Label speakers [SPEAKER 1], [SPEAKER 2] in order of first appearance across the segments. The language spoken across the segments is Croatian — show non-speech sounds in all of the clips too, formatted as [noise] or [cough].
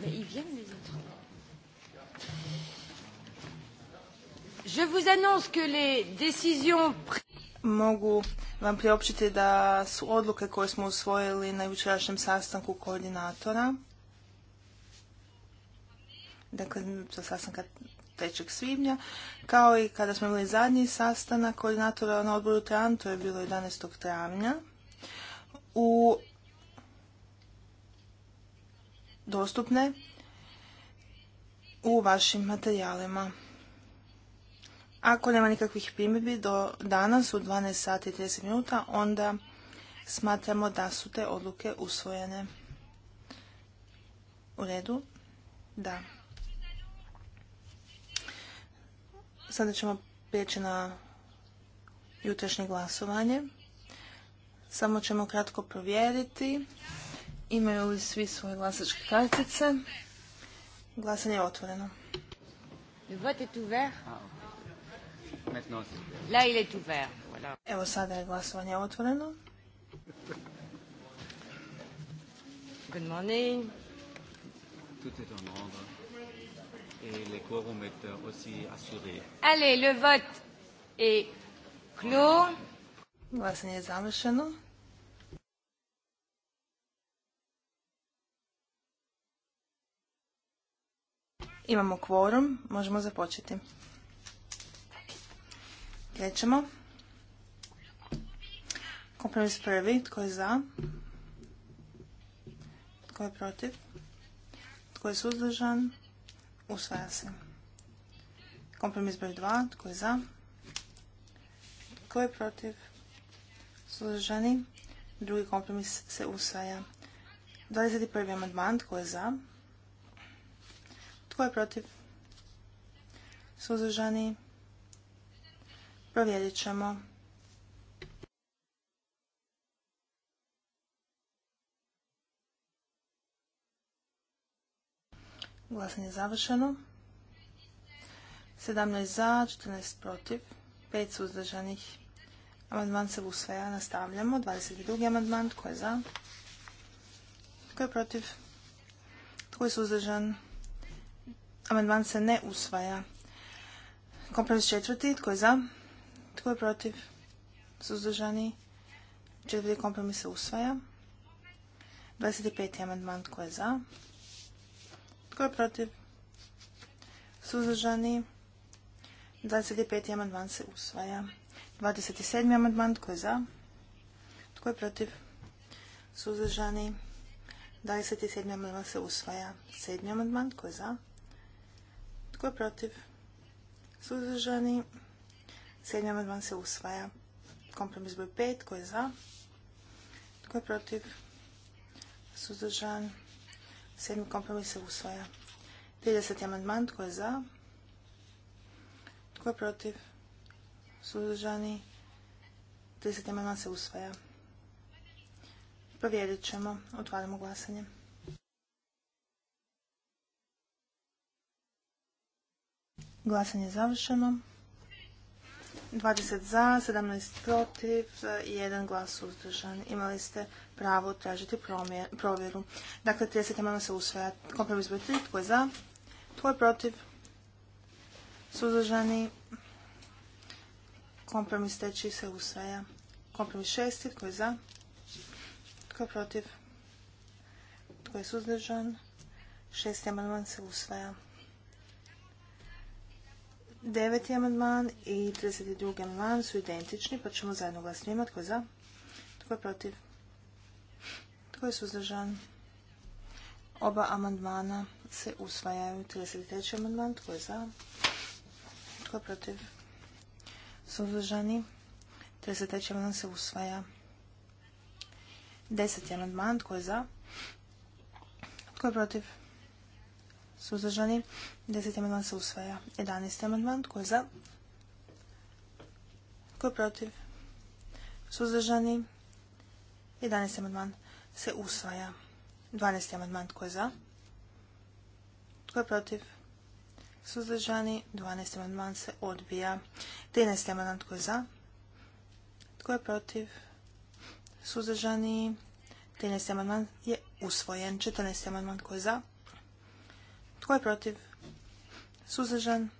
[SPEAKER 1] Mais ils viennent les autres.
[SPEAKER 2] Je vous annonce que les décisions mogu vam priopćiti da su odluke koje smo usvojili na jučerašnjem sastanku koordinatora, dakle sa sastanka 3. svibnja, kao i kada smo imali zadnji sastanak koordinatora na odboru TRAN, to je bilo 11. travnja, u dostupne u vašim materijalima. Ako nema nikakvih primjedbi do danas u 12 sati i 30 minuta, onda smatramo da su te odluke usvojene. U redu? Da. Sada ćemo prijeći na jutrašnje glasovanje. Samo ćemo kratko provjeriti. Imaju li svi svoje glasačke kartice? Glasanje je otvoreno. Le vote est ah, ouvert. Là, il est ouvert. Voilà. Evo sada je glasovanje otvoreno. Good morning.
[SPEAKER 3] Tout est en ordre. Et le quorum est aussi assuré.
[SPEAKER 2] Allez, le vote est clos. Glasanje je završeno. Imamo kvorum, možemo započeti. Krećemo. Kompromis prvi, tko je za? Tko je protiv? Tko je suzdržan? Usvaja se. Kompromis broj dva, tko je za? Tko je protiv? Suzdržani? Drugi kompromis se usvaja. 21. amandman, tko je za? Tko je protiv? Suzdržani? Provjerit ćemo. Glasanje je završeno. 17 za, 14 protiv, 5 suzdržanih. Amandman se usvaja. Nastavljamo. 22. amandman. Tko je za? Tko je protiv? Tko je suzdržan? Amandman se ne usvaja. Kompromis četvrti. Tko je za? Tko je protiv? Suzdržani? Četvrti kompromis se usvaja. 25. amandman. Tko je za? Tko je protiv? Suzdržani? 25. amandman se usvaja. 27. amandman. Tko je za? Tko je protiv? Suzdržani? 27. amandman se usvaja. 7. amandman. Tko je za? Tko je protiv? Suzdržani. Sedmi amandman se usvaja. Kompromis broj 5. Tko je za? Tko je protiv? Suzdržan. Sedmi kompromis se usvaja. 30. amandman. Tko je za? Tko je protiv? Suzdržani. 30. amandman se usvaja. Provjerit ćemo. Otvaramo glasanje. Glasanje je završeno. 20 za, 17 protiv, 1 glas uzdržan. Imali ste pravo tražiti provjeru. Dakle, 30 imamo se usvaja. Kompromis broj 3, tko je za, tko je protiv, suzdržani. Kompromis teči se usvaja. Kompromis 6, tko je za, tko je protiv, tko je suzdržan. 6. imamo se usvaja. Deveti amandman i 32. amandman su identični, pa ćemo zajedno njima Tko je za? Tko je protiv? Tko je suzdržan? Oba amandmana se usvajaju. 33. amandman. Tko je za? Tko je protiv? Suzdržani. 33. amandman se usvaja. 10. amandman. Tko je za? Tko je protiv? suzdržani. 10. amandman se usvaja. 11. amandman tko je za? Tko je protiv? Suzdržani. 11. amandman se usvaja. 12. amandman tko je za? Tko je protiv? Suzdržani. 12. amandman se odbija. 13. amandman tko je za? Tko je protiv? Suzdržani. 13. amandman je usvojen. 14. amandman tko je za? Tko je protiv? Suzdržan.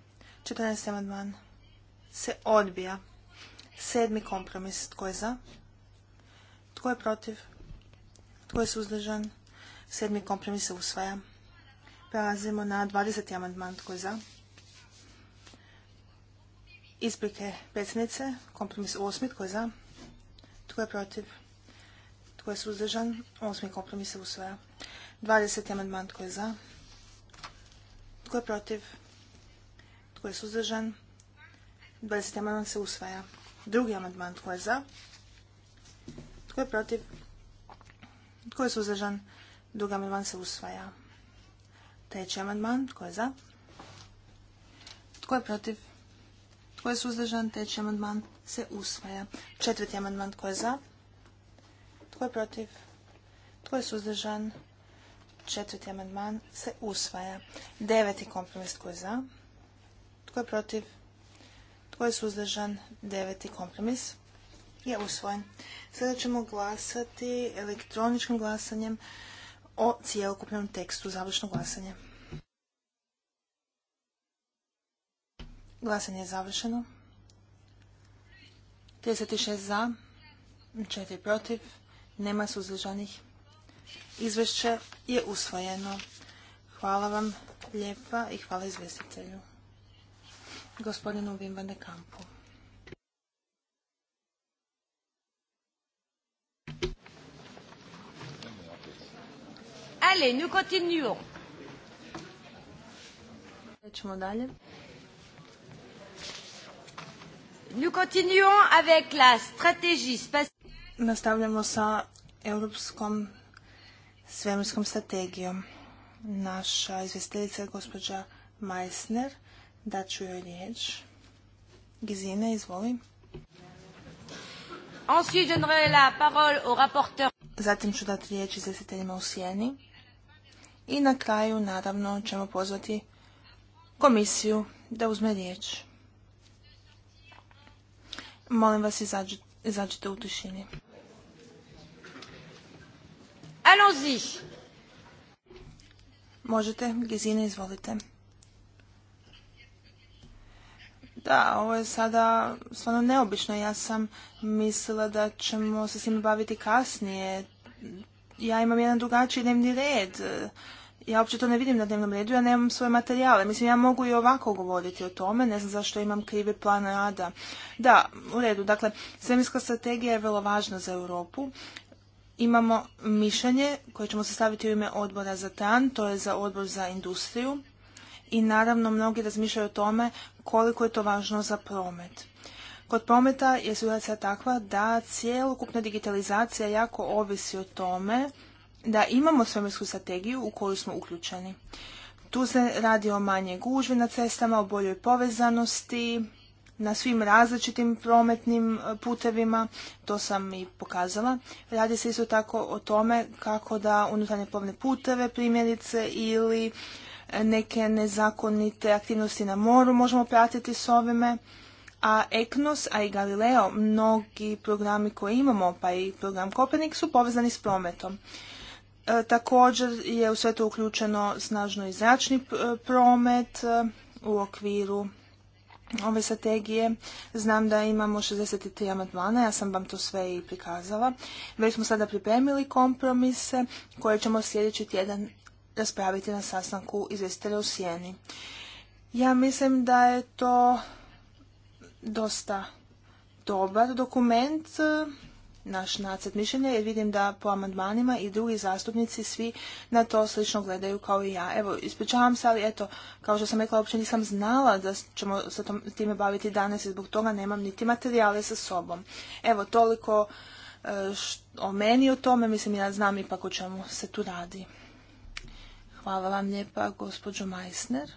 [SPEAKER 2] 14. amandman se odbija. Sedmi kompromis. Tko je za? Tko je protiv? Tko je suzdržan? Sedmi kompromis se usvaja. Prelazimo na 20. amandman. Tko je za? Isprike predsjednice. Kompromis osmi. Tko je za? Tko je protiv? Tko je suzdržan? Osmi kompromis se usvaja. 20. amandman. Tko je za? Tko je protiv? Tko je suzdržan? 20. amandman se usvaja. Drugi amandman. Tko je za? Tko je protiv? Tko je suzdržan? Drugi amandman se usvaja. Treći amandman. Tko je za? Tko je protiv? Tko je suzdržan? Treći amandman se usvaja. Četvrti amandman. Tko je za? Tko je protiv? Tko je suzdržan? Četvrti amandman se usvaja. Deveti kompromis tko je za? Tko je protiv? Tko je suzdržan? Deveti kompromis je usvojen. Sada ćemo glasati elektroničkim glasanjem o cijelokupnom tekstu. završnog glasanje. Glasanje je završeno. 36 za, 4 protiv, nema suzdržanih. Izvješće je usvojeno. Hvala vam lijepa i hvala izvjestitelju. Gospodinu Wim Kampu.
[SPEAKER 1] Allez, nous continuons. dalje.
[SPEAKER 2] Nous continuons avec la stratégie Nastavljamo sa europskom svemirskom strategijom. Naša izvjestiteljica je gospođa Meissner. ću joj riječ. Gizine, izvoli. Zatim ću dati riječ izvjestiteljima u sjeni. I na kraju, naravno, ćemo pozvati komisiju da uzme riječ. Molim vas, izađite u tišini. Allons-y. Možete, Gizine, izvolite. Da, ovo je sada stvarno neobično. Ja sam mislila da ćemo se s njim baviti kasnije. Ja imam jedan drugačiji dnevni red. Ja uopće to ne vidim na dnevnom redu, ja nemam svoje materijale. Mislim, ja mogu i ovako govoriti o tome, ne znam zašto imam krivi plan rada. Da, u redu. Dakle, svemirska strategija je vrlo važna za Europu imamo mišljenje koje ćemo sastaviti u ime odbora za TAN, to je za odbor za industriju i naravno mnogi razmišljaju o tome koliko je to važno za promet. Kod prometa je situacija takva da cijelokupna digitalizacija jako ovisi o tome da imamo svemirsku strategiju u koju smo uključeni. Tu se radi o manje gužvi na cestama, o boljoj povezanosti, na svim različitim prometnim e, putevima, to sam i pokazala. Radi se isto tako o tome kako da unutarnje plovne puteve primjerice ili e, neke nezakonite aktivnosti na moru možemo pratiti s ovime. A EKNOS, a i Galileo, mnogi programi koje imamo, pa i program Kopernik, su povezani s prometom. E, također je u sve to uključeno snažno i zračni promet u okviru ove strategije. Znam da imamo 63 amandmana, ja sam vam to sve i prikazala. Već smo sada pripremili kompromise koje ćemo sljedeći tjedan raspraviti na sastanku izvjestitelja u sjeni Ja mislim da je to dosta dobar dokument naš nacrt mišljenja jer vidim da po amandmanima i drugi zastupnici svi na to slično gledaju kao i ja. Evo, ispričavam se, ali eto, kao što sam rekla, uopće nisam znala da ćemo se time baviti danas i zbog toga nemam niti materijale sa sobom. Evo, toliko e, o meni o tome, mislim ja znam ipak o čemu se tu radi. Hvala vam lijepa, gospođo Majsner.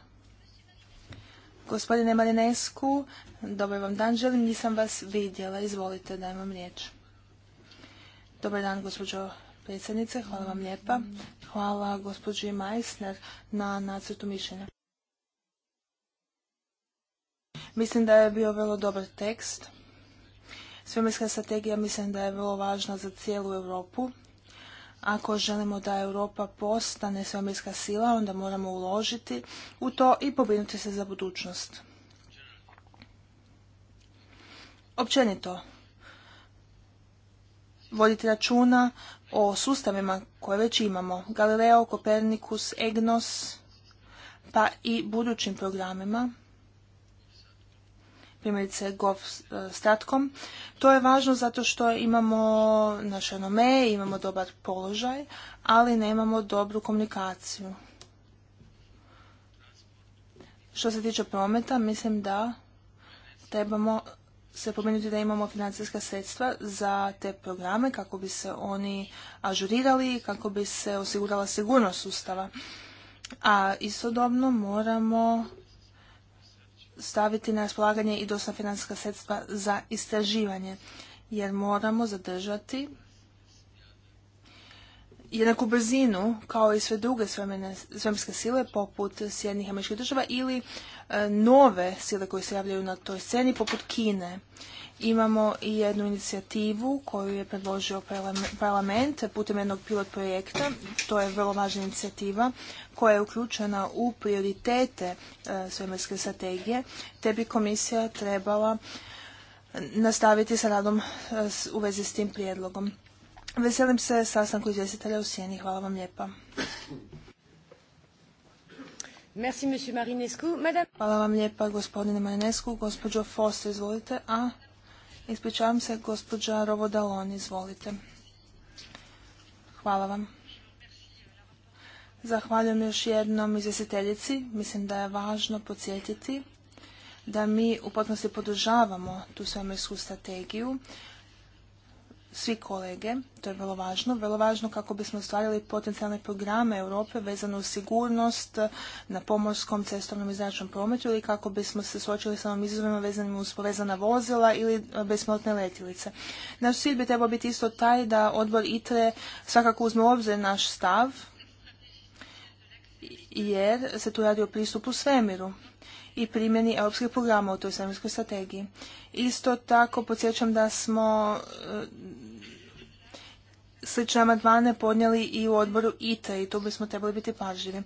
[SPEAKER 2] Gospodine Marinesku, dobar vam dan, želim, nisam vas vidjela, izvolite da imam riječ. Dobar dan, gospođo predsjednice. Hvala vam lijepa. Hvala gospođi Majsner na nacrtu mišljenja. Mislim da je bio vrlo dobar tekst. Svemirska strategija mislim da je vrlo važna za cijelu Europu. Ako želimo da Europa postane svemirska sila, onda moramo uložiti u to i pobrinuti se za budućnost. Općenito, voditi računa o sustavima koje već imamo, Galileo, Kopernikus, EGNOS, pa i budućim programima, primjerice Gov e, Statkom. To je važno zato što imamo naše nome, imamo dobar položaj, ali nemamo dobru komunikaciju. Što se tiče prometa, mislim da trebamo se pomenuti da imamo financijska sredstva za te programe kako bi se oni ažurirali i kako bi se osigurala sigurnost sustava. A istodobno moramo staviti na raspolaganje i dosta financijska sredstva za istraživanje jer moramo zadržati jednaku brzinu kao i sve druge svemske sile poput Sjednih američkih država ili e, nove sile koje se javljaju na toj sceni poput Kine. Imamo i jednu inicijativu koju je predložio parlament putem jednog pilot projekta. To je vrlo važna inicijativa koja je uključena u prioritete e, svemirske strategije te bi komisija trebala nastaviti sa radom e, u vezi s tim prijedlogom. Veselim se sastanku izvjestitelja u Sjeni. Hvala vam lijepa. Merci, monsieur Marinescu. Madame... Hvala vam lijepa, gospodine Marinescu. Gospođo Foss, izvolite. A, ispričavam se, gospođa Rovodalon, izvolite. Hvala vam. Zahvaljujem još jednom izvjestiteljici. Mislim da je važno podsjetiti da mi u potpunosti podržavamo tu svemirsku strategiju svi kolege, to je vrlo važno, vrlo važno kako bismo ostvarili potencijalne programe Europe vezano uz sigurnost eh, na pomorskom, cestovnom i zračnom prometu ili kako bismo se suočili sa ovim izazovima vezanim uz povezana vozila ili eh, besplatne letjelice. Naš cilj bi trebao biti isto taj da odbor ITRE svakako uzme u obzir naš stav jer se tu radi o pristupu svemiru i primjeni europskih programa u toj svemirskoj strategiji. Isto tako podsjećam da smo e, slične amandmane podnijeli i u odboru ITA i tu bismo trebali biti pažljivi.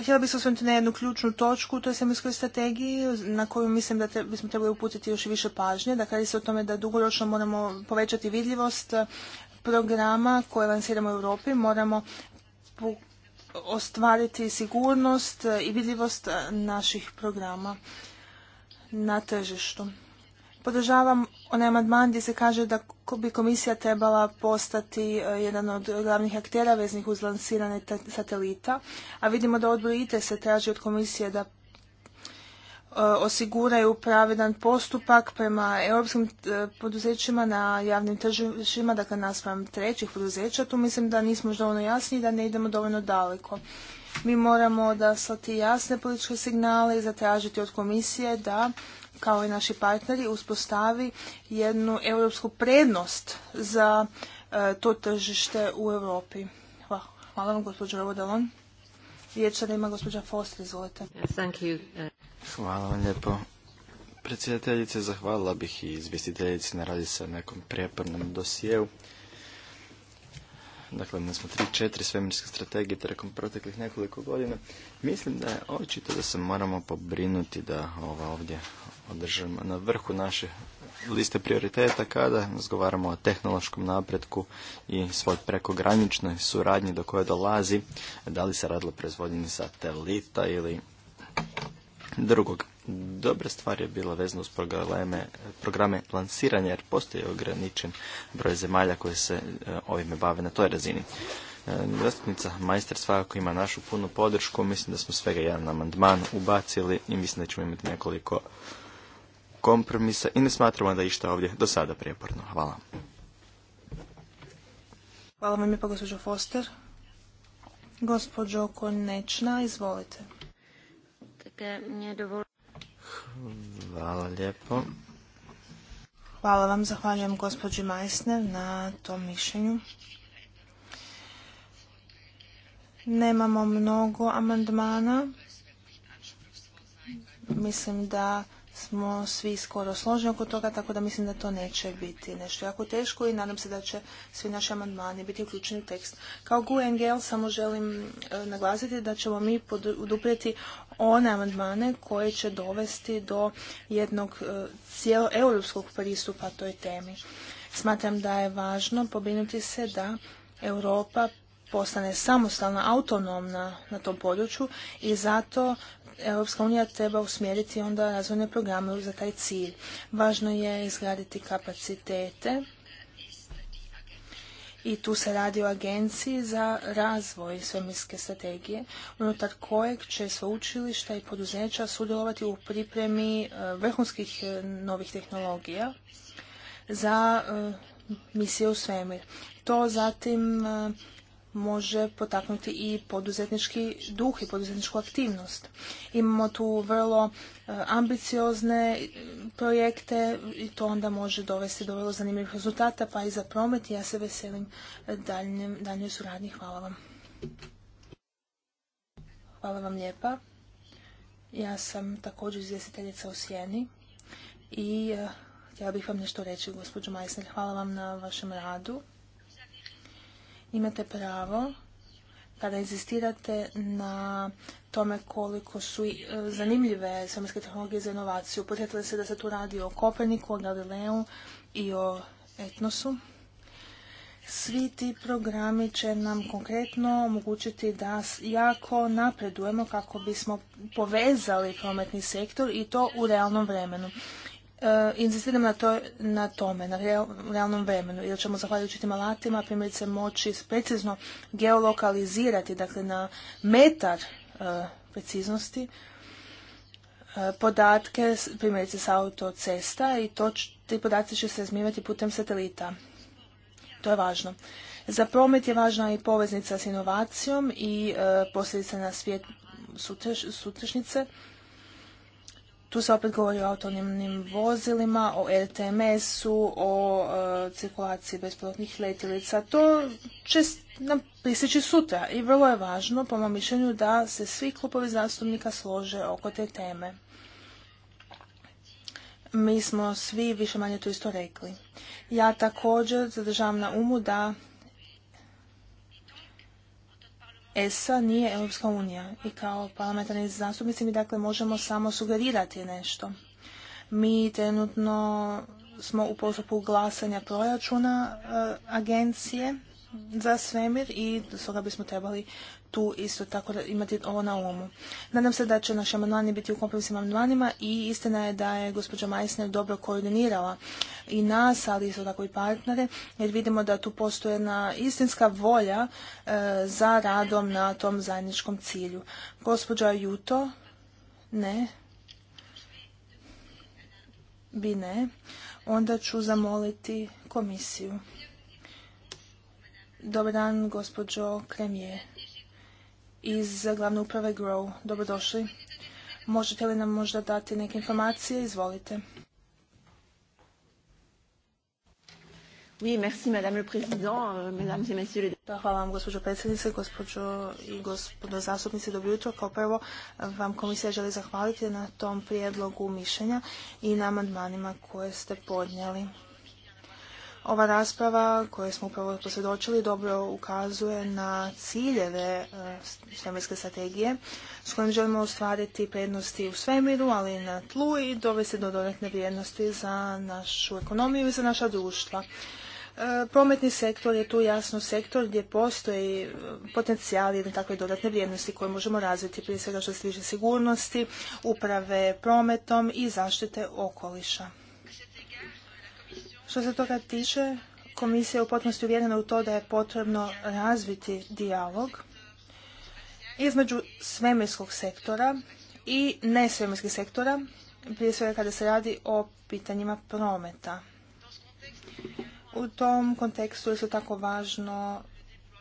[SPEAKER 2] Htjela bih se osvrnuti na jednu ključnu točku u toj svemirskoj strategiji na koju mislim da bismo trebali uputiti još više pažnje. Dakle, radi se o tome da dugoročno moramo povećati vidljivost e, programa koje lansiramo u Europi. Moramo ostvariti sigurnost i vidljivost naših programa na tržištu. Podržavam onaj amandman gdje se kaže da bi komisija trebala postati e, jedan od glavnih aktera veznih uz lansirane satelita, a vidimo da odbor ITE se traži od komisije da E, osiguraju pravedan postupak prema europskim e, poduzećima na javnim tržištima, dakle naspram trećih poduzeća, tu mislim da nismo dovoljno jasni i da ne idemo dovoljno daleko. Mi moramo odaslati jasne političke signale i zatražiti od komisije da kao i naši partneri uspostavi jednu europsku prednost za e, to tržište u Europi. Hvala, vam gospođo Rovodalon. Riječ sada ima gospođa Foster, izvolite.
[SPEAKER 3] Hvala vam lijepo. Predsjedateljice, zahvalila bih i izvjestiteljici na radi o nekom prijepornom dosjeu. Dakle, mi smo tri, četiri svemirske strategije trekom proteklih nekoliko godina. Mislim da je očito da se moramo pobrinuti da ova ovdje održimo na vrhu naše liste prioriteta kada razgovaramo o tehnološkom napretku i svoj prekograničnoj suradnji do koje dolazi, da li se radilo proizvodnje satelita ili Drugog, dobra stvar je bila vezna uz programe, programe lansiranja jer postoji ograničen broj zemalja koje se e, ovime bave na toj razini. E, zastupnica majster svakako ima našu punu podršku, mislim da smo svega jedan amandman ubacili i mislim da ćemo imati nekoliko kompromisa i ne smatramo da išta ovdje do sada prijeporno. Hvala.
[SPEAKER 2] Hvala vam pa gospođo Foster. Gospođo Konečna, izvolite.
[SPEAKER 3] Hvala lijepo.
[SPEAKER 2] Hvala vam, zahvaljujem gospođi Majsner na tom mišljenju. Nemamo mnogo amandmana. Mislim da smo svi skoro složeni oko toga, tako da mislim da to neće biti nešto jako teško i nadam se da će svi naši amandmani biti uključeni u tekst. Kao GUNGL samo želim e, naglasiti da ćemo mi poduprijeti one amandmane koje će dovesti do jednog e, cijelo europskog pristupa toj temi. Smatram da je važno pobinuti se da Europa postane samostalna, autonomna na tom području i zato Europska unija treba usmjeriti onda razvojne programe za taj cilj. Važno je izgraditi kapacitete i tu se radi o agenciji za razvoj svemirske strategije, unutar kojeg će sveučilišta i poduzeća sudjelovati u pripremi e, vrhunskih e, novih tehnologija za e, misije u svemir. To zatim može potaknuti i poduzetnički duh i poduzetničku aktivnost. Imamo tu vrlo e, ambiciozne e, projekte i to onda može dovesti do vrlo zanimljivih rezultata pa i za promet. Ja se veselim daljnjoj suradnji. Hvala vam. Hvala vam lijepa. Ja sam također izvjestiteljica u Sjeni i e, htjela bih vam nešto reći, gospođo Majsner. Hvala vam na vašem radu imate pravo kada insistirate na tome koliko su e, zanimljive svemirske tehnologije za inovaciju. Podsjetili se da se tu radi o Koperniku, o Galileu i o Etnosu. Svi ti programi će nam konkretno omogućiti da jako napredujemo kako bismo povezali prometni sektor i to u realnom vremenu. E, Inzistiram na, to, na tome, na realnom vremenu, jer ćemo zahvaljujući tim alatima primjerice moći precizno geolokalizirati, dakle na metar e, preciznosti, e, podatke primjerice sa autocesta i to, ti podaci će se razmivati putem satelita. To je važno. Za promet je važna i poveznica s inovacijom i posljedice na svijet sutrašnjice. Tu se opet govori o autonomnim vozilima, o RTMS-u, o e, cirkulaciji bespilotnih letjelica. To će nam prisjeći sutra i vrlo je važno, po mom mišljenju, da se svi klubovi zastupnika slože oko te teme. Mi smo svi više manje to isto rekli. Ja također zadržavam na umu da ESA nije Europska unija i kao parlamentarni zastupnici mi dakle možemo samo sugerirati nešto. Mi trenutno smo u postupku glasanja proračuna e, agencije za svemir i stoga bismo trebali tu isto tako imati ovo na umu. Nadam se da će naši amandmani biti u kompromisnim amandmanima i istina je da je gospođa Majsner dobro koordinirala i nas, ali isto tako i partnere, jer vidimo da tu postoje jedna istinska volja e, za radom na tom zajedničkom cilju. Gospođa Juto, ne, bi ne, onda ću zamoliti komisiju. Dobar dan, gospođo Kremije iz glavne uprave Grow. Dobrodošli. Možete li nam možda dati neke informacije? Izvolite. Hvala vam gospođo predsjednice, gospođo i gospodo zastupnici, dobro jutro. Kao prvo vam komisija želi zahvaliti na tom prijedlogu mišljenja i na amandmanima koje ste podnijeli. Ova rasprava koju smo upravo posvjedočili dobro ukazuje na ciljeve e, svemirske strategije s kojim želimo ostvariti prednosti u svemiru, ali i na tlu i dovesti do dodatne vrijednosti za našu ekonomiju i za naša društva. E, prometni sektor je tu jasno sektor gdje postoji e, potencijal jedne takve dodatne vrijednosti koje možemo razviti prije svega što se tiče sigurnosti, uprave prometom i zaštite okoliša. Što se toga tiče, komisija je u potpunosti uvjerena u to da je potrebno razviti dijalog između svemirskog sektora i nesvemirskih sektora, prije svega kada se radi o pitanjima prometa. U tom kontekstu je isto tako važno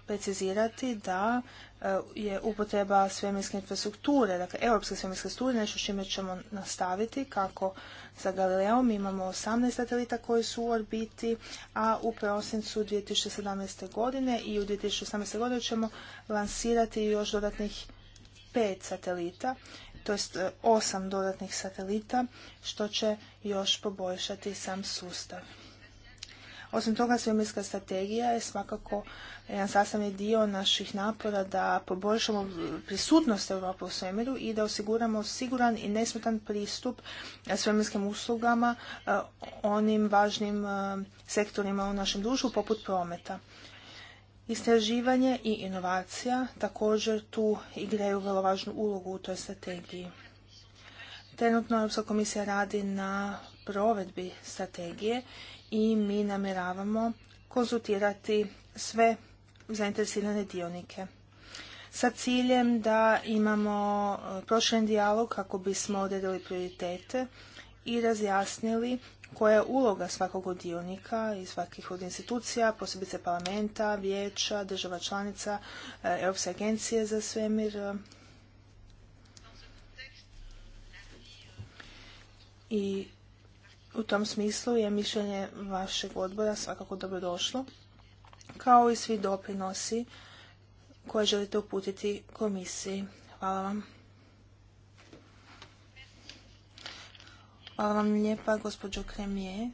[SPEAKER 2] precizirati da E, je upotreba svemirske infrastrukture, dakle europske svemirske strukture, nešto s čime ćemo nastaviti kako sa Galileom imamo 18 satelita koji su u orbiti, a u prosincu 2017. godine i u 2018. godine ćemo lansirati još dodatnih 5 satelita, to jest 8 e, dodatnih satelita, što će još poboljšati sam sustav. Osim toga, svemirska strategija je svakako jedan sastavni dio naših napora da poboljšamo prisutnost Europe u svemiru i da osiguramo siguran i nesmetan pristup e, svemirskim uslugama e, onim važnim e, sektorima u našem društvu poput prometa. Istraživanje i inovacija također tu igraju vrlo važnu ulogu u toj strategiji. Trenutno Europska komisija radi na provedbi strategije i mi namjeravamo konzultirati sve zainteresirane dionike sa ciljem da imamo e, prošljen dijalog kako bismo odredili prioritete i razjasnili koja je uloga svakog od dionika i svakih od institucija, posebice parlamenta, vijeća, država članica, e, Europske agencije za svemir. E. I u tom smislu je mišljenje vašeg odbora svakako dobro došlo kao i svi doprinosi koje želite uputiti komisiji. Hvala vam. Hvala vam lijepa, gospođo Kremije.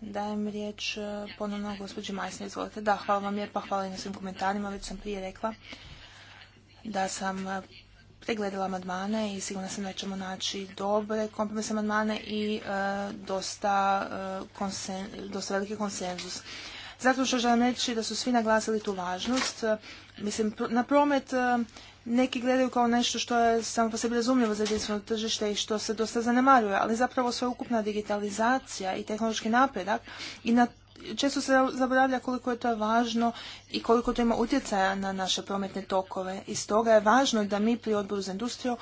[SPEAKER 2] Dajem riječ e, ponovno gospođi Majsne, izvolite. Da, hvala vam lijepa, hvala i na svim komentarima, već sam prije rekla da sam e, pregledala amandmane i sigurno sam da ćemo naći dobre kompromisne amandmane i e, dosta, e, dosta veliki konsenzus. Zato što želim reći da su svi naglasili tu važnost. Mislim, na promet e, neki gledaju kao nešto što je samo po sebi razumljivo za jedinstveno tržište i što se dosta zanemaruje, ali zapravo sveukupna digitalizacija i tehnološki napredak i na često se zaboravlja koliko je to važno i koliko to ima utjecaja na naše prometne tokove. I stoga je važno da mi pri odboru za industriju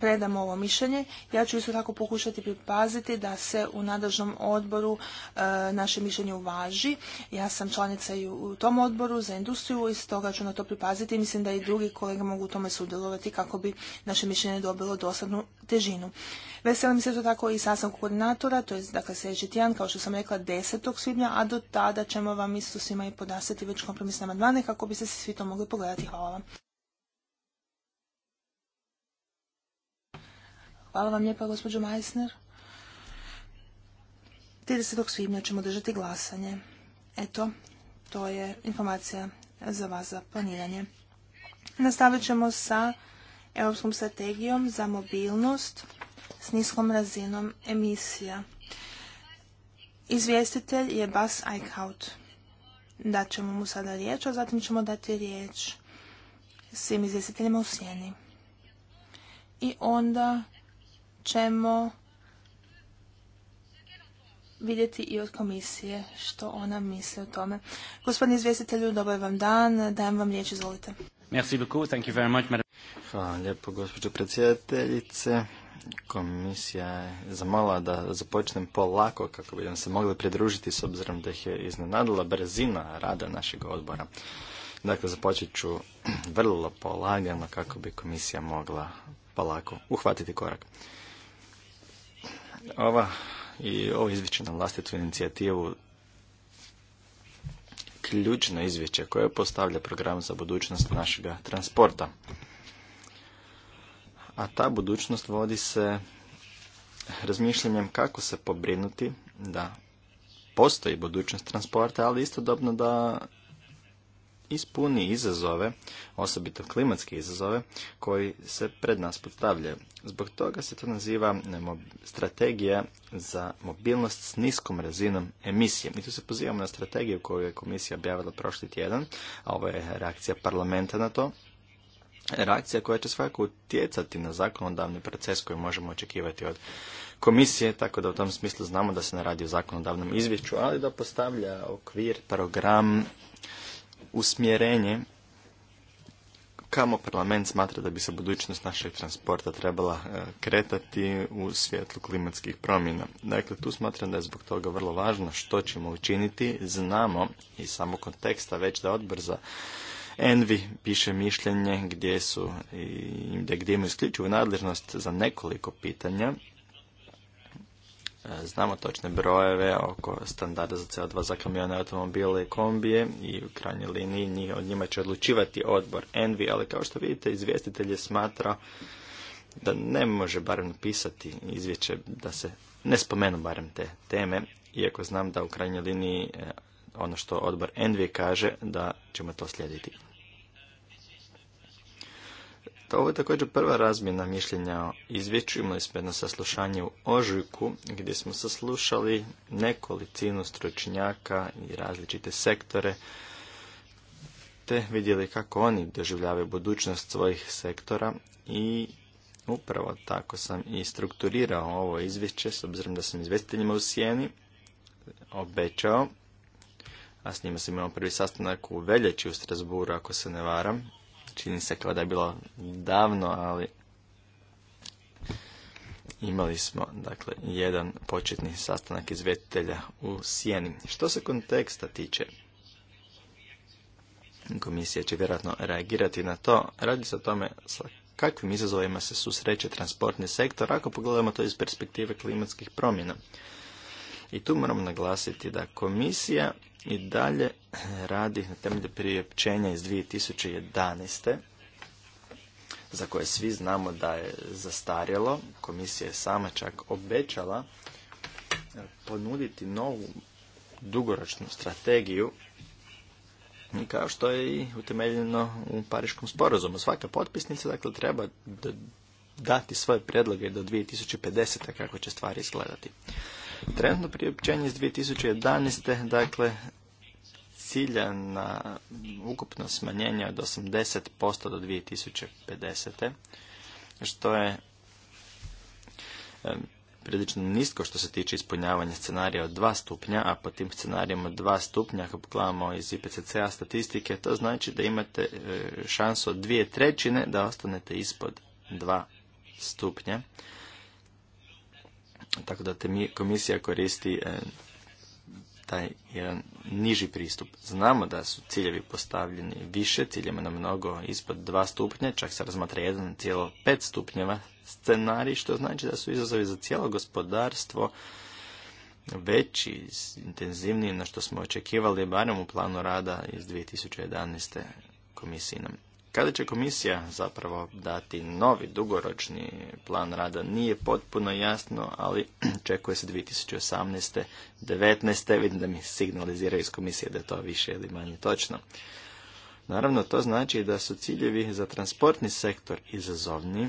[SPEAKER 2] predam ovo mišljenje. Ja ću isto tako pokušati pripaziti da se u nadležnom odboru e, naše mišljenje uvaži. Ja sam članica i u tom odboru za industriju i stoga ću na to pripaziti. Mislim da i drugi kolege mogu u tome sudjelovati kako bi naše mišljenje dobilo dosadnu težinu. Veselim se to tako i sastanku koordinatora, to je dakle sljedeći tjedan, kao što sam rekla, 10. svibnja, a do tada ćemo vam isto svima i podastati već kompromisne amandmane kako bi se svi to mogli pogledati. Hvala vam. Hvala vam lijepa, gospođo Majsner. 30. svibnja ćemo držati glasanje. Eto, to je informacija za vas za planiranje. Nastavit ćemo sa Europskom strategijom za mobilnost s niskom razinom emisija. Izvjestitelj je Bas Eichhout. ćemo mu sada riječ, a zatim ćemo dati riječ svim izvjestiteljima u sjeni. I onda ćemo vidjeti i od komisije što ona misli o tome. Gospodin izvjestitelju, dobar vam dan, dajem vam riječ, izvolite. Merci beaucoup,
[SPEAKER 3] Hvala lijepo, gospođo predsjedateljice. Komisija je zamala da započnem polako kako bi vam se mogli pridružiti s obzirom da ih je iznenadila brzina rada našeg odbora. Dakle, započet ću vrlo polagano kako bi komisija mogla polako uhvatiti korak. Ova i ovo izvješće na vlastitu inicijativu ključno izvješće koje postavlja program za budućnost našega transporta. A ta budućnost vodi se razmišljanjem kako se pobrinuti da postoji budućnost transporta, ali istodobno da ispuni izazove, osobito klimatske izazove, koji se pred nas postavljaju. Zbog toga se to naziva strategija za mobilnost s niskom razinom emisije. I tu se pozivamo na strategiju koju je komisija objavila prošli tjedan, a ovo je reakcija parlamenta na to, reakcija koja će svakako utjecati na zakonodavni proces koji možemo očekivati od komisije, tako da u tom smislu znamo da se ne radi o zakonodavnom izvješću, ali da postavlja okvir, program usmjerenje kamo parlament smatra da bi se budućnost našeg transporta trebala e, kretati u svjetlu klimatskih promjena. Dakle, tu smatram da je zbog toga vrlo važno što ćemo učiniti. Znamo i samo konteksta već da odbor za Envi piše mišljenje gdje su i gdje imaju isključivu nadležnost za nekoliko pitanja Znamo točne brojeve oko standarda za CO2 za kamione, automobile i kombije i u krajnjoj liniji od njima će odlučivati odbor Envi, ali kao što vidite izvjestitelj je smatra da ne može barem pisati izvješće da se ne spomenu barem te teme, iako znam da u krajnjoj liniji e, ono što odbor Envi kaže da ćemo to slijediti. Ovo je također prva razmjena mišljenja o izvješću. Imali smo jedno saslušanje u Ožujku gdje smo saslušali nekolicinu stručnjaka i različite sektore te vidjeli kako oni doživljavaju budućnost svojih sektora i upravo tako sam i strukturirao ovo izvješće s obzirom da sam izvestiteljima u Sijeni obećao a s njima sam imao prvi sastanak u veljači u Strasburu, ako se ne varam, čini se kao da je bilo davno, ali imali smo dakle jedan početni sastanak izvjetitelja u Sjeni. Što se konteksta tiče, komisija će vjerojatno reagirati na to. Radi se o tome sa kakvim izazovima se susreće transportni sektor ako pogledamo to iz perspektive klimatskih promjena. I tu moramo naglasiti da komisija i dalje radi na temelju priopćenja iz 2011. za koje svi znamo da je zastarjelo. Komisija je sama čak obećala e, ponuditi novu dugoročnu strategiju i kao što je i utemeljeno u Pariškom sporazumu. Svaka potpisnica dakle, treba dati svoje predloge do 2050. kako će stvari izgledati. Trenutno priopćenje iz 2011. dakle cilja na ukupno smanjenje od 80% do 2050. Što je prilično nisko što se tiče ispunjavanja scenarija od dva stupnja, a po tim scenarijima od 2 stupnja, ako pogledamo iz IPCC-a statistike, to znači da imate e, šansu od dvije trećine da ostanete ispod dva stupnja tako da te komisija koristi e, taj jedan niži pristup. Znamo da su ciljevi postavljeni više, ciljeva na mnogo ispod dva stupnje, čak se razmatra pet stupnjeva scenarij, što znači da su izazovi za cijelo gospodarstvo veći, intenzivniji na što smo očekivali, barem u planu rada iz 2011. nam. Kada će komisija zapravo dati novi dugoročni plan rada nije potpuno jasno, ali [clears throat] čekuje se 2018. 19. Vidim da mi signaliziraju iz komisije da je to više ili manje točno. Naravno, to znači da su ciljevi za transportni sektor izazovni,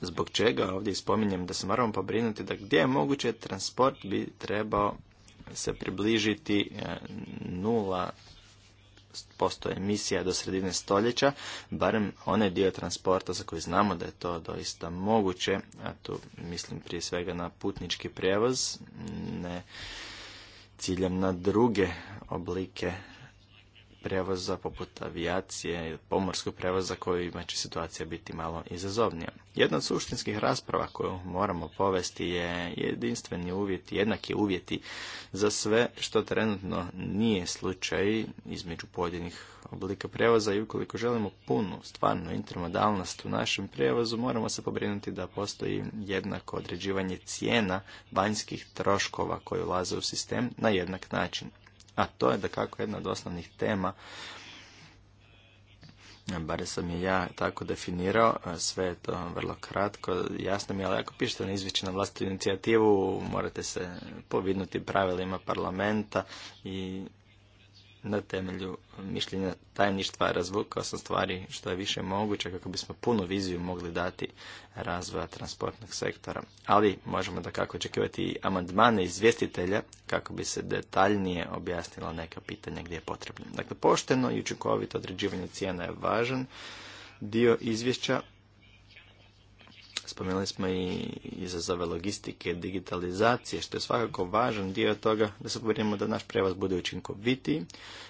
[SPEAKER 3] zbog čega ovdje spominjem da se moramo pobrinuti da gdje je moguće transport bi trebao se približiti e, nula postoje emisija do sredine stoljeća, barem onaj dio transporta za koji znamo da je to doista moguće, a tu mislim prije svega na putnički prijevoz, ne ciljem na druge oblike prevoza poput avijacije ili pomorskog prevoza kojima će situacija biti malo izazovnija. Jedna od suštinskih rasprava koju moramo povesti je jedinstveni uvjeti, jednaki uvjeti za sve što trenutno nije slučaj između pojedinih oblika prevoza i ukoliko želimo punu, stvarnu intermodalnost u našem prijevozu, moramo se pobrinuti da postoji jednako određivanje cijena vanjskih troškova koji ulaze u sistem na jednak način. A to je da kako jedna od osnovnih tema bare sam je ja tako definirao, sve je to vrlo kratko, jasno mi je, ali ako pišete na izvješće na vlastitu inicijativu, morate se povidnuti pravilima parlamenta i na temelju mišljenja tajništva razvukao sam stvari što je više moguće kako bismo punu viziju mogli dati razvoja transportnog sektora. Ali možemo da kako očekivati i amandmane izvjestitelja kako bi se detaljnije objasnila neka pitanja gdje je potrebno. Dakle, pošteno i učinkovito određivanje cijena je važan dio izvješća Spomenuli smo i izazove logistike, digitalizacije, što je svakako važan dio toga da se pobrinemo da naš prevoz bude učinkovitiji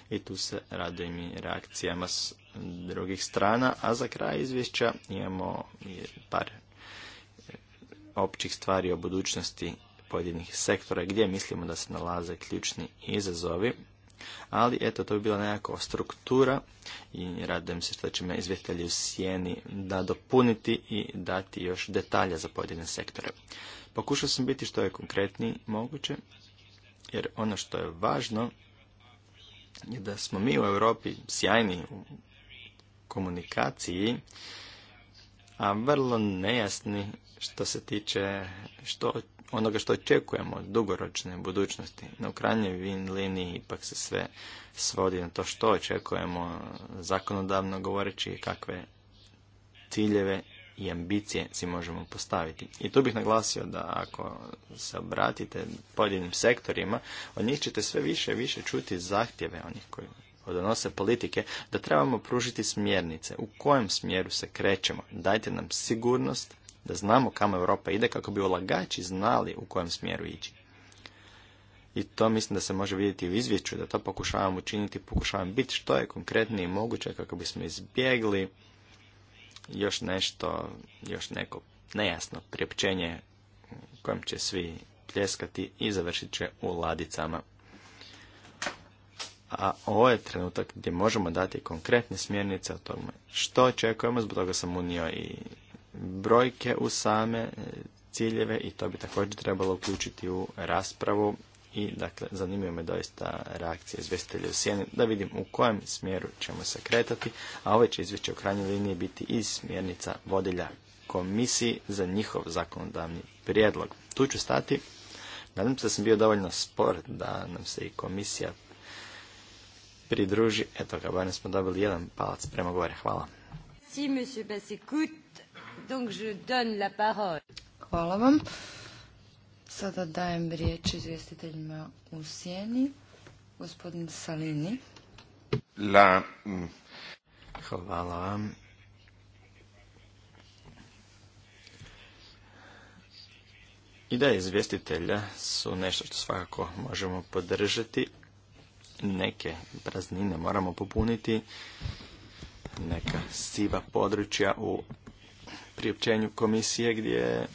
[SPEAKER 3] i tu se radujem i reakcijama s drugih strana. A za kraj izvješća imamo par općih stvari o budućnosti pojedinih sektora gdje mislimo da se nalaze ključni izazovi ali eto, to bi bila nekakva struktura i radujem se što će me izvjetelji u sjeni da dopuniti i dati još detalja za pojedine sektore. Pokušao sam biti što je konkretniji moguće, jer ono što je važno je da smo mi u Europi sjajni u komunikaciji, a vrlo nejasni što se tiče što onoga što očekujemo od dugoročne budućnosti. Na krajnjoj liniji ipak se sve svodi na to što očekujemo zakonodavno govoreći i kakve ciljeve i ambicije si možemo postaviti. I tu bih naglasio da ako se obratite pojedinim sektorima, od njih ćete sve više i više čuti zahtjeve onih koji odnose politike, da trebamo pružiti smjernice, u kojem smjeru se krećemo. Dajte nam sigurnost, da znamo kamo Europa ide kako bi ulagači znali u kojem smjeru ići. I to mislim da se može vidjeti u izvješću, da to pokušavam učiniti, pokušavam biti što je konkretnije i moguće kako bismo izbjegli još nešto, još neko nejasno priopćenje kojem će svi pljeskati i završit će u ladicama. A ovo je trenutak gdje možemo dati konkretne smjernice o tome što očekujemo, zbog toga sam unio i brojke u same e, ciljeve i to bi također trebalo uključiti u raspravu i dakle zanimaju me doista reakcije izvestitelja u sjeni da vidim u kojem smjeru ćemo se kretati, a ovo ovaj će izvješće u krajnjoj liniji biti i smjernica vodilja komisiji za njihov zakonodavni prijedlog. Tu ću stati. Nadam se da sam bio dovoljno spor da nam se i komisija pridruži. Eto ga, barem smo dobili jedan palac prema gore. Hvala.
[SPEAKER 1] Donc je donne Hvala vam. Sada dajem riječ izvjestiteljima u sjeni. Gospodin Salini.
[SPEAKER 3] La... Mm. Hvala vam. Ideje izvjestitelja su nešto što svakako možemo podržati. Neke praznine moramo popuniti, neka siva područja u priopćenju komisije gdje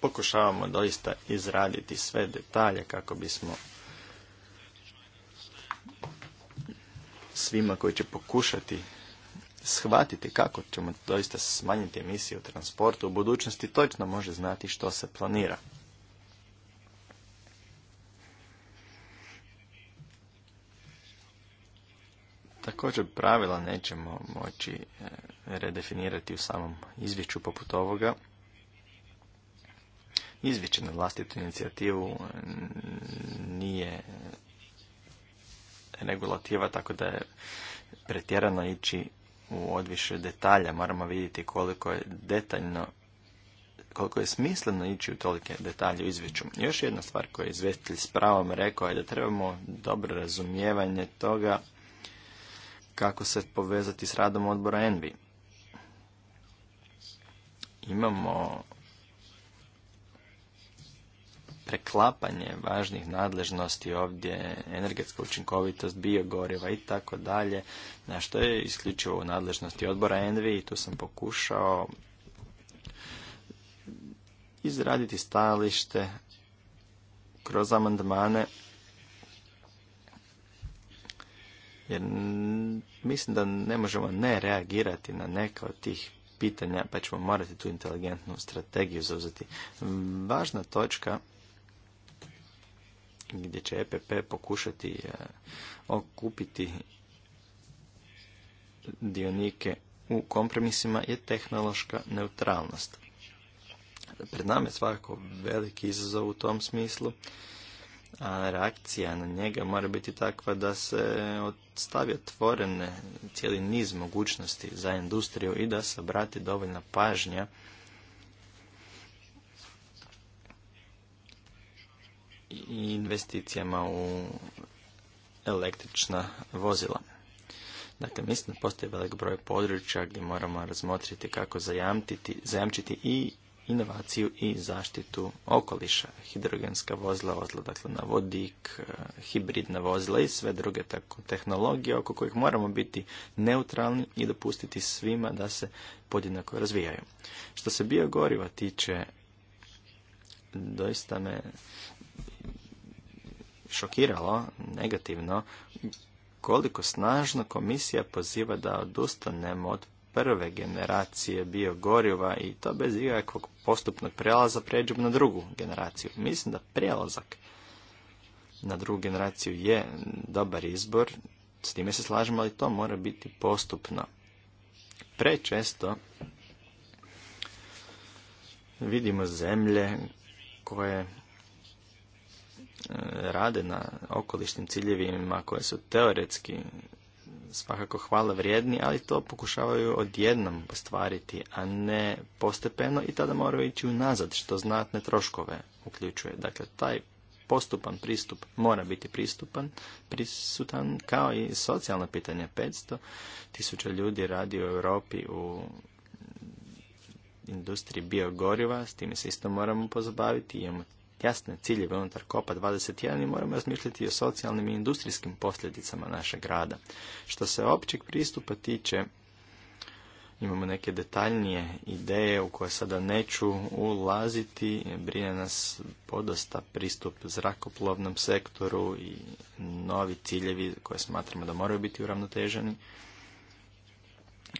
[SPEAKER 3] pokušavamo doista izraditi sve detalje kako bismo svima koji će pokušati shvatiti kako ćemo doista smanjiti emisiju o transportu u budućnosti točno može znati što se planira. Također pravila nećemo moći e, redefinirati u samom izvješću poput ovoga. Izvješće na vlastitu inicijativu e, nije regulativa, tako da je pretjerano ići u odviše detalja. Moramo vidjeti koliko je detaljno koliko je smisleno ići u tolike detalje u izvješću. Još jedna stvar koju je izvestitelj s pravom rekao je da trebamo dobro razumijevanje toga kako se povezati s radom odbora Envi. Imamo preklapanje važnih nadležnosti ovdje, energetska učinkovitost, biogoriva i tako dalje, na što je isključivo u nadležnosti odbora Envi i tu sam pokušao izraditi stajalište kroz amandmane jer mislim da ne možemo ne reagirati na neka od tih pitanja, pa ćemo morati tu inteligentnu strategiju zauzeti. Važna točka gdje će EPP pokušati e, okupiti dionike u kompromisima je tehnološka neutralnost. Pred nama je svakako veliki izazov u tom smislu a reakcija na njega mora biti takva da se stavi otvorene cijeli niz mogućnosti za industriju i da se obrati dovoljna pažnja i investicijama u električna vozila. Dakle, mislim da postoji velik broj područja gdje moramo razmotriti kako zajamčiti i inovaciju i zaštitu okoliša. Hidrogenska vozila, vozila dakle na vodik, e, hibridna vozila i sve druge tako, tehnologije oko kojih moramo biti neutralni i dopustiti svima da se podjednako razvijaju. Što se bio goriva tiče, doista me šokiralo negativno koliko snažno komisija poziva da odustanemo od prve generacije biogoriva i to bez ikakvog postupnog prelaza pređemo na drugu generaciju. Mislim da prelazak na drugu generaciju je dobar izbor, s time se slažemo, ali to mora biti postupno. Prečesto vidimo zemlje koje e, rade na okolišnim ciljevima koje su teoretski svakako hvale vrijedni, ali to pokušavaju odjednom ostvariti, a ne postepeno i tada moraju ići unazad, što znatne troškove uključuje. Dakle, taj postupan pristup mora biti pristupan, prisutan kao i socijalno pitanje. 500 tisuća ljudi radi u Europi u industriji biogoriva, s time se isto moramo pozabaviti, imamo jasne ciljeve unutar kopa 21 i moramo razmišljati o socijalnim i industrijskim posljedicama našeg grada. Što se općeg pristupa tiče, imamo neke detaljnije ideje u koje sada neću ulaziti. Brine nas podosta pristup zrakoplovnom sektoru i novi ciljevi koje smatramo da moraju biti uravnoteženi.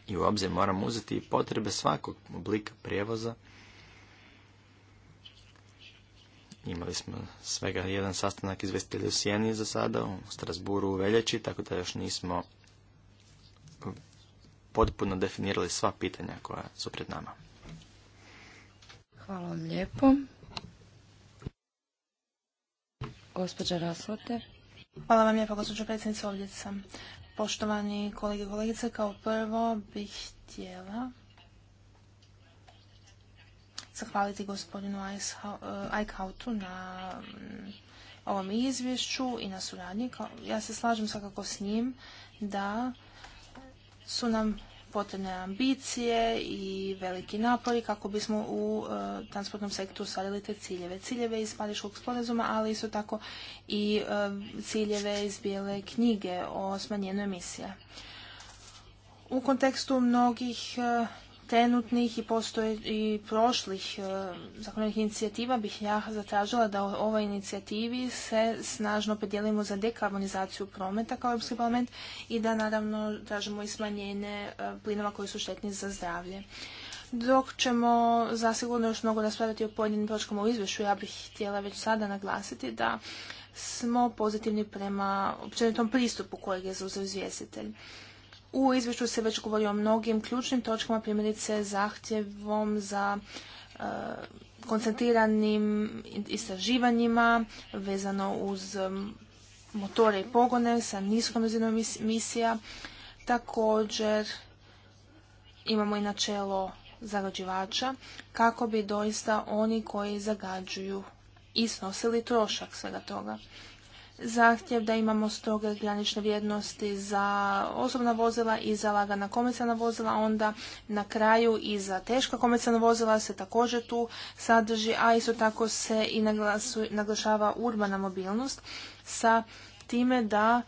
[SPEAKER 3] I u obzir moramo uzeti i potrebe svakog oblika prijevoza Imali smo svega jedan sastanak izvestitelja u Sijeni za sada, u Strasburu u Veljači, tako da još nismo potpuno definirali sva pitanja koja su pred nama.
[SPEAKER 2] Hvala vam lijepo. Gospođa Raslote. Hvala vam lijepo, gospođo predsjednice, ovdje sam. Poštovani kolege i kolegice, kao prvo bih htjela zahvaliti gospodinu eh, Eichhautu na mm, ovom izvješću i na suradnji. Ja se slažem svakako s njim da su nam potrebne ambicije i veliki napori kako bismo u eh, transportnom sektoru stvarili te ciljeve. Ciljeve iz Pariškog sporazuma, ali isto tako i eh, ciljeve iz bijele knjige o smanjenju emisija. U kontekstu mnogih trenutnih i prošlih e, zakonodavnih inicijativa bih ja zatražila da o ovoj inicijativi se snažno podijelimo za dekarbonizaciju prometa kao Europski parlament i da naravno tražimo i smanjenje e, plinova koji su štetni za zdravlje. Dok ćemo zasigurno još mnogo raspravljati o pojedinim točkama u izvješću, ja bih htjela već sada naglasiti da smo pozitivni prema općenitom pristupu kojeg je zauzeo izvjestitelj. U izvješću se već govori o mnogim ključnim točkama, primjerice zahtjevom za e, koncentriranim istraživanjima vezano uz motore i pogone sa niskom razinom emisija. Također imamo i načelo zagađivača kako bi doista oni koji zagađuju i snosili trošak svega toga zahtjev da imamo stroge granične vrijednosti za osobna vozila i za lagana komercijalna vozila, onda na kraju i za teška komercijalna vozila se također tu sadrži, a isto tako se i naglašava urbana mobilnost sa time da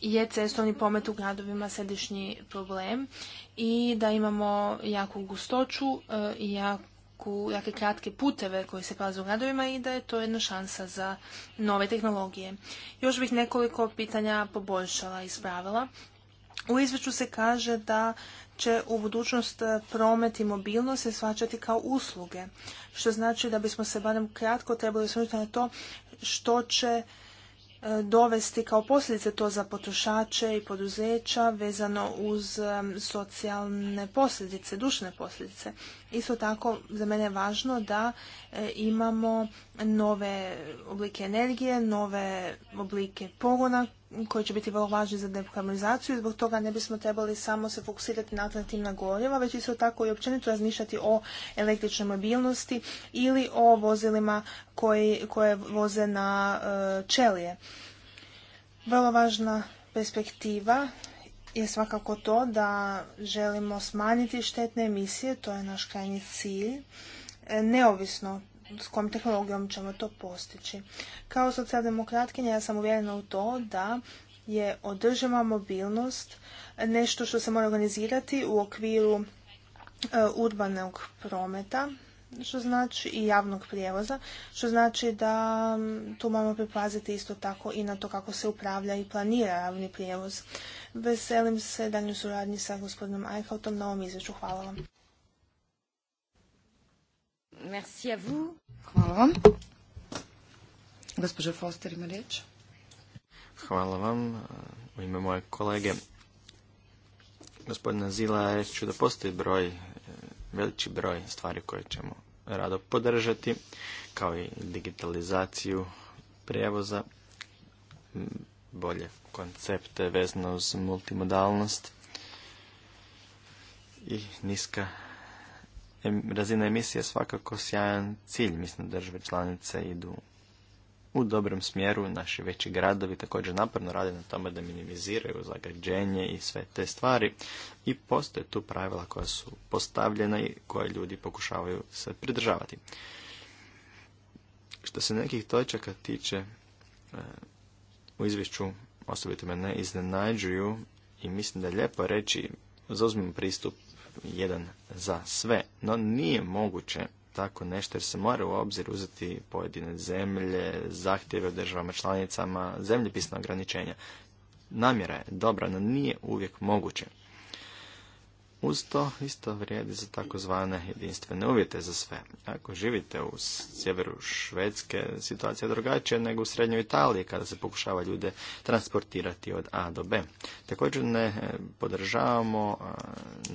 [SPEAKER 2] je cestovni promet u gradovima središnji problem i da imamo jaku gustoću, e, jak u jake kratke puteve koji se prelaze u gradovima i da je to jedna šansa za nove tehnologije. Još bih nekoliko pitanja poboljšala i ispravila. U izveću se kaže da će u budućnost e, promet i mobilnost se svačati kao usluge, što znači da bismo se barem kratko trebali osvrnuti na to što će e, dovesti kao posljedice to za potrošače i poduzeća vezano uz e, socijalne posljedice, dušne posljedice. Isto tako, za mene je važno da e, imamo nove oblike energije, nove oblike pogona koji će biti vrlo važni za dekarbonizaciju i zbog toga ne bismo trebali samo se fokusirati na alternativna goriva, već isto tako i općenito razmišljati o električnoj mobilnosti ili o vozilima koje voze na čelije. E, vrlo važna perspektiva je svakako to da želimo smanjiti štetne emisije, to je naš krajnji cilj, e, neovisno s kom tehnologijom ćemo to postići. Kao socijaldemokratkinja ja sam uvjerena u to da je održiva mobilnost nešto što se mora organizirati u okviru e, urbanog prometa, što znači i javnog prijevoza, što znači da tu moramo pripaziti isto tako i na to kako se upravlja i planira javni prijevoz. Veselim se danju suradnji sa gospodinom Eichhautom na ovom izvješću. Hvala vam.
[SPEAKER 1] Merci à vous. Hvala vam. Foster ima riječ.
[SPEAKER 3] Hvala vam. Uh, u ime moje kolege gospodina Zila reću da postoji broj, uh, veliči broj stvari koje ćemo rado podržati, kao i digitalizaciju prijevoza, mm, bolje koncepte vezano uz multimodalnost i niska razina emisije je svakako sjajan cilj. Mislim da države članice idu u dobrom smjeru. Naši veći gradovi također naporno rade na tome da minimiziraju zagađenje i sve te stvari. I postoje tu pravila koja su postavljena i koje ljudi pokušavaju se pridržavati. Što se nekih točaka tiče, e, u izvješću osobito me ne iznenađuju i mislim da je lijepo reći zauzmimo pristup jedan za sve, no nije moguće tako nešto jer se mora u obzir uzeti pojedine zemlje, zahtjeve u državama članicama, zemljepisna ograničenja. Namjera je dobra, no nije uvijek moguće. Uz to isto vrijedi za takozvane jedinstvene uvjete za sve. Ako živite u sjeveru Švedske, situacija je drugačija nego u srednjoj Italiji kada se pokušava ljude transportirati od A do B. Također ne eh, podržavamo eh,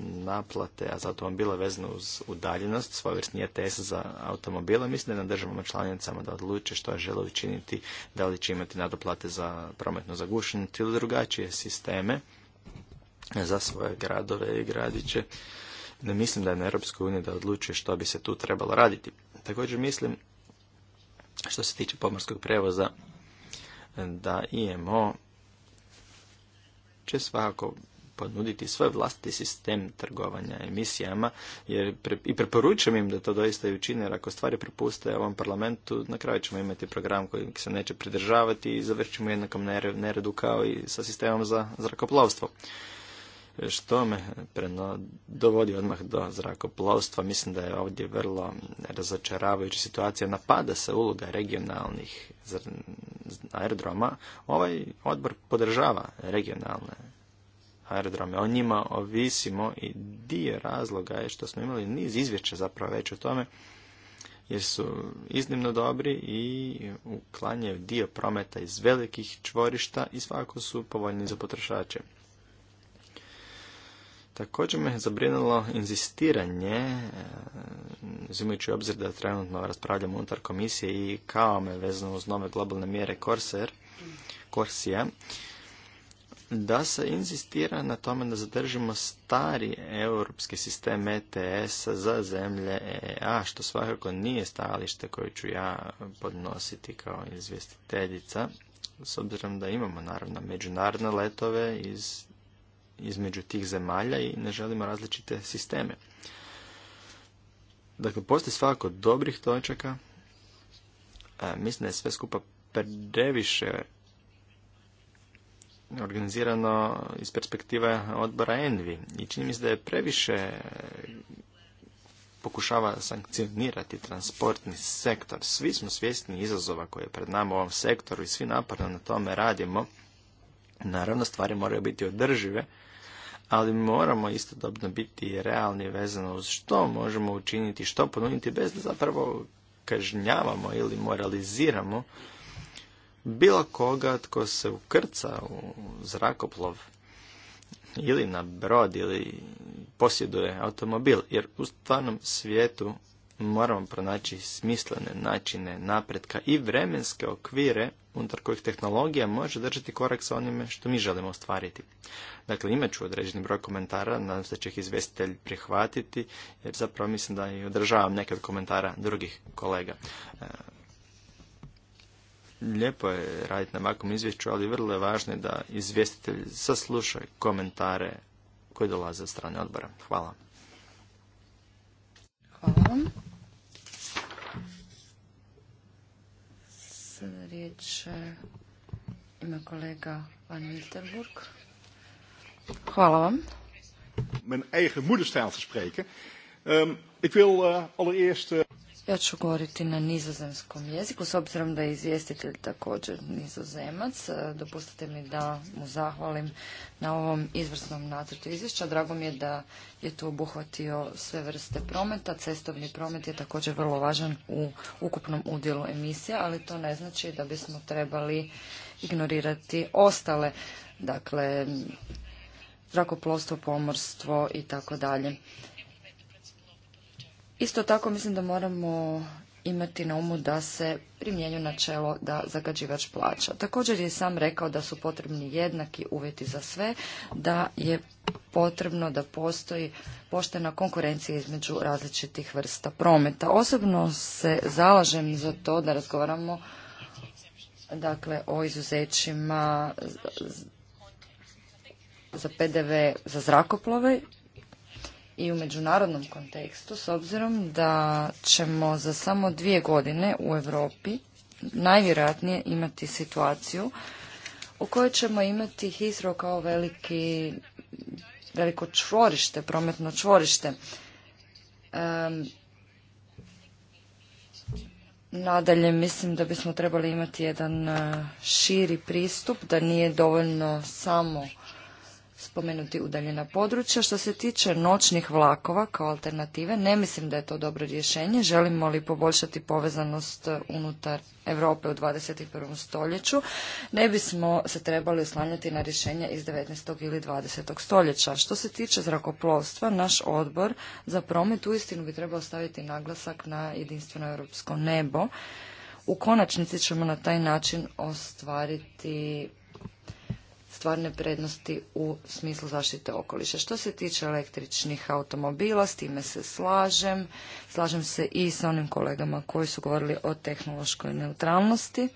[SPEAKER 3] naplate, a za automobile vezano uz udaljenost, svojevrsni ETS za automobile. Mislim da je na državama članicama da odluče što žele učiniti, da li će imati nadoplate za prometno zagušenje ili drugačije sisteme za svoje gradove i gradiće. Ne mislim da je na Europskoj uniji da odlučuje što bi se tu trebalo raditi. Također mislim, što se tiče pomorskog prevoza, da IMO će svakako ponuditi svoj vlastiti sistem trgovanja emisijama jer i preporučujem im da to doista i učine jer ako stvari prepuste ovom parlamentu na kraju ćemo imati program koji se neće pridržavati i završimo ćemo jednakom neredu kao i sa sistemom za zrakoplovstvo što me preno, dovodi odmah do zrakoplovstva. Mislim da je ovdje vrlo razočaravajuća situacija. Napada se uloga regionalnih aerodroma. Ovaj odbor podržava regionalne aerodrome. O njima ovisimo i dio razloga je što smo imali niz izvješća zapravo već o tome jer su iznimno dobri i uklanjaju dio prometa iz velikih čvorišta i svako su povoljni za potrošače. Također me je zabrinulo inzistiranje, e, uzimajući obzir da trenutno raspravljamo unutar komisije i kao me vezano uz nove globalne mjere Corsair, Corsia, da se inzistira na tome da zadržimo stari europski sistem ETS za zemlje EA, što svakako nije stajalište koje ću ja podnositi kao izvjestiteljica, s obzirom da imamo naravno međunarodne letove iz između tih zemalja i ne želimo različite sisteme. Dakle, postoji svakako dobrih točaka. E, mislim da je sve skupa previše organizirano iz perspektive odbora Envi. I čini mi se da je previše e, pokušava sankcionirati transportni sektor. Svi smo svjesni izazova koje je pred nama u ovom sektoru i svi naporno na tome radimo. Naravno, stvari moraju biti održive, ali moramo istodobno biti realni vezano uz što možemo učiniti, što ponuditi bez da zapravo kažnjavamo ili moraliziramo bilo koga tko se ukrca u zrakoplov ili na brod ili posjeduje automobil, jer u stvarnom svijetu moramo pronaći smislene načine napretka i vremenske okvire unutar kojih tehnologija može držati korak sa onime što mi želimo ostvariti. Dakle, imat ću određeni broj komentara, nadam se da će ih izvjestitelj prihvatiti, jer zapravo mislim da i održavam neke od komentara drugih kolega. E, lijepo je raditi na ovakvom izvješću, ali vrlo je važno da izvjestitelj sasluša komentare koji dolaze od strane odbora. Hvala. Hvala vam.
[SPEAKER 1] Sada riječ e, ima kolega Van Wittenburg. Hvala vam. Mijn eigen moederstijl te spreken.
[SPEAKER 3] Um, ik wil uh, allereerst... Uh...
[SPEAKER 1] Ja ću govoriti na nizozemskom jeziku, s obzirom da je izvjestitelj također nizozemac. E, Dopustite mi da mu zahvalim na ovom izvrsnom nacrtu izvješća. Drago mi je da je tu obuhvatio sve vrste prometa. Cestovni promet je također vrlo važan u ukupnom udjelu emisija, ali to ne znači da bismo trebali ignorirati ostale, dakle, zrakoplovstvo, pomorstvo i tako dalje. Isto tako mislim da moramo imati na umu da se primjenju načelo da zagađivač plaća. Također je sam rekao da su potrebni jednaki uvjeti za sve, da je potrebno da postoji poštena konkurencija između različitih vrsta prometa. Osobno se zalažem za to da razgovaramo dakle o izuzećima za PDV za zrakoplove i u međunarodnom kontekstu s obzirom da ćemo za samo dvije godine u Europi najvjerojatnije imati situaciju u kojoj ćemo imati Hisro kao veliki, veliko čvorište, prometno čvorište. Nadalje mislim da bismo trebali imati jedan e, širi pristup, da nije dovoljno samo spomenuti udaljena područja. Što se tiče noćnih vlakova kao alternative, ne mislim da je to dobro rješenje. Želimo li poboljšati povezanost uh, unutar Europe u 21. stoljeću, ne bismo se trebali oslanjati na rješenja iz 19. ili 20. stoljeća. Što se tiče zrakoplovstva, naš odbor za promet uistinu bi trebao staviti naglasak na jedinstveno europsko nebo. U konačnici ćemo na taj način ostvariti stvarne prednosti u smislu zaštite okoliša. Što se tiče električnih automobila, s time se slažem. Slažem se i sa onim kolegama koji su govorili o tehnološkoj neutralnosti.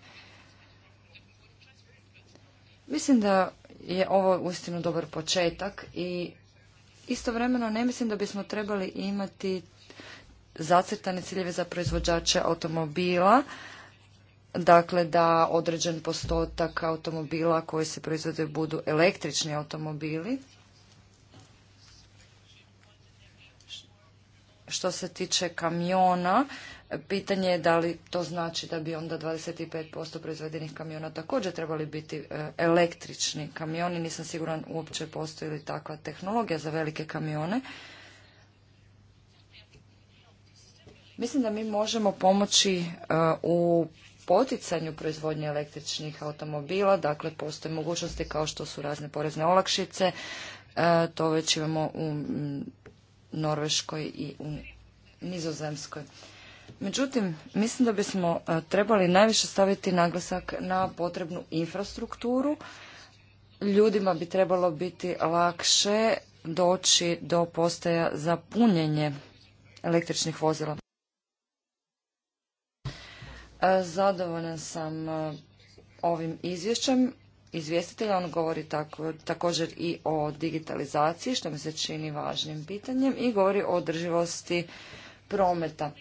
[SPEAKER 1] Mislim da je ovo uistinu dobar početak i istovremeno ne mislim da bismo trebali imati zacrtane ciljeve za proizvođače automobila dakle da određen postotak automobila koji se proizvode budu električni automobili. Što se tiče kamiona, pitanje je da li to znači da bi onda 25% proizvedenih kamiona također trebali biti e, električni kamioni. Nisam siguran uopće postoji li takva tehnologija za velike kamione. Mislim da mi možemo pomoći e, u poticanju proizvodnje električnih automobila, dakle postoje mogućnosti kao što su razne porezne olakšice, e, to već imamo u Norveškoj i u Nizozemskoj. Međutim, mislim da bismo e, trebali najviše staviti naglasak na potrebnu infrastrukturu. Ljudima bi trebalo biti lakše doći do postaja za punjenje električnih vozila. Zadovoljan sam ovim izvješćem Izvjestitelj On govori tako, također i o digitalizaciji, što mi se čini važnim pitanjem, i govori o održivosti prometa.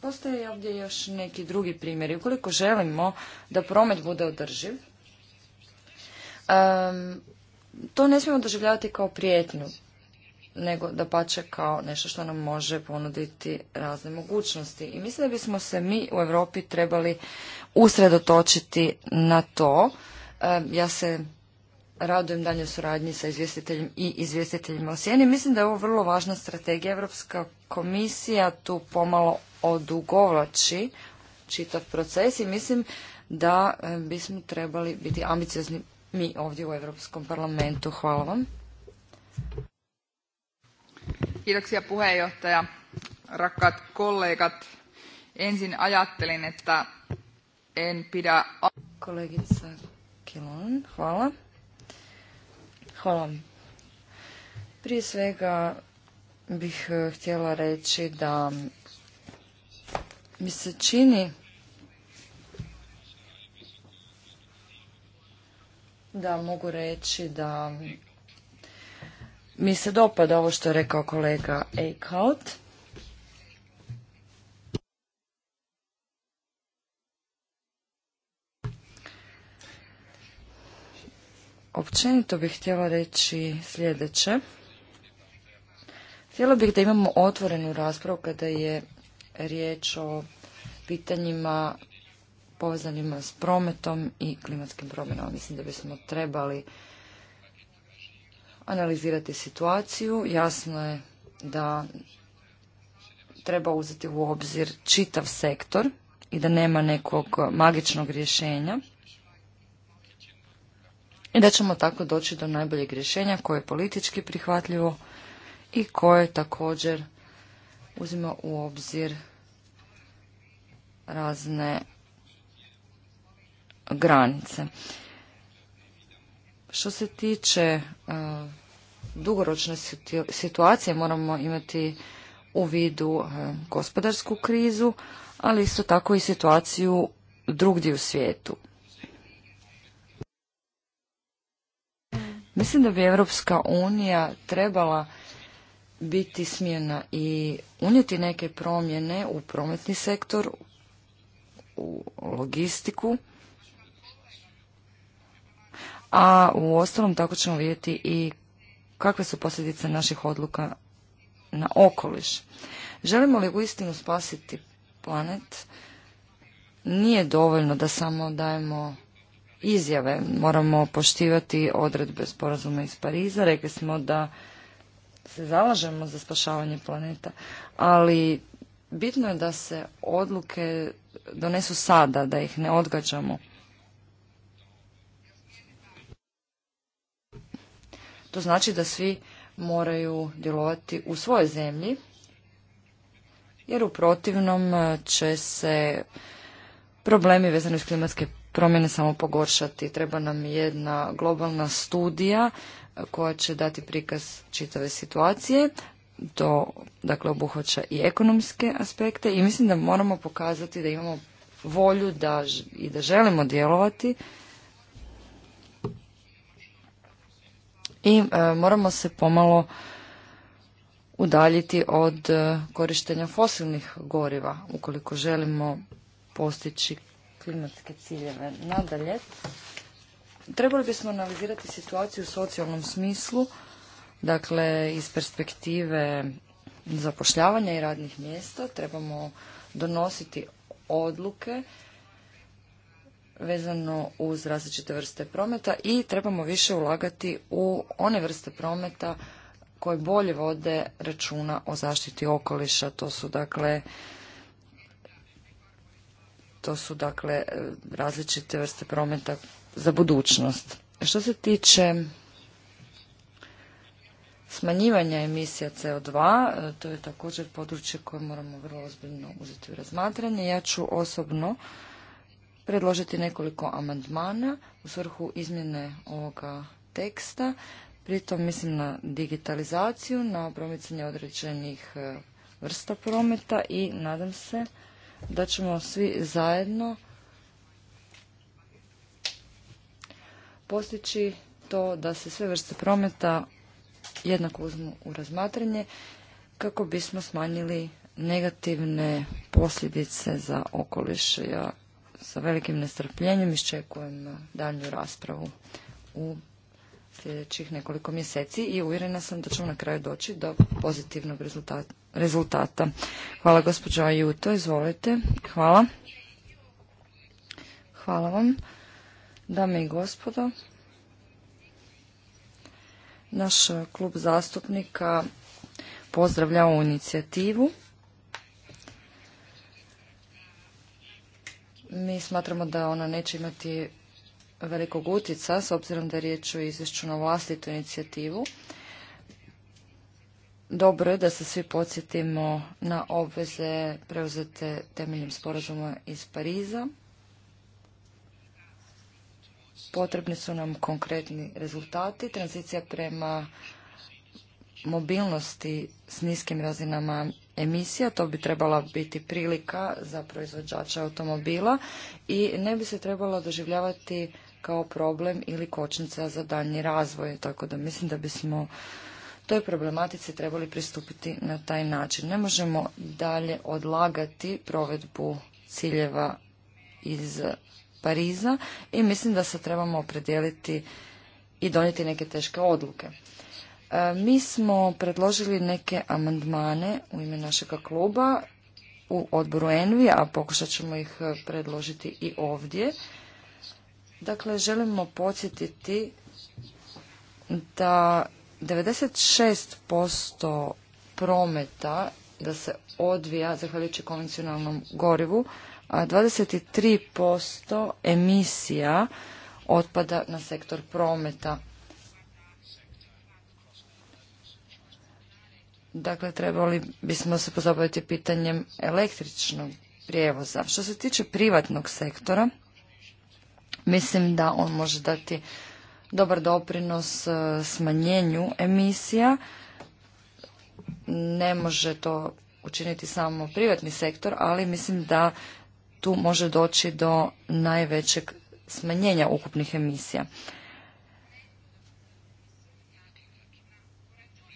[SPEAKER 1] Postoje ovdje još neki drugi primjeri. Ukoliko želimo da promet bude održiv, to ne smijemo doživljavati kao prijetnju nego da pače kao nešto što nam može ponuditi razne mogućnosti. I mislim da bismo se mi u Europi trebali usredotočiti na to. Ja se radujem dalje suradnji sa izvjestiteljem i izvjestiteljima o sjeni. Mislim da je ovo vrlo važna strategija. Europska komisija tu pomalo odugovlači čitav proces i mislim da bismo trebali biti ambiciozni mi ovdje u Europskom parlamentu. Hvala vam. Kiitoksia puheenjohtaja. Rakkaat kollegat, ensin ajattelin, että en pidä... Kolegica Kilon, hvala. Hvala. Prije svega bih e, htjela reći da mi se čini da mogu reći da mi se dopada ovo što je rekao kolega Eichhout. Općenito bih htjela reći sljedeće. Htjela bih da imamo otvorenu raspravu kada je riječ o pitanjima povezanima s prometom i klimatskim promjenama. Mislim da bismo trebali analizirati situaciju. Jasno je da treba uzeti u obzir čitav sektor i da nema nekog magičnog rješenja i da ćemo tako doći do najboljeg rješenja koje je politički prihvatljivo i koje također uzima u obzir razne granice. Što se tiče eh, dugoročne situacije moramo imati u vidu e, gospodarsku krizu, ali isto tako i situaciju drugdje u svijetu. Mislim da bi Europska unija trebala biti smjena i unijeti neke promjene u prometni sektor, u logistiku, a u ostalom tako ćemo vidjeti i kakve su posljedice naših odluka na okoliš. Želimo li uistinu spasiti planet, nije dovoljno da samo dajemo izjave. Moramo poštivati odredbe sporazuma iz Pariza. Rekli smo da se zalažemo za spašavanje planeta, ali bitno je da se odluke donesu sada, da ih ne odgađamo. To znači da svi moraju djelovati u svojoj zemlji, jer u protivnom e, će se problemi vezani s klimatske promjene samo pogoršati. Treba nam jedna globalna studija e, koja će dati prikaz čitave situacije. To dakle, obuhvaća i ekonomske aspekte i mislim da moramo pokazati da imamo volju da, i da želimo djelovati i e, moramo se pomalo udaljiti od e, korištenja fosilnih goriva ukoliko želimo postići klimatske ciljeve. Nadalje, trebali bismo analizirati situaciju u socijalnom smislu, dakle iz perspektive zapošljavanja i radnih mjesta trebamo donositi odluke vezano uz različite vrste prometa i trebamo više ulagati u one vrste prometa koje bolje vode računa o zaštiti okoliša. To su dakle to su dakle različite vrste prometa za budućnost. Što se tiče smanjivanja emisija CO2, to je također područje koje moramo vrlo ozbiljno uzeti u razmatranje. Ja ću osobno predložiti nekoliko amandmana u svrhu izmjene ovoga teksta. Pritom mislim na digitalizaciju, na promicanje određenih e, vrsta prometa i nadam se da ćemo svi zajedno postići to da se sve vrste prometa jednako uzmu u razmatranje kako bismo smanjili negativne posljedice za okoliš. Ja sa velikim nestrpljenjem iščekujem daljnju raspravu u sljedećih nekoliko mjeseci i uvjerena sam da ćemo na kraju doći do pozitivnog rezultata. Hvala gospođo Ajuto, izvolite. Hvala. Hvala vam. Dame i gospodo, naš klub zastupnika pozdravlja ovu inicijativu Mi smatramo da ona neće imati velikog utjeca s obzirom da je riječ o izvješću na vlastitu inicijativu. Dobro je da se svi podsjetimo na obveze preuzete temeljem sporazuma iz Pariza. Potrebni su nam konkretni rezultati. Tranzicija prema mobilnosti s niskim razinama emisija. To bi trebala biti prilika za proizvođača automobila i ne bi se trebalo doživljavati kao problem ili kočnica za daljnji razvoj. Tako da mislim da bismo toj problematici trebali pristupiti na taj način. Ne možemo dalje odlagati provedbu ciljeva iz Pariza i mislim da se trebamo opredijeliti i donijeti neke teške odluke. E, mi smo predložili neke amandmane u ime našega kluba u odboru Envi, a pokušat ćemo ih e, predložiti i ovdje. Dakle, želimo podsjetiti da 96% prometa da se odvija zahvaljujući konvencionalnom gorivu, a 23% emisija otpada na sektor prometa. Dakle, trebali bismo se pozabaviti pitanjem električnog prijevoza. Što se tiče privatnog sektora, mislim da on može dati dobar doprinos e, smanjenju emisija. Ne može to učiniti samo privatni sektor, ali mislim da tu može doći do najvećeg smanjenja ukupnih emisija.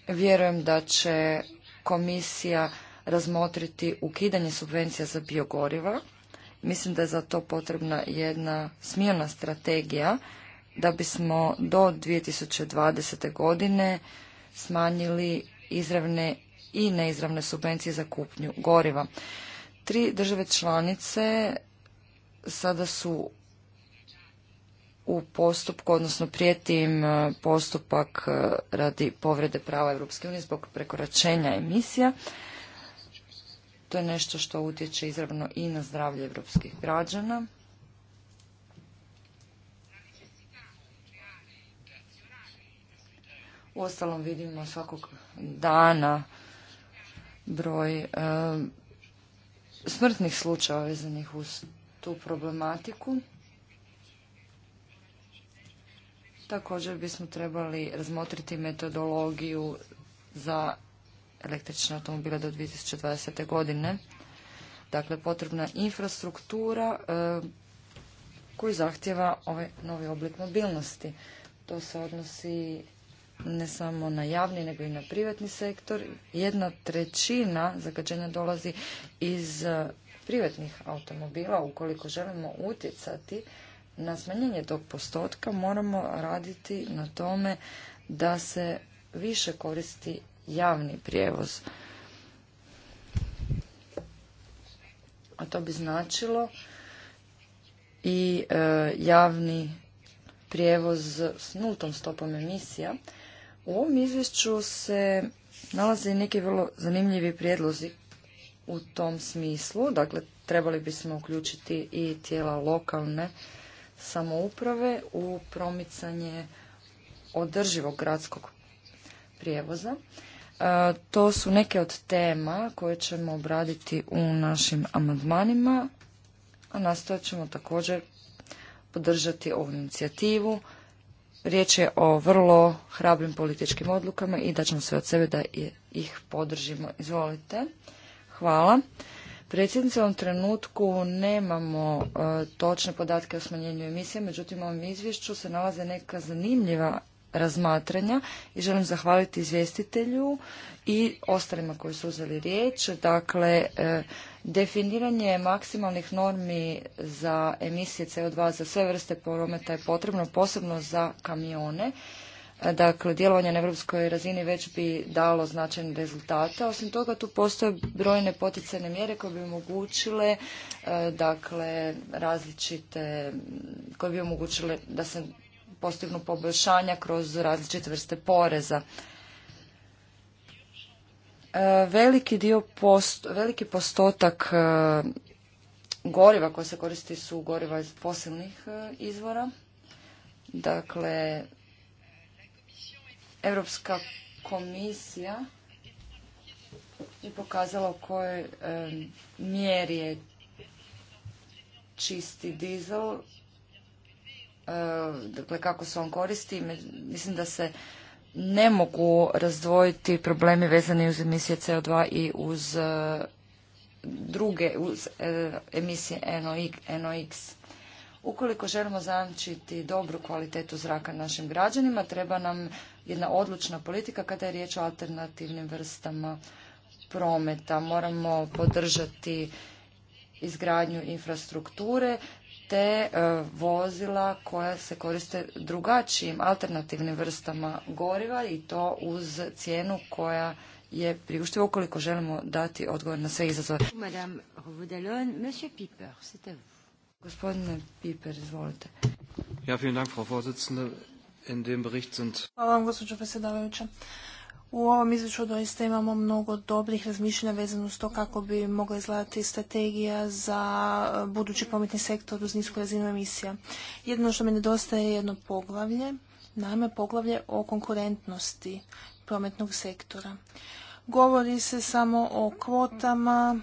[SPEAKER 1] Vjerujem da će komisija razmotriti ukidanje subvencija za biogoriva. Mislim da je za to potrebna jedna smjerna strategija da bismo do 2020. godine smanjili izravne i neizravne subvencije za kupnju goriva. Tri države članice sada su u postupku, odnosno prijetim e, postupak e, radi povrede prava Europske unije zbog prekoračenja emisija. To je nešto što utječe izravno i na zdravlje europskih građana. Uostalom vidimo svakog dana broj e, smrtnih slučajeva vezanih uz tu problematiku. Također bismo trebali razmotriti metodologiju za električne automobile do 2020. godine. Dakle, potrebna infrastruktura e, koju zahtjeva ovaj novi oblik mobilnosti. To se odnosi ne samo na javni, nego i na privatni sektor. Jedna trećina zagađenja dolazi iz privatnih automobila. Ukoliko želimo utjecati na smanjenje tog postotka moramo raditi na tome da se više koristi javni prijevoz. A to bi značilo i e, javni prijevoz s nultom stopom emisija. U ovom izvješću se nalaze neki vrlo zanimljivi prijedlozi u tom smislu. Dakle, trebali bismo uključiti i tijela lokalne samouprave u promicanje održivog gradskog prijevoza. E, to su neke od tema koje ćemo obraditi u našim amandmanima, a nastojat ćemo također podržati ovu inicijativu. Riječ je o vrlo hrabrim političkim odlukama i ćemo sve od sebe da ih podržimo. Izvolite. Hvala. Predsjednice, u ovom trenutku nemamo e, točne podatke o smanjenju emisije, međutim u ovom izvješću se nalaze neka zanimljiva razmatranja i želim zahvaliti izvjestitelju i ostalima koji su uzeli riječ. Dakle, e, definiranje maksimalnih normi za emisije CO2 za sve vrste prometa je potrebno, posebno za kamione Dakle, djelovanje na europskoj razini već bi dalo značajne rezultate. Osim toga, tu postoje brojne poticajne mjere koje bi omogućile e, dakle, različite, koje bi omogućile da se postignu poboljšanja kroz različite vrste poreza. E, veliki, dio veliki postotak e, goriva koje se koristi su goriva iz posebnih izvora. Dakle, Europska komisija je pokazala u kojoj mjeri je čisti dizel, dakle kako se on koristi. Mislim da se ne mogu razdvojiti problemi vezani uz emisije CO2 i uz druge, uz emisije NOx. Ukoliko želimo zamčiti dobru kvalitetu zraka našim građanima, treba nam jedna odlučna politika kada je riječ o alternativnim vrstama prometa. Moramo podržati izgradnju infrastrukture te e, vozila koja se koriste drugačijim alternativnim vrstama goriva i to uz cijenu koja je priuštiva ukoliko želimo dati odgovor na sve izazove. Madame Monsieur Piper, c'est à vous. Gospodine
[SPEAKER 2] Piper, Ja, Hvala vam, gospođo predsjedavajuća. U ovom izvješću doista imamo mnogo dobrih razmišljanja vezano s to kako bi mogla izgledati strategija za e, budući prometni sektor uz nisku razinu emisija. Jedino što mi nedostaje je jedno poglavlje, naime poglavlje o konkurentnosti prometnog sektora. Govori se samo o kvotama,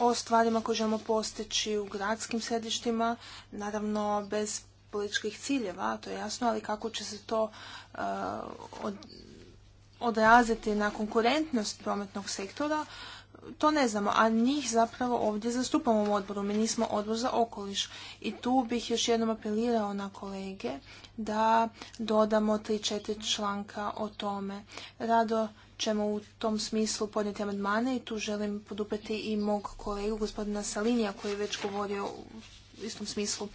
[SPEAKER 2] o stvarima koje želimo postići u gradskim središtima, naravno bez političkih ciljeva, to je jasno, ali kako će se to eh, odraziti na konkurentnost prometnog sektora, to ne znamo, a njih zapravo ovdje zastupamo u odboru, mi nismo odbor za okoliš. I tu bih još jednom apelirao na kolege da dodamo 3-4 članka o tome. Rado ćemo u tom smislu podnijeti amandmane i tu želim podupeti i mog kolegu gospodina Salinija koji je već govorio u istom smislu.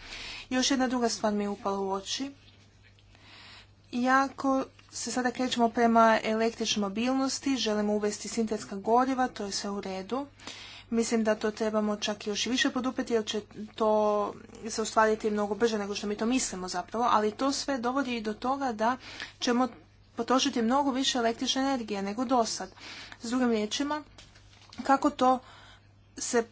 [SPEAKER 2] Još jedna druga stvar mi je upala u oči. Jako se sada krećemo prema električnoj mobilnosti, želimo uvesti sintetska goriva, to je sve u redu. Mislim da to trebamo čak još i više podupeti jer će to se ostvariti mnogo brže nego što mi to mislimo zapravo, ali to sve dovodi i do toga da ćemo potrošiti mnogo više električne energije nego dosad. S drugim riječima, kako to se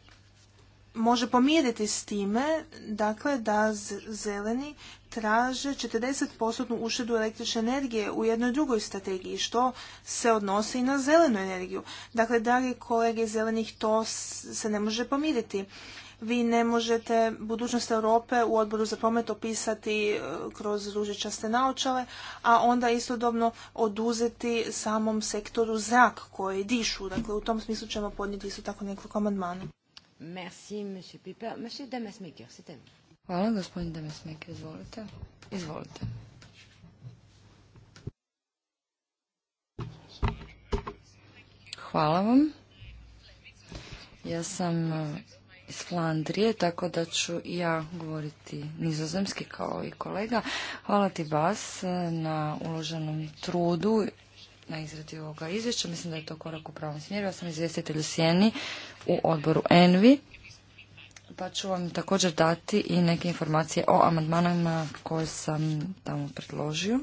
[SPEAKER 2] može pomiriti s time, dakle, da zeleni traže 40% uštedu električne energije u jednoj drugoj strategiji, što se odnosi i na zelenu energiju. Dakle, dragi kolege zelenih, to se ne može pomiriti vi ne možete budućnost Europe u odboru za promet opisati e, kroz ružičaste naočale, a onda istodobno oduzeti samom sektoru zrak koji dišu. Dakle, u tom smislu ćemo podnijeti isto tako nekoliko amandmana. Merci, monsieur Piper. Monsieur Damasmaker, c'est
[SPEAKER 1] Hvala, gospodin Damasmaker, izvolite. Izvolite. Hvala vam. Ja sam e, iz Flandrije, tako da ću i ja govoriti nizozemski kao i kolega. Hvala ti vas na uloženom trudu na izradi ovoga izvješća. Mislim da je to korak u pravom smjeru. Ja sam izvjestitelj u Sjeni u odboru Envi. Pa ću vam također dati i neke informacije o amandmanama koje sam tamo predložio.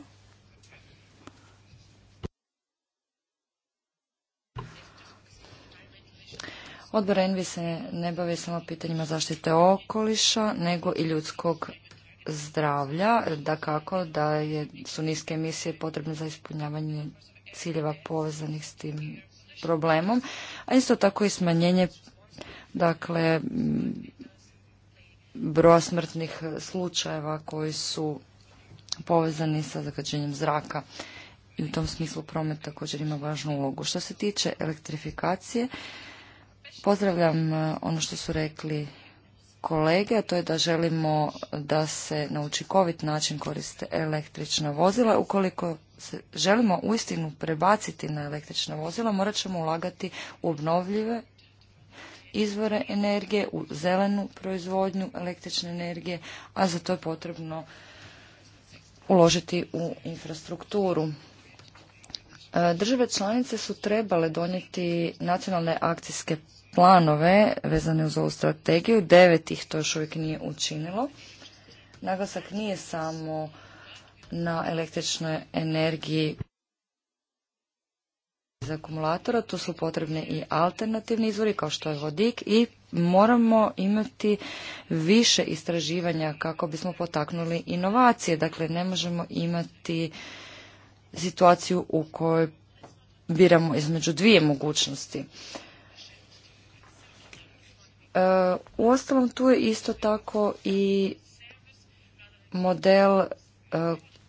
[SPEAKER 1] Odbor Envi se ne bavi samo pitanjima zaštite okoliša, nego i ljudskog zdravlja, da kako da je, su niske emisije potrebne za ispunjavanje ciljeva povezanih s tim problemom, a isto tako i smanjenje dakle broja smrtnih slučajeva koji su povezani sa zagađenjem zraka i u tom smislu promet također ima važnu ulogu. Što se tiče elektrifikacije, Pozdravljam e, ono što su rekli kolege, a to je da želimo da se na učinkovit način koriste električna vozila. Ukoliko se želimo uistinu prebaciti na električna vozila, morat ćemo ulagati u obnovljive izvore energije, u zelenu proizvodnju električne energije, a za to je potrebno uložiti u infrastrukturu. E, države članice su trebale donijeti nacionalne akcijske planove vezane uz ovu strategiju. Devet ih to još uvijek nije učinilo. Naglasak nije samo na električnoj energiji iz akumulatora, tu su potrebne i alternativni izvori kao što je vodik i moramo imati više istraživanja kako bismo potaknuli inovacije. Dakle, ne možemo imati situaciju u kojoj biramo između dvije mogućnosti. E, uostalom tu je isto tako i model e,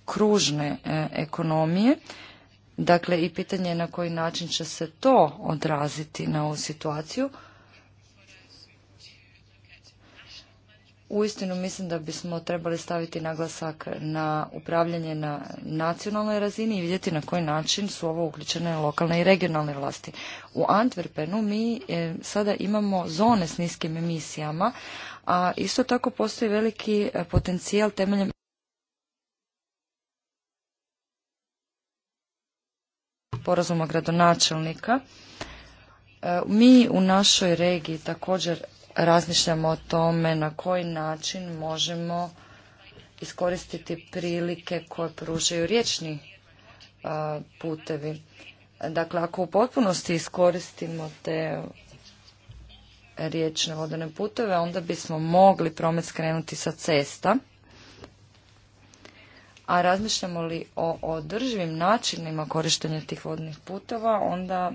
[SPEAKER 1] kružne e, ekonomije. Dakle, i pitanje je na koji način će se to odraziti na ovu situaciju. uistinu mislim da bismo trebali staviti naglasak na upravljanje na nacionalnoj razini i vidjeti na koji način su ovo uključene lokalne i regionalne vlasti. U Antwerpenu mi e, sada imamo zone s niskim emisijama, a isto tako postoji veliki e, potencijal temeljem porazuma gradonačelnika. E, mi u našoj regiji također razmišljamo o tome na koji način možemo iskoristiti prilike koje pružaju riječni putevi. Dakle, ako u potpunosti iskoristimo te riječne vodene puteve, onda bismo mogli promet skrenuti sa cesta. A razmišljamo li o održivim načinima korištenja tih vodnih puteva onda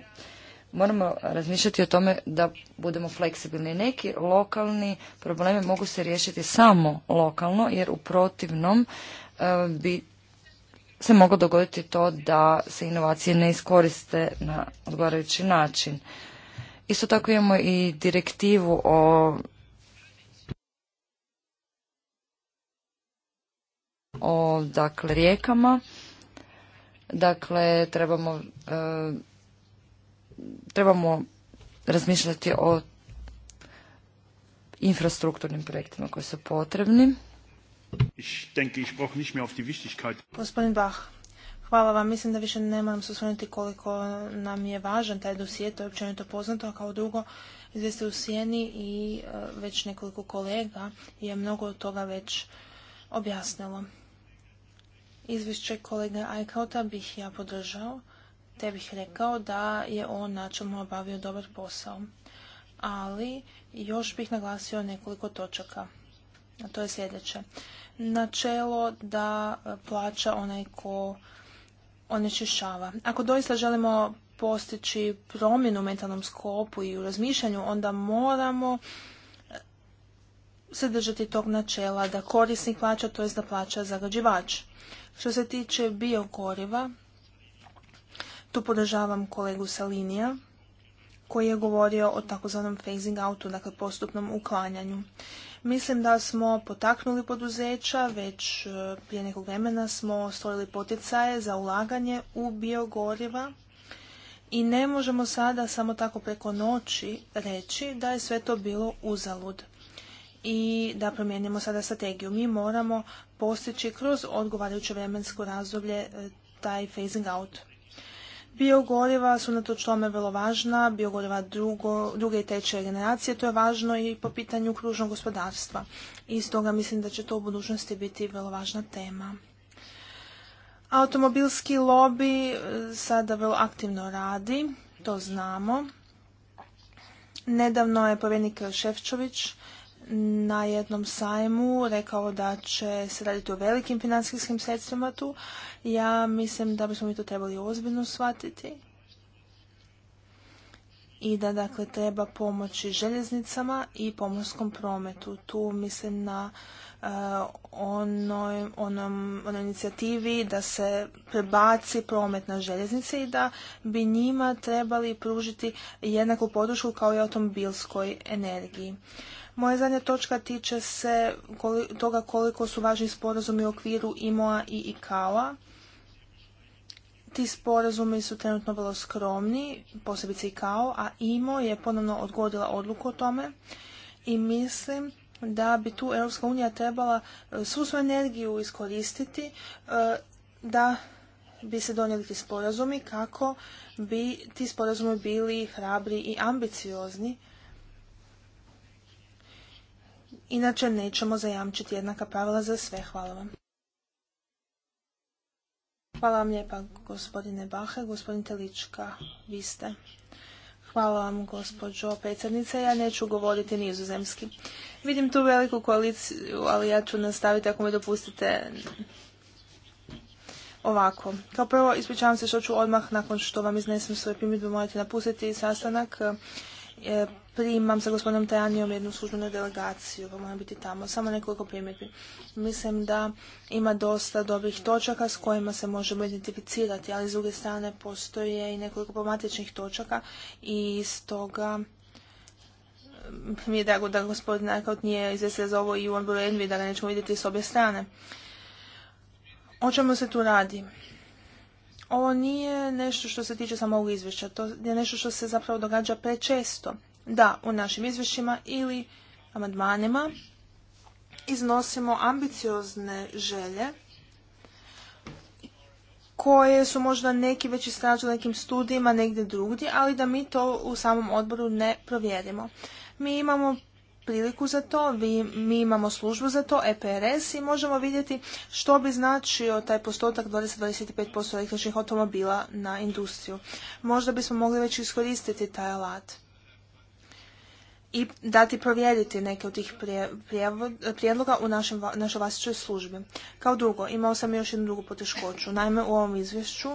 [SPEAKER 1] moramo razmišljati o tome da budemo fleksibilni. Neki lokalni problemi mogu se riješiti samo lokalno, jer u protivnom e, bi se moglo dogoditi to da se inovacije ne iskoriste na odgovarajući način. Isto tako imamo i direktivu o o dakle rijekama. Dakle, trebamo e, trebamo razmišljati o infrastrukturnim projektima koji su potrebni.
[SPEAKER 2] Gospodin Bach, hvala vam. Mislim da više ne moram se osvrnuti koliko nam je važan taj dosije, to je općenito poznato, a kao drugo izveste u Sijeni i e, već nekoliko kolega je mnogo od toga već objasnilo. Izvješće kolega Ajkauta bih ja podržao te bih rekao da je on načelno obavio dobar posao. Ali još bih naglasio nekoliko točaka. A to je sljedeće. Načelo da plaća onaj ko onečišava. Ako doista želimo postići promjenu u mentalnom skopu i u razmišljanju, onda moramo se držati tog načela da korisnik plaća, to jest da plaća zagađivač. Što se tiče biogoriva, tu podržavam kolegu Salinija koji je govorio o takozvanom phasing outu, dakle postupnom uklanjanju. Mislim da smo potaknuli poduzeća, već e, prije nekog vremena smo stvorili poticaje za ulaganje u biogoriva i ne možemo sada samo tako preko noći reći da je sve to bilo uzalud i da promijenimo sada strategiju. Mi moramo postići kroz odgovarajuće vremensko razdoblje e, taj phasing out. Biogoriva su na to tome vrlo važna, biogoriva druge i treće generacije, to je važno i po pitanju kružnog gospodarstva. I stoga mislim da će to u budućnosti biti vrlo važna tema. Automobilski lobby e, sada vrlo aktivno radi, to znamo. Nedavno je povjerenik Ševčović na jednom sajmu rekao da će se raditi o velikim financijskim sredstvima tu. Ja mislim da bismo mi to trebali ozbiljno shvatiti i da dakle treba pomoći željeznicama i pomorskom prometu. Tu mislim na e, onoj, inicijativi da se prebaci promet na željeznice i da bi njima trebali pružiti jednaku podršku kao i automobilskoj energiji. Moja zadnja točka tiče se toga koliko su važni sporazumi u okviru IMO-a i ICAO-a. Ti sporazumi su trenutno vrlo skromni, posebice ICAO, a IMO je ponovno odgodila odluku o tome i mislim da bi tu Europska unija trebala e, svu svoju energiju iskoristiti e, da bi se donijeli ti sporazumi kako bi ti sporazumi bili hrabri i ambiciozni Inače nećemo zajamčiti jednaka pravila za sve. Hvala vam. Hvala vam lijepa gospodine Bahe, gospodin Telička, vi ste. Hvala vam gospođo predsjednice, ja neću govoriti nizozemski. Vidim tu veliku koaliciju, ali ja ću nastaviti ako mi dopustite ovako. Kao prvo ispričavam se što ću odmah nakon što vam iznesem svoje primjedbe morati napustiti sastanak. E, primam sa gospodinom Tajanijom jednu službenu delegaciju, pa moram biti tamo. Samo nekoliko primjedbi. Mislim da ima dosta dobrih točaka s kojima se možemo identificirati, ali s druge strane postoje i nekoliko problematičnih točaka i stoga e, mi je drago da gospodin Arkaut nije izvestio za ovo i u Envi, da ga nećemo vidjeti s obje strane. O čemu se tu radi? Ovo nije nešto što se tiče samo ovog izvješća, to je nešto što se zapravo događa prečesto. Da, u našim izvješćima ili amandmanima iznosimo ambiciozne želje koje su možda neki već istražili nekim studijima negdje drugdje, ali da mi to u samom odboru ne provjerimo. Mi imamo priliku za to, vi, mi imamo službu za to, EPRS, i možemo vidjeti što bi značio taj postotak 20-25% električnih automobila na industriju. Možda bismo mogli već iskoristiti taj alat i dati provjeriti neke od tih prijedloga u našem, našoj vlastičoj službi. Kao drugo, imao sam još jednu drugu poteškoću. Naime, u ovom izvješću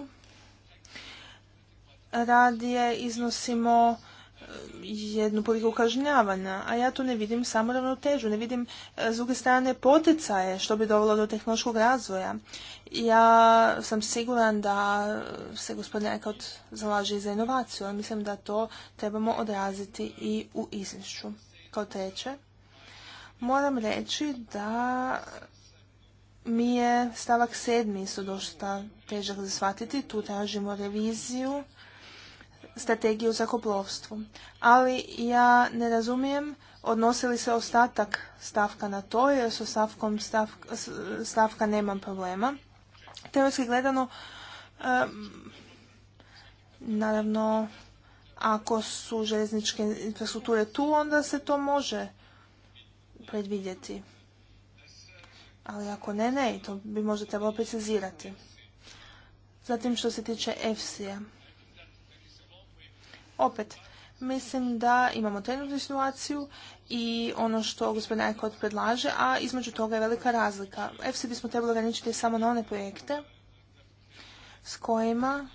[SPEAKER 2] radije iznosimo jednu politiku kažnjavanja, a ja tu ne vidim samo ravnotežu, ne vidim e, s druge strane poticaje što bi dovelo do tehnološkog razvoja. Ja sam siguran da se gospodin Ekot zalaže za inovaciju, ali mislim da to trebamo odraziti i u izvješću. Kao treće, moram reći da mi je stavak sedmi isto dosta težak za shvatiti. Tu tražimo reviziju strategiju zakoplovstvu. Ali ja ne razumijem odnosi li se ostatak stavka na to, jer s stavkom stavka, nemam problema. Teoretski gledano, naravno, ako su željezničke infrastrukture tu, onda se to može predvidjeti. Ali ako ne, ne, to bi možda trebalo precizirati. Zatim što se tiče EFSI-a. Opet, mislim da imamo trenutnu situaciju i ono što gospodin Ekot predlaže, a između toga je velika razlika. EFSI bismo trebali ograničiti samo na one projekte s kojima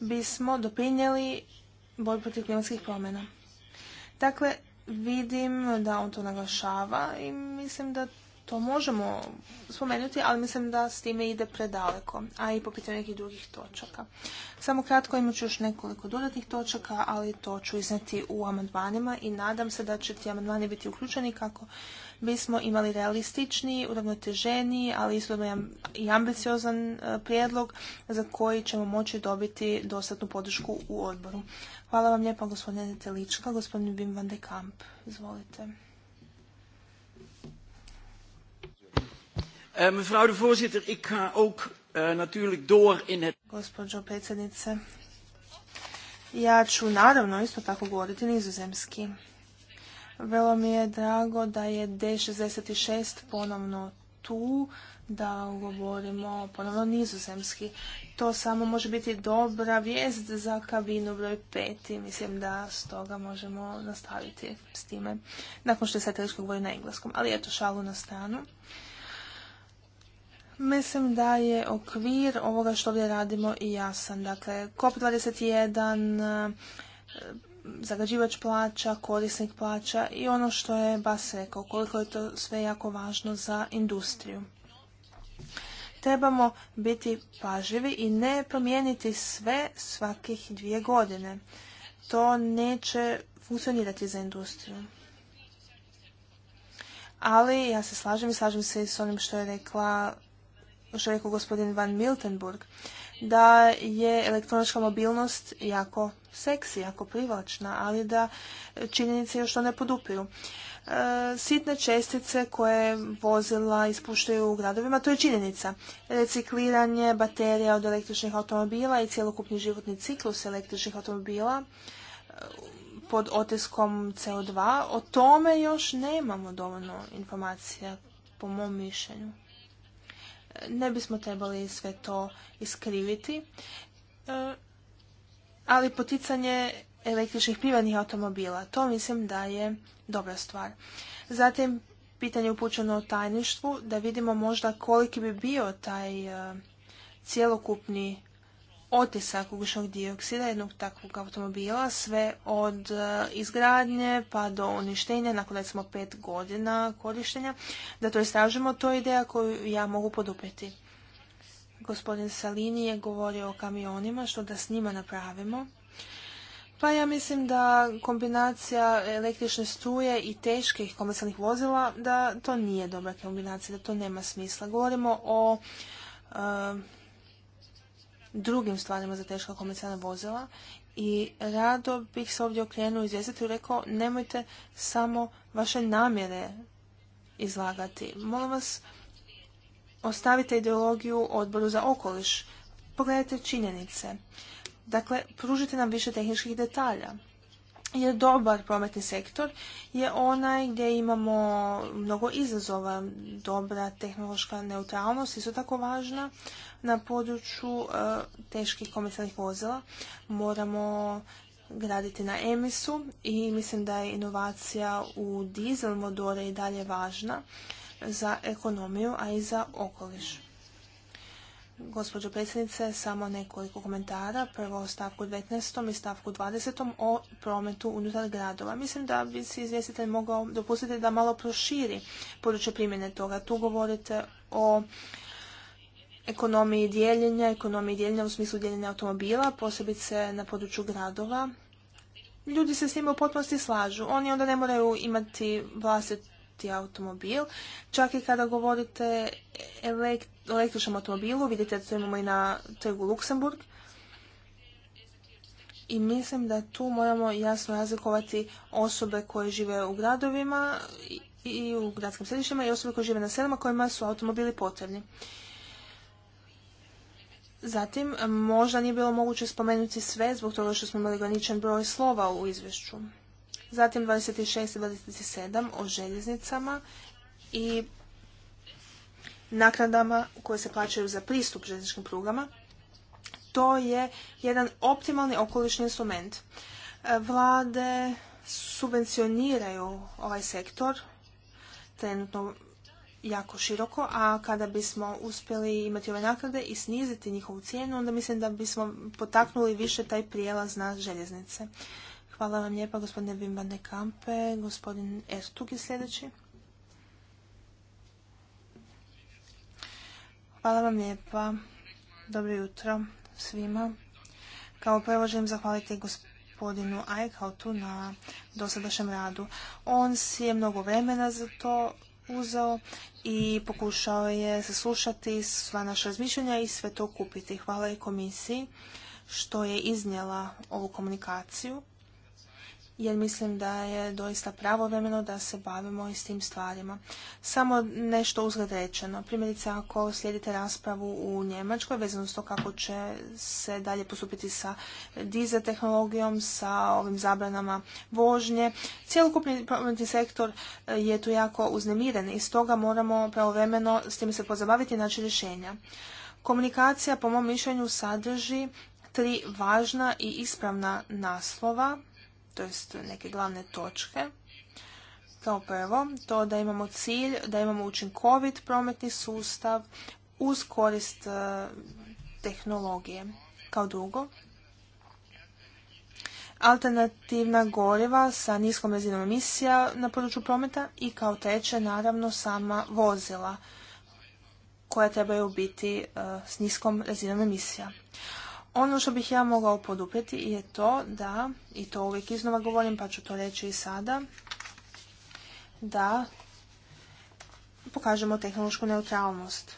[SPEAKER 2] bismo doprinijeli borbu protiv klimatskih promjena. Dakle, vidim da on to naglašava i mislim da to možemo spomenuti, ali mislim da s time ide predaleko, a i po pitanju nekih drugih točaka. Samo kratko imat ću još nekoliko dodatnih točaka, ali to ću izneti u amandmanima i nadam se da će ti amandmani biti uključeni kako bismo imali realističniji, uravnoteženiji, ali istodobno i ambiciozan e, prijedlog za koji ćemo moći dobiti dostatnu podršku u odboru. Hvala vam lijepa gospodine Telička, gospodin Bim van de Kamp. Izvolite. Eh, mevrouw de voorzitter, ik ga ook eh, natuurlijk door in het... Gospođo predsjednice, ja ću naravno isto tako govoriti nizozemski. Vrlo mi je drago da je D66 ponovno tu, da govorimo ponovno nizozemski. To samo može biti dobra vijest za kabinu broj 5 mislim da stoga možemo nastaviti s time. Nakon što je sad teško govori na engleskom, ali eto šalu na stranu. Mislim da je okvir ovoga što ovdje radimo i jasan. Dakle, COP21, eh, zagađivač plaća, korisnik plaća i ono što je Bas rekao, koliko je to sve jako važno za industriju. Trebamo biti pažljivi i ne promijeniti sve svakih dvije godine. To neće funkcionirati za industriju. Ali ja se slažem i slažem se i s onim što je rekla što je rekao gospodin Van Miltenburg, da je elektronička mobilnost jako seksi, jako privlačna, ali da činjenice još to ne podupiju. E, sitne čestice koje vozila ispuštaju u gradovima, to je činjenica. Recikliranje baterija od električnih automobila i cjelokupni životni ciklus električnih automobila e, pod otiskom CO2, o tome još nemamo dovoljno informacija, po mom mišljenju ne bismo trebali sve to iskriviti, e, ali poticanje električnih privadnih automobila, to mislim da je dobra stvar. Zatim, pitanje upućeno o tajništvu, da vidimo možda koliki bi bio taj e, cjelokupni otisak ugljičnog dioksida jednog takvog automobila, sve od e, izgradnje pa do uništenja nakon recimo pet godina korištenja, da to istražimo, to je ideja koju ja mogu poduprijeti. Gospodin Salini je govorio o kamionima, što da s njima napravimo. Pa ja mislim da kombinacija električne struje i teških komercijalnih vozila, da to nije dobra kombinacija, da to nema smisla. Govorimo o e, drugim stvarima za teška komercijalna vozila i rado bih se ovdje okrenuo izvjestiti i rekao nemojte samo vaše namjere izlagati. Molim vas, ostavite ideologiju odboru za okoliš. Pogledajte činjenice. Dakle, pružite nam više tehničkih detalja. Jer dobar prometni sektor je onaj gdje imamo mnogo izazova. Dobra tehnološka neutralnost isto tako važna, na području e, teških komercijalnih vozila. Moramo graditi na emisu i mislim da je inovacija u dizel modore i dalje važna za ekonomiju, a i za okoliš. Gospođo predsjednice, samo nekoliko komentara. Prvo o stavku 19. i stavku 20. o prometu unutar gradova. Mislim da bi se izvjestitelj mogao dopustiti da malo proširi područje primjene toga. Tu govorite o ekonomiji dijeljenja, ekonomiji dijeljenja u smislu dijeljenja automobila, posebice na području gradova. Ljudi se s njima u potpunosti slažu. Oni onda ne moraju imati vlastiti automobil. Čak i kada govorite o električnom automobilu, vidite da to imamo i na trgu Luksemburg. I mislim da tu moramo jasno razlikovati osobe koje žive u gradovima i u gradskim središtima i osobe koje žive na selima kojima su automobili potrebni. Zatim, možda nije bilo moguće spomenuti sve zbog toga što smo imali ograničen broj slova u izvješću. Zatim 26 i 27 o željeznicama i naknadama koje se plaćaju za pristup željezničkim prugama. To je jedan optimalni okolišni instrument. Vlade subvencioniraju ovaj sektor trenutno jako široko, a kada bismo uspjeli imati ove naknade i sniziti njihovu cijenu, onda mislim da bismo potaknuli više taj prijelaz na željeznice. Hvala vam lijepa gospodine Bimbane Kampe, gospodin Ertug je sljedeći. Hvala vam lijepa. Dobro jutro svima. Kao prvo želim zahvaliti gospodinu Eichhautu na dosadašnjem radu. On si je mnogo vremena za to uzeo i pokušao je saslušati sva naša razmišljanja i sve to kupiti. Hvala i komisiji što je iznijela ovu komunikaciju jer mislim da je doista pravovremeno da se bavimo i s tim stvarima. Samo nešto uzgled rečeno. Primjerice, ako slijedite raspravu u Njemačkoj, vezano s to kako će se dalje postupiti sa diza tehnologijom, sa ovim zabranama vožnje, cjelokupni prometni sektor eh, je tu jako uznemiren i stoga moramo pravovremeno s tim se pozabaviti i naći rješenja. Komunikacija, po mom mišljenju, sadrži tri važna i ispravna naslova to neke glavne točke. Kao prvo, to da imamo cilj, da imamo učinkovit prometni sustav uz korist e, tehnologije. Kao drugo, alternativna goriva sa niskom razinom emisija na području prometa i kao treće, naravno, sama vozila koja trebaju biti e, s niskom razinom emisija. Ono što bih ja mogao poduprijeti je to da, i to uvijek iznova govorim pa ću to reći i sada, da pokažemo tehnološku neutralnost.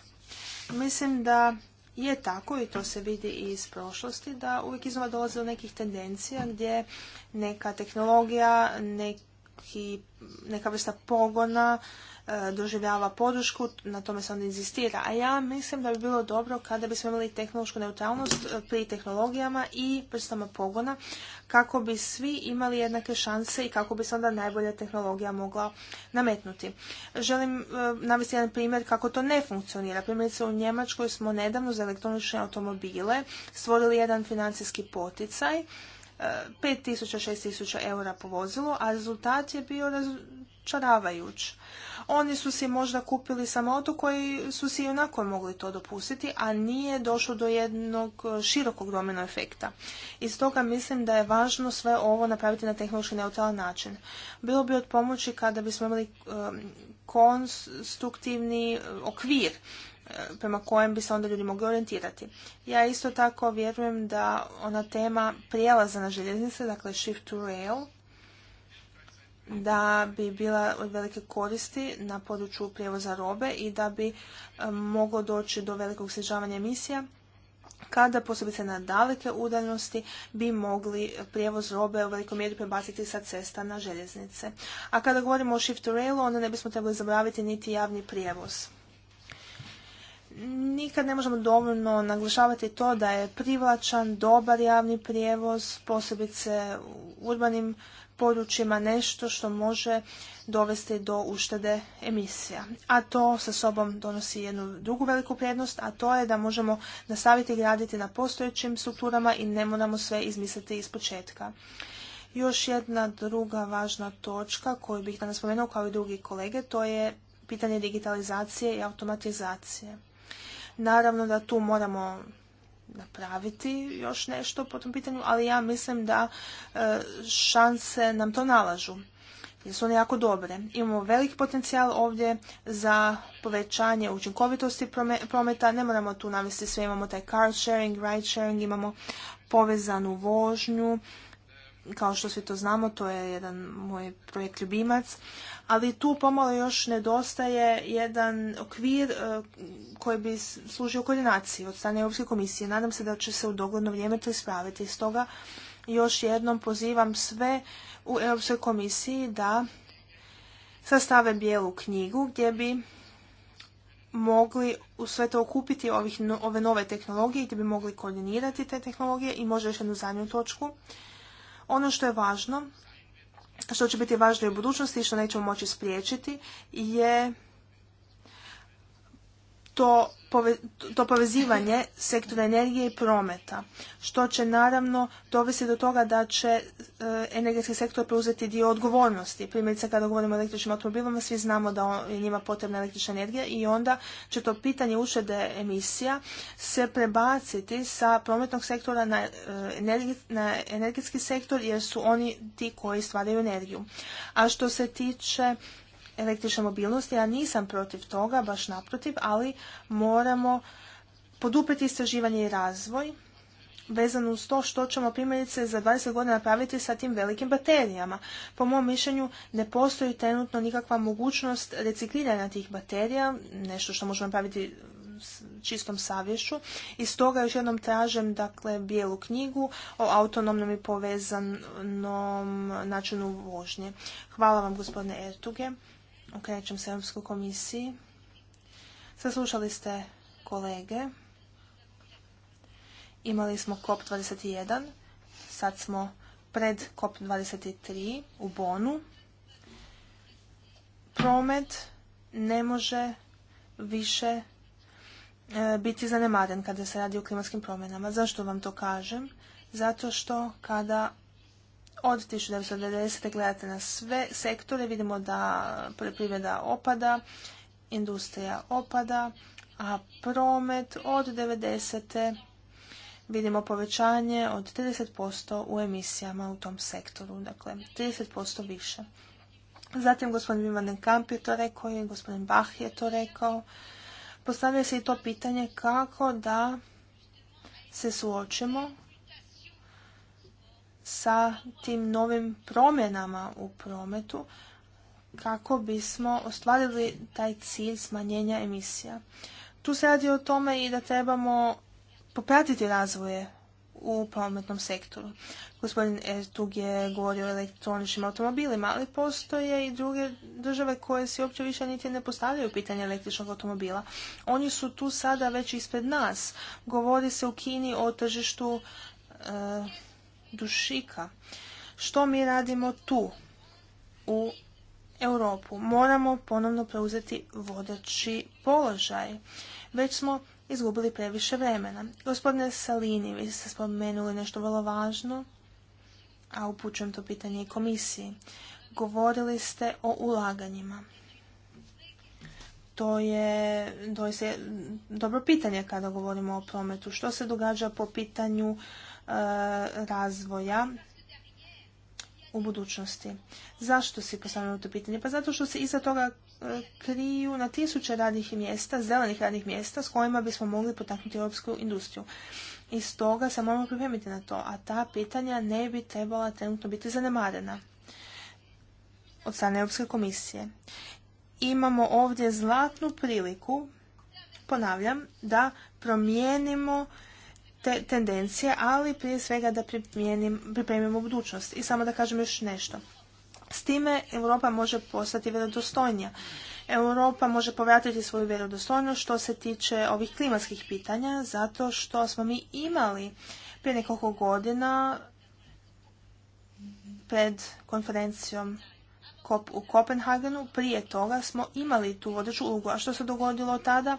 [SPEAKER 2] Mislim da je tako i to se vidi i iz prošlosti da uvijek iznova dolazi do nekih tendencija gdje neka tehnologija, neki neki, neka vrsta pogona e, doživljava podršku, na tome se on inzistira. A ja mislim da bi bilo dobro kada bismo imali tehnološku neutralnost e, pri tehnologijama i vrstama pogona kako bi svi imali jednake šanse i kako bi se onda najbolja tehnologija mogla nametnuti. Želim e, navesti jedan primjer kako to ne funkcionira. Primjerice u Njemačkoj smo nedavno za elektronične automobile stvorili jedan financijski poticaj 5000-6000 eura po vozilu, a rezultat je bio čaravajuć. Oni su si možda kupili samo auto koji su si i onako mogli to dopustiti, a nije došlo do jednog širokog domena efekta. I stoga mislim da je važno sve ovo napraviti na tehnološki neutralan način. Bilo bi od pomoći kada bismo imali um, konstruktivni uh, okvir prema kojem bi se onda ljudi mogli orijentirati. Ja isto tako vjerujem da ona tema prijelaza na željeznice, dakle shift to rail, da bi bila od velike koristi na području prijevoza robe i da bi e, moglo doći do velikog snižavanja emisija kada posebice na daleke udaljnosti bi mogli prijevoz robe u velikom mjeri prebaciti sa cesta na željeznice. A kada govorimo o shift to railu, onda ne bismo trebali zaboraviti niti javni prijevoz nikad ne možemo dovoljno naglašavati to da je privlačan, dobar javni prijevoz, posebice u urbanim područjima nešto što može dovesti do uštede emisija. A to sa sobom donosi jednu drugu veliku prednost, a to je da možemo nastaviti graditi na postojećim strukturama i ne moramo sve izmisliti iz početka. Još jedna druga važna točka koju bih danas spomenuo kao i drugi kolege, to je pitanje digitalizacije i automatizacije. Naravno da tu moramo napraviti još nešto po tom pitanju, ali ja mislim da e, šanse nam to nalažu. Jer su one jako dobre. Imamo velik potencijal ovdje za povećanje učinkovitosti prometa. Ne moramo tu navesti sve. Imamo taj car sharing, ride sharing, imamo povezanu vožnju, kao što svi to znamo, to je jedan moj projekt ljubimac, ali tu pomalo još nedostaje jedan okvir e, koji bi služio koordinaciji od strane Europske komisije. Nadam se da će se u dogodno vrijeme to ispraviti. Stoga još jednom pozivam sve u Europskoj komisiji da sastave bijelu knjigu gdje bi mogli u sve to okupiti ove nove tehnologije, gdje bi mogli koordinirati te tehnologije i možda još jednu zadnju točku. Ono što je važno, što će biti važno i u budućnosti i što nećemo moći spriječiti je to, povezivanje sektora energije i prometa, što će naravno dovesti do toga da će e, energetski sektor preuzeti dio odgovornosti. Primjerice kada govorimo o električnim automobilima, svi znamo da je njima potrebna električna energija i onda će to pitanje uštede emisija se prebaciti sa prometnog sektora na e, energetski sektor jer su oni ti koji stvaraju energiju. A što se tiče električne mobilnosti. Ja nisam protiv toga, baš naprotiv, ali moramo podupiti istraživanje i razvoj vezano uz to što ćemo primjerice za 20 godina napraviti sa tim velikim baterijama. Po mom mišljenju ne postoji trenutno nikakva mogućnost recikliranja tih baterija, nešto što možemo napraviti s čistom savješću. I stoga još jednom tražem dakle bijelu knjigu o autonomnom i povezanom načinu vožnje. Hvala vam gospodine Ertuge Okrećem se Europskoj komisiji. Saslušali ste kolege. Imali smo COP21. Sad smo pred COP23 u Bonu. Promet ne može više e, biti zanemaren kada se radi o klimatskim promjenama. Zašto vam to kažem? Zato što kada od 1990. gledate na sve sektore, vidimo da poljoprivreda opada, industrija opada, a promet od 90. vidimo povećanje od 30% u emisijama u tom sektoru, dakle 30% više. Zatim gospodin Ivan Kamp je to rekao i gospodin Bach je to rekao. Postavlja se i to pitanje kako da se suočimo sa tim novim promjenama u prometu kako bismo ostvarili taj cilj smanjenja emisija. Tu se radi o tome i da trebamo popratiti razvoje u prometnom sektoru. Gospodin Ertug je govorio o električnim automobilima, ali postoje i druge države koje se uopće više niti ne postavljaju pitanje električnog automobila. Oni su tu sada već ispred nas. Govori se u Kini o tržištu e, dušika. Što mi radimo tu u Europu? Moramo ponovno preuzeti vodeći položaj. Već smo izgubili previše vremena. Gospodine Salini, vi ste spomenuli nešto vrlo važno, a upućujem to pitanje i komisiji. Govorili ste o ulaganjima. To je dobro pitanje kada govorimo o prometu. Što se događa po pitanju E, razvoja u budućnosti. Zašto si postavljeno to pitanje? Pa zato što se iza toga e, kriju na tisuće radnih mjesta, zelenih radnih mjesta s kojima bismo mogli potaknuti europsku industriju. I stoga se moramo pripremiti na to, a ta pitanja ne bi trebala trenutno biti zanemarena od strane Europske komisije. Imamo ovdje zlatnu priliku, ponavljam, da promijenimo te tendencije, ali prije svega da pripremimo budućnost. I samo da kažem još nešto. S time Europa može postati vjerodostojnija. Europa može povratiti svoju vjerodostojnost što se tiče ovih klimatskih pitanja, zato što smo mi imali prije nekoliko godina pred konferencijom Kop u Kopenhagenu, prije toga smo imali tu vodeću ulogu. A što se dogodilo tada?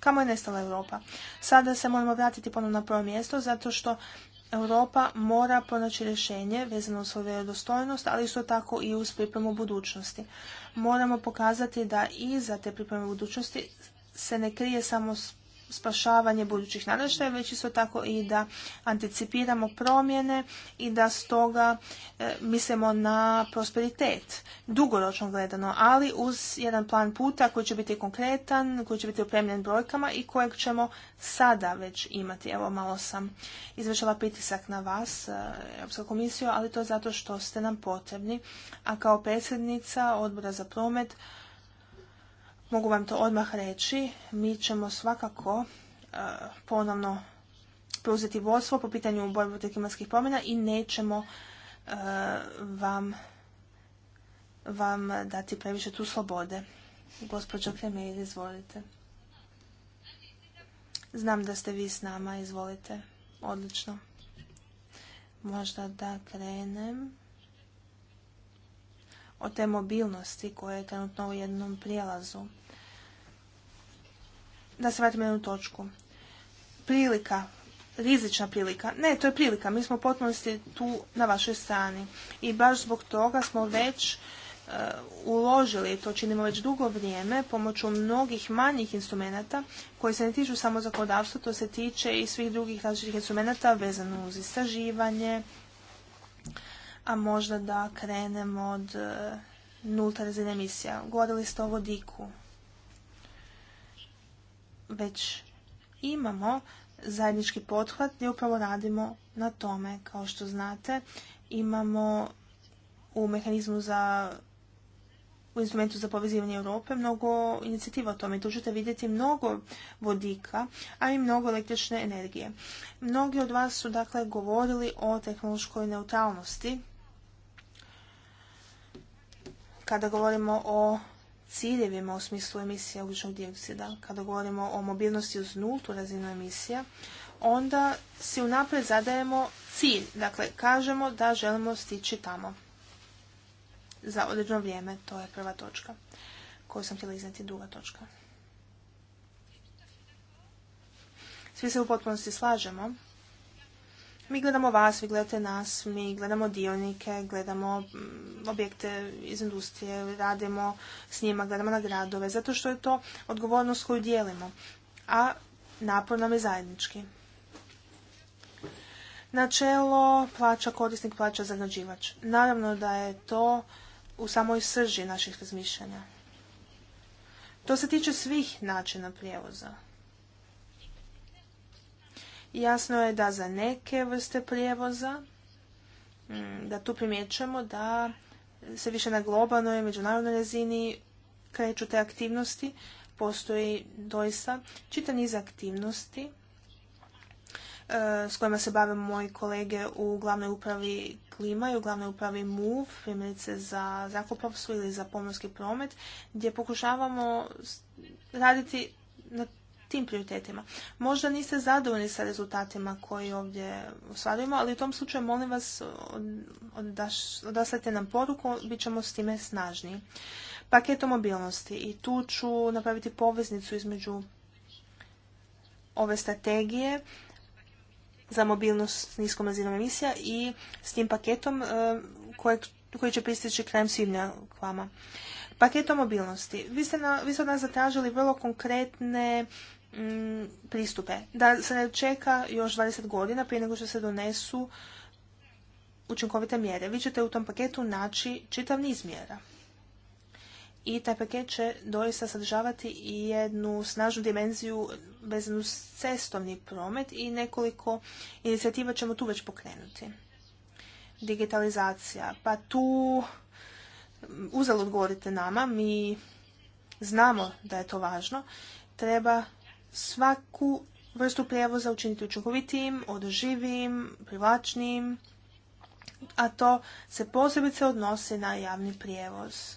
[SPEAKER 2] Kamo je nestala Europa? Sada se moramo vratiti ponovno na prvo mjesto, zato što Europa mora pronaći rješenje vezano uz svoju vjerodostojnost, ali isto tako i uz pripremu budućnosti. Moramo pokazati da iza te pripreme budućnosti se ne krije samo spašavanje budućih naraštaja, već isto tako i da anticipiramo promjene i da stoga e, mislimo na prosperitet, dugoročno gledano, ali uz jedan plan puta koji će biti konkretan, koji će biti opremljen brojkama i kojeg ćemo sada već imati. Evo malo sam izvršila pritisak na vas, e, Europsku komisiju, ali to je zato što ste nam potrebni. A kao predsjednica odbora za promet Mogu vam to odmah reći, mi ćemo svakako e, ponovno preuzeti vodstvo po pitanju borbe protiv klimatskih promjena i nećemo e, vam, vam dati previše tu slobode. Gospođo Kremir, izvolite. Znam da ste vi s nama, izvolite. Odlično. Možda da krenem o te mobilnosti koja je trenutno u jednom prijelazu. Da se vratimo jednu točku. Prilika, rizična prilika. Ne, to je prilika. Mi smo potpunosti tu na vašoj strani. I baš zbog toga smo već e, uložili, to činimo već dugo vrijeme, pomoću mnogih manjih instrumenata koji se ne tiču samo zakonodavstva, to se tiče i svih drugih različitih instrumenata vezano uz istraživanje, a možda da krenem od e, nulta razine emisija. Govorili ste o vodiku. Već imamo zajednički pothvat gdje upravo radimo na tome. Kao što znate, imamo u mehanizmu za u instrumentu za povezivanje Europe mnogo inicijativa o tome. tu ćete vidjeti mnogo vodika, a i mnogo električne energije. Mnogi od vas su dakle govorili o tehnološkoj neutralnosti kada govorimo o ciljevima u smislu emisije ugljičnog dioksida, kada govorimo o mobilnosti uz nultu razinu emisija, onda si unaprijed zadajemo cilj. Dakle, kažemo da želimo stići tamo za određeno vrijeme. To je prva točka koju sam htjela izneti druga točka. Svi se u potpunosti slažemo mi gledamo vas, vi gledate nas, mi gledamo dionike, gledamo mm, objekte iz industrije, radimo s njima, gledamo na gradove, zato što je to odgovornost koju dijelimo, a napor nam je zajednički. Načelo plaća korisnik, plaća zagađivač. Naravno da je to u samoj srži naših razmišljanja. To se tiče svih načina prijevoza. Jasno je da za neke vrste prijevoza, mm, da tu primjećujemo da se više na globalnoj međunarodnoj razini kreću te aktivnosti. Postoji doista čitan niz aktivnosti e, s kojima se bave moji kolege u glavnoj upravi klima i u glavnoj upravi MUV, primjerice za zrakoplovstvo ili za pomorski promet, gdje pokušavamo raditi na tim prioritetima. Možda niste zadovoljni sa rezultatima koji ovdje ostvarujemo, ali u tom slučaju molim vas da odaslete nam poruku, bit ćemo s time snažniji. Paket o mobilnosti i tu ću napraviti poveznicu između ove strategije za mobilnost s niskom razinom emisija i s tim paketom e, koji će pristići krajem svibnja k vama. Paket o mobilnosti. vi ste od nas zatražili vrlo konkretne Mm, pristupe. Da se ne čeka još 20 godina prije nego što se donesu učinkovite mjere. Vi ćete u tom paketu naći čitav niz mjera. I taj paket će doista sadržavati i jednu snažnu dimenziju vezanu s cestovni promet i nekoliko inicijativa ćemo tu već pokrenuti. Digitalizacija. Pa tu mm, uzalud odgovorite nama, mi znamo da je to važno. Treba svaku vrstu prijevoza učiniti učinkovitijim, održivijim, privlačnijim, a to se posebice odnosi na javni prijevoz.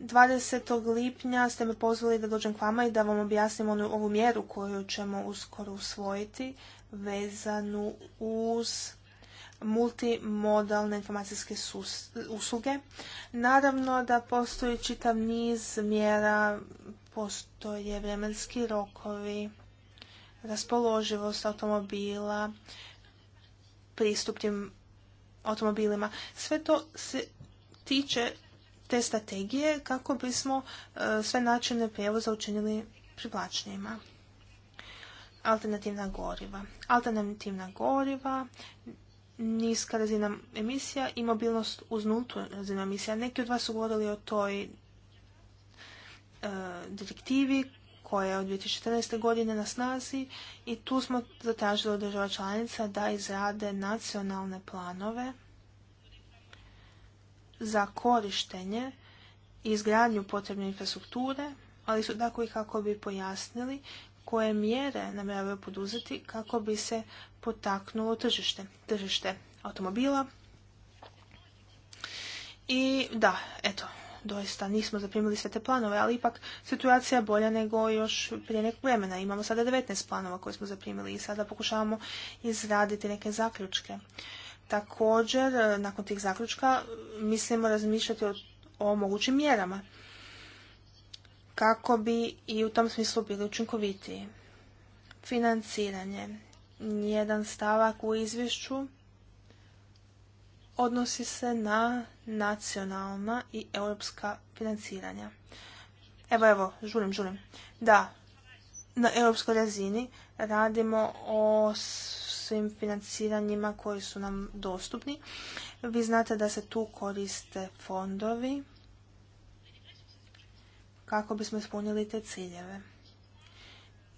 [SPEAKER 2] 20. lipnja ste me pozvali da dođem k vama i da vam objasnim ovu mjeru koju ćemo uskoro usvojiti vezanu uz multimodalne informacijske usluge. Naravno da postoji čitav niz mjera postoje vremenski rokovi, raspoloživost automobila, pristup tim automobilima. Sve to se tiče te strategije kako bismo e, sve načine prijevoza učinili privlačnijima. Alternativna goriva. Alternativna goriva, niska razina emisija i mobilnost uz nultu razinu emisija. Neki od vas su govorili o toj Eh, direktivi koja je od 2014. godine na snazi i tu smo zatražili od država članica da izrade nacionalne planove za korištenje i izgradnju potrebne infrastrukture, ali su tako i kako bi pojasnili koje mjere namjeravaju poduzeti kako bi se potaknulo tržište, tržište automobila. I da, eto, doista nismo zaprimili sve te planove, ali ipak situacija je bolja nego još prije nekog vremena. Imamo sada 19 planova koje smo zaprimili i sada pokušavamo izraditi neke zaključke. Također, e, nakon tih zaključka, mislimo razmišljati o, mogućim mjerama kako bi i u tom smislu bili učinkovitiji. Financiranje. Jedan stavak u izvješću odnosi se na nacionalna i europska financiranja. Evo, evo, žulim, žulim. Da, na europskoj razini radimo o svim financiranjima koji su nam dostupni. Vi znate da se tu koriste fondovi kako bismo ispunili te ciljeve.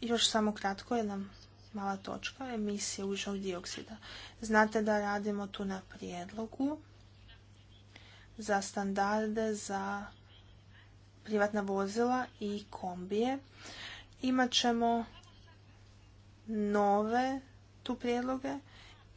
[SPEAKER 2] Još samo kratko nam mala točka, emisije užinog dioksida. Znate da radimo tu na prijedlogu za standarde za privatna vozila i kombije. Imat ćemo nove tu prijedloge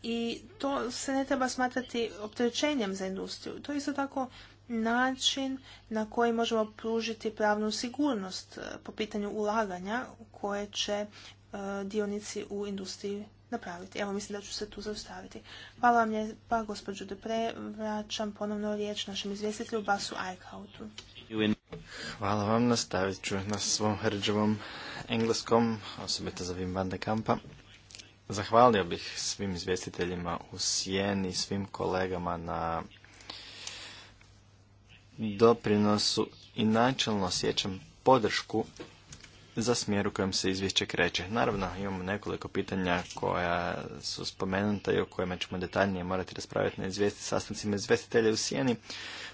[SPEAKER 2] i to se ne treba smatrati opterećenjem za industriju. To je isto tako način na koji možemo pružiti pravnu sigurnost eh, po pitanju ulaganja koje će E, dionici u industriji napraviti. Evo, mislim da ću se tu zaustaviti. Hvala vam lijepa, gospođo Depre. Vraćam ponovno riječ našem izvjestitelju Basu Eichhautu.
[SPEAKER 3] Hvala vam, nastavit ću na svom hrđavom engleskom, osobito za vin van de Kampa. Zahvalio bih svim izvjestiteljima u Sijeni svim kolegama na doprinosu i načelno osjećam podršku za smjer u kojem se izvješće kreće. Naravno, imamo nekoliko pitanja koja su spomenuta i o kojima ćemo detaljnije morati raspraviti na izvijesti, sastancima izvjestitelja u Sijeni.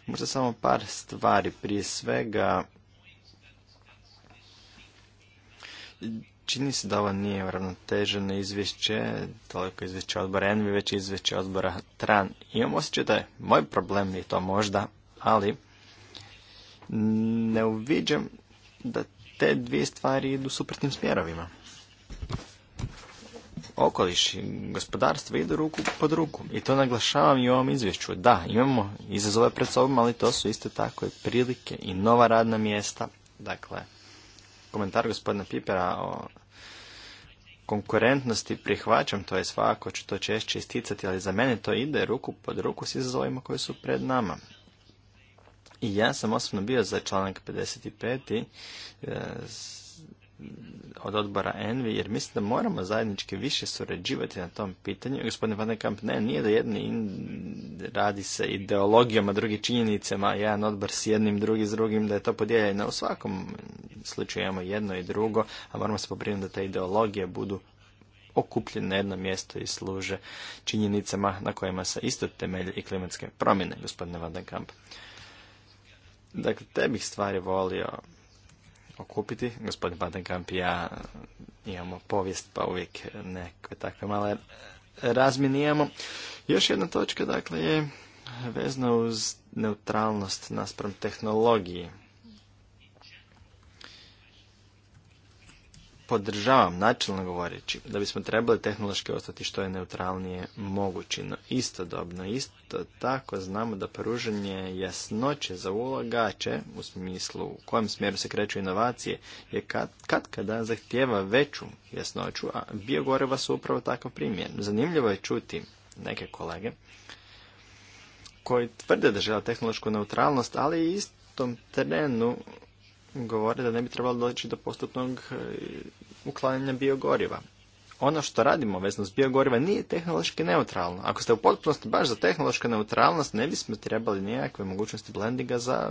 [SPEAKER 3] Možda samo par stvari. Prije svega, čini se da ovo nije ravnoteženo izvješće, toliko izvješće odbora Envi, već izvješće odbora Tran. Imam osjećaj da je moj problem i to možda, ali ne uviđam da te dvije stvari idu suprotnim smjerovima. Okoliš i gospodarstvo idu ruku pod ruku. I to naglašavam i u ovom izvješću. Da, imamo izazove pred sobom, ali to su isto tako i prilike i nova radna mjesta. Dakle, komentar gospodina Pipera o konkurentnosti prihvaćam, to je svako, ću to češće isticati, ali za mene to ide ruku pod ruku s izazovima koji su pred nama. I ja sam osobno bio za članak 55. E, od odbora Envi, jer mislim da moramo zajednički više surađivati na tom pitanju. Gospodin Van Kamp, ne, nije da jedni radi se ideologijom, a drugi činjenicama, jedan odbor s jednim, drugi s drugim, da je to podijeljeno. U svakom slučaju imamo jedno i drugo, a moramo se pobrinuti da te ideologije budu okupljene na jedno mjesto i služe činjenicama na kojima se isto temelje i klimatske promjene, gospodine Van Kamp. Dakle, te bih stvari volio okupiti. Gospodin Patenkamp i ja imamo povijest, pa uvijek nekakve takve male razminijamo. Još jedna točka, dakle, je vezna uz neutralnost naspram tehnologiji. podržavam načelno govoreći da bismo trebali tehnološki ostati što je neutralnije mogući, no istodobno isto tako znamo da pružanje jasnoće za ulagače u smislu u kojem smjeru se kreću inovacije je kad, kad kada zahtjeva veću jasnoću, a biogoreva su upravo takav primjer. Zanimljivo je čuti neke kolege koji tvrde da žele tehnološku neutralnost, ali istom terenu govore da ne bi trebalo doći do postupnog e, uklanjanja biogoriva. Ono što radimo vezno s biogoriva nije tehnološki neutralno. Ako ste u potpunosti baš za tehnološku neutralnost, ne bismo trebali nijakve mogućnosti blendinga za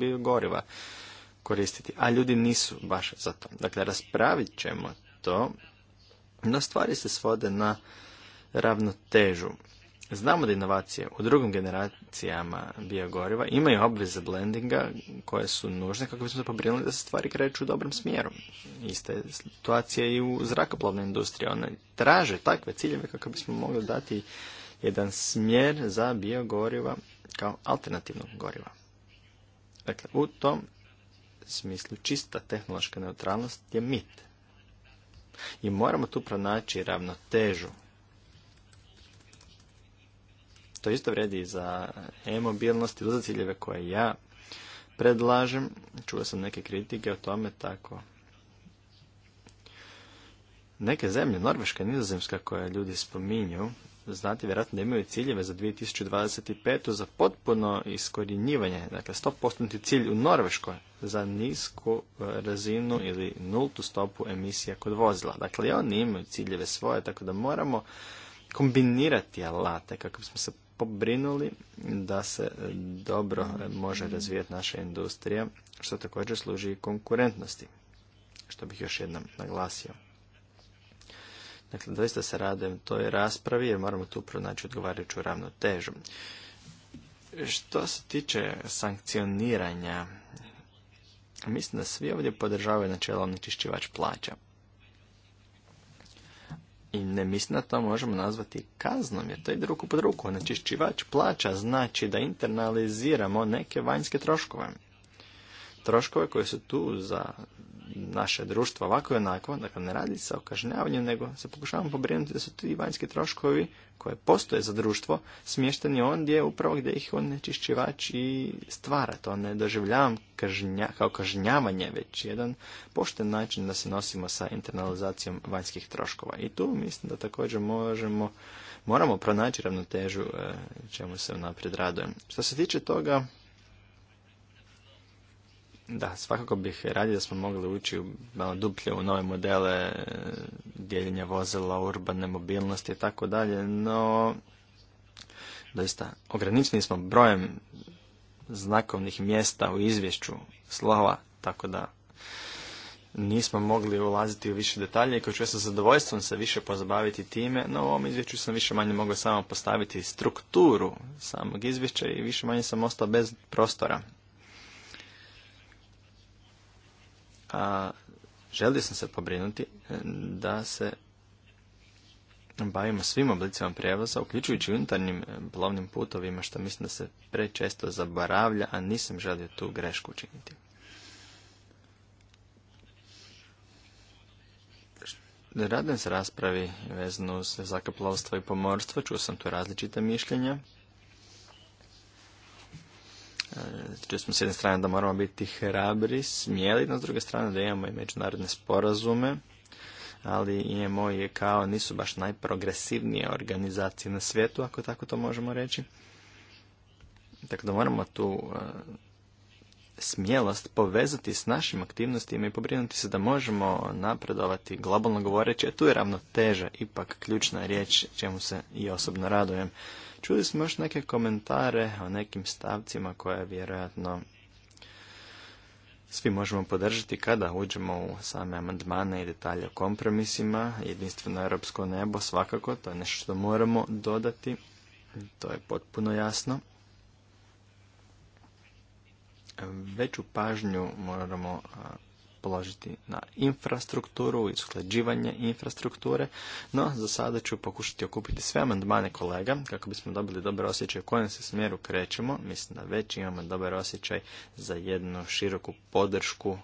[SPEAKER 3] biogoriva koristiti. A ljudi nisu baš za to. Dakle, raspravit ćemo to, no stvari se svode na ravnotežu. Znamo da inovacije u drugim generacijama biogoriva imaju obveze blendinga koje su nužne kako bismo se pobrinuli da se stvari kreću u dobrom smjeru. Ista je situacija i u zrakoplovnoj industriji. Ona traže takve ciljeve kako bismo mogli dati jedan smjer za biogoriva kao alternativnog goriva. Dakle, u tom smislu čista tehnološka neutralnost je mit. I moramo tu pronaći ravnotežu to isto vredi i za e-mobilnost i za ciljeve koje ja predlažem. Čuo sam neke kritike o tome, tako neke zemlje, Norveška, Nizozemska, koje ljudi spominju, znate vjerojatno da imaju ciljeve za 2025. za potpuno iskorjenjivanje, dakle 100% cilj u Norveškoj za nisku e, razinu ili nultu stopu emisija kod vozila. Dakle, oni imaju ciljeve svoje, tako da moramo kombinirati alate kako bismo se pobrinuli da se dobro može razvijati naša industrija, što također služi i konkurentnosti, što bih još jednom naglasio. Dakle, doista se radujem toj raspravi jer moramo tu pronaći odgovarajuću ravnotežu. Što se tiče sankcioniranja, mislim da svi ovdje podržavaju načelo onečišćivač plaća. I ne mislim da to možemo nazvati kaznom, jer to ide ruku pod ruku. Onečišćivač plaća znači da internaliziramo neke vanjske troškove. Troškove koje su tu za naše društvo ovako i onako, dakle ne radi se o kažnjavanju, nego se pokušavamo pobrinuti da su ti vanjski troškovi koje postoje za društvo smješteni ondje upravo gdje ih onečišćivač i stvara. To ne doživljavam kao kažnjavanje, već jedan pošten način da se nosimo sa internalizacijom vanjskih troškova. I tu mislim da također možemo, moramo pronaći ravnotežu e, čemu se unaprijed radujem. Što se tiče toga da, svakako bih radije da smo mogli ući malo duplje u nove modele e, dijeljenja vozila, urbane mobilnosti i tako dalje, no doista ograničeni smo brojem znakovnih mjesta u izvješću slova, tako da nismo mogli ulaziti u više detalje i kao ću sa zadovoljstvom se više pozabaviti time, no u ovom izvješću sam više manje mogao samo postaviti strukturu samog izvješća i više manje sam ostao bez prostora a želio sam se pobrinuti e, da se bavimo svim oblicima prijevoza, uključujući unutarnjim e, plovnim putovima, što mislim da se prečesto zaboravlja, a nisam želio tu grešku učiniti. Radim se raspravi vezano uz zakaplovstvo i pomorstvo, čuo sam tu različita mišljenja Čuli e, smo s jedne strane da moramo biti hrabri, smjeli, no s druge strane da imamo i međunarodne sporazume, ali IMO i kao nisu baš najprogresivnije organizacije na svijetu, ako tako to možemo reći. Tako da moramo tu e, smjelost povezati s našim aktivnostima i pobrinuti se da možemo napredovati globalno govoreći, a tu je ravnoteža ipak ključna riječ čemu se i osobno radujem. Čuli smo još neke komentare o nekim stavcima koje vjerojatno svi možemo podržati kada uđemo u same amandmane i detalje o kompromisima. Jedinstveno europsko nebo svakako, to je nešto što moramo dodati, to je potpuno jasno. Veću pažnju moramo položiti na infrastrukturu i usklađivanje infrastrukture, no za sada ću pokušati okupiti sve amandmane kolega kako bismo dobili dobar osjećaj u kojem se smjeru krećemo. Mislim da već imamo dobar osjećaj za jednu široku podršku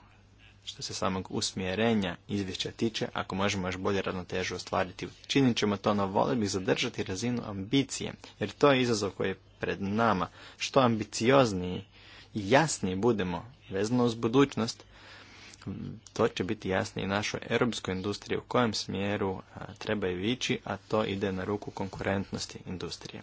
[SPEAKER 3] što se samog usmjerenja izvješća tiče, ako možemo još bolje ravnotežu ostvariti, činit ćemo to, no vole bih zadržati razinu ambicije, jer to je izazov koji je pred nama. Što ambiciozniji i jasniji budemo vezano uz budućnost, to će biti jasnije našoj europskoj industriji u kojem smjeru trebaju ići, a to ide na ruku konkurentnosti industrije.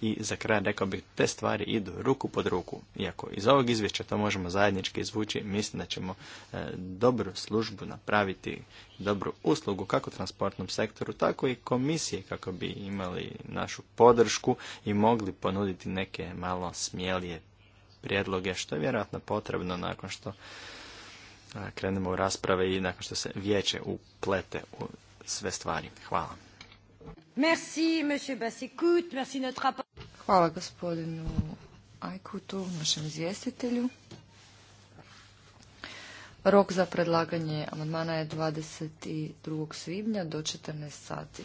[SPEAKER 3] I za kraj rekao bih, te stvari idu ruku pod ruku. Iako iz ovog izvješća to možemo zajednički izvući, mislim da ćemo e, dobru službu napraviti, dobru uslugu kako transportnom sektoru, tako i komisije kako bi imali našu podršku i mogli ponuditi neke malo smjelije prijedloge, što je vjerojatno potrebno nakon što krenemo u rasprave i nakon što se vijeće uplete u sve stvari. Hvala.
[SPEAKER 1] Merci, monsieur Hvala gospodinu Ajkutu, našem izvjestitelju. Rok za predlaganje amandmana je 22. svibnja do 14 sati.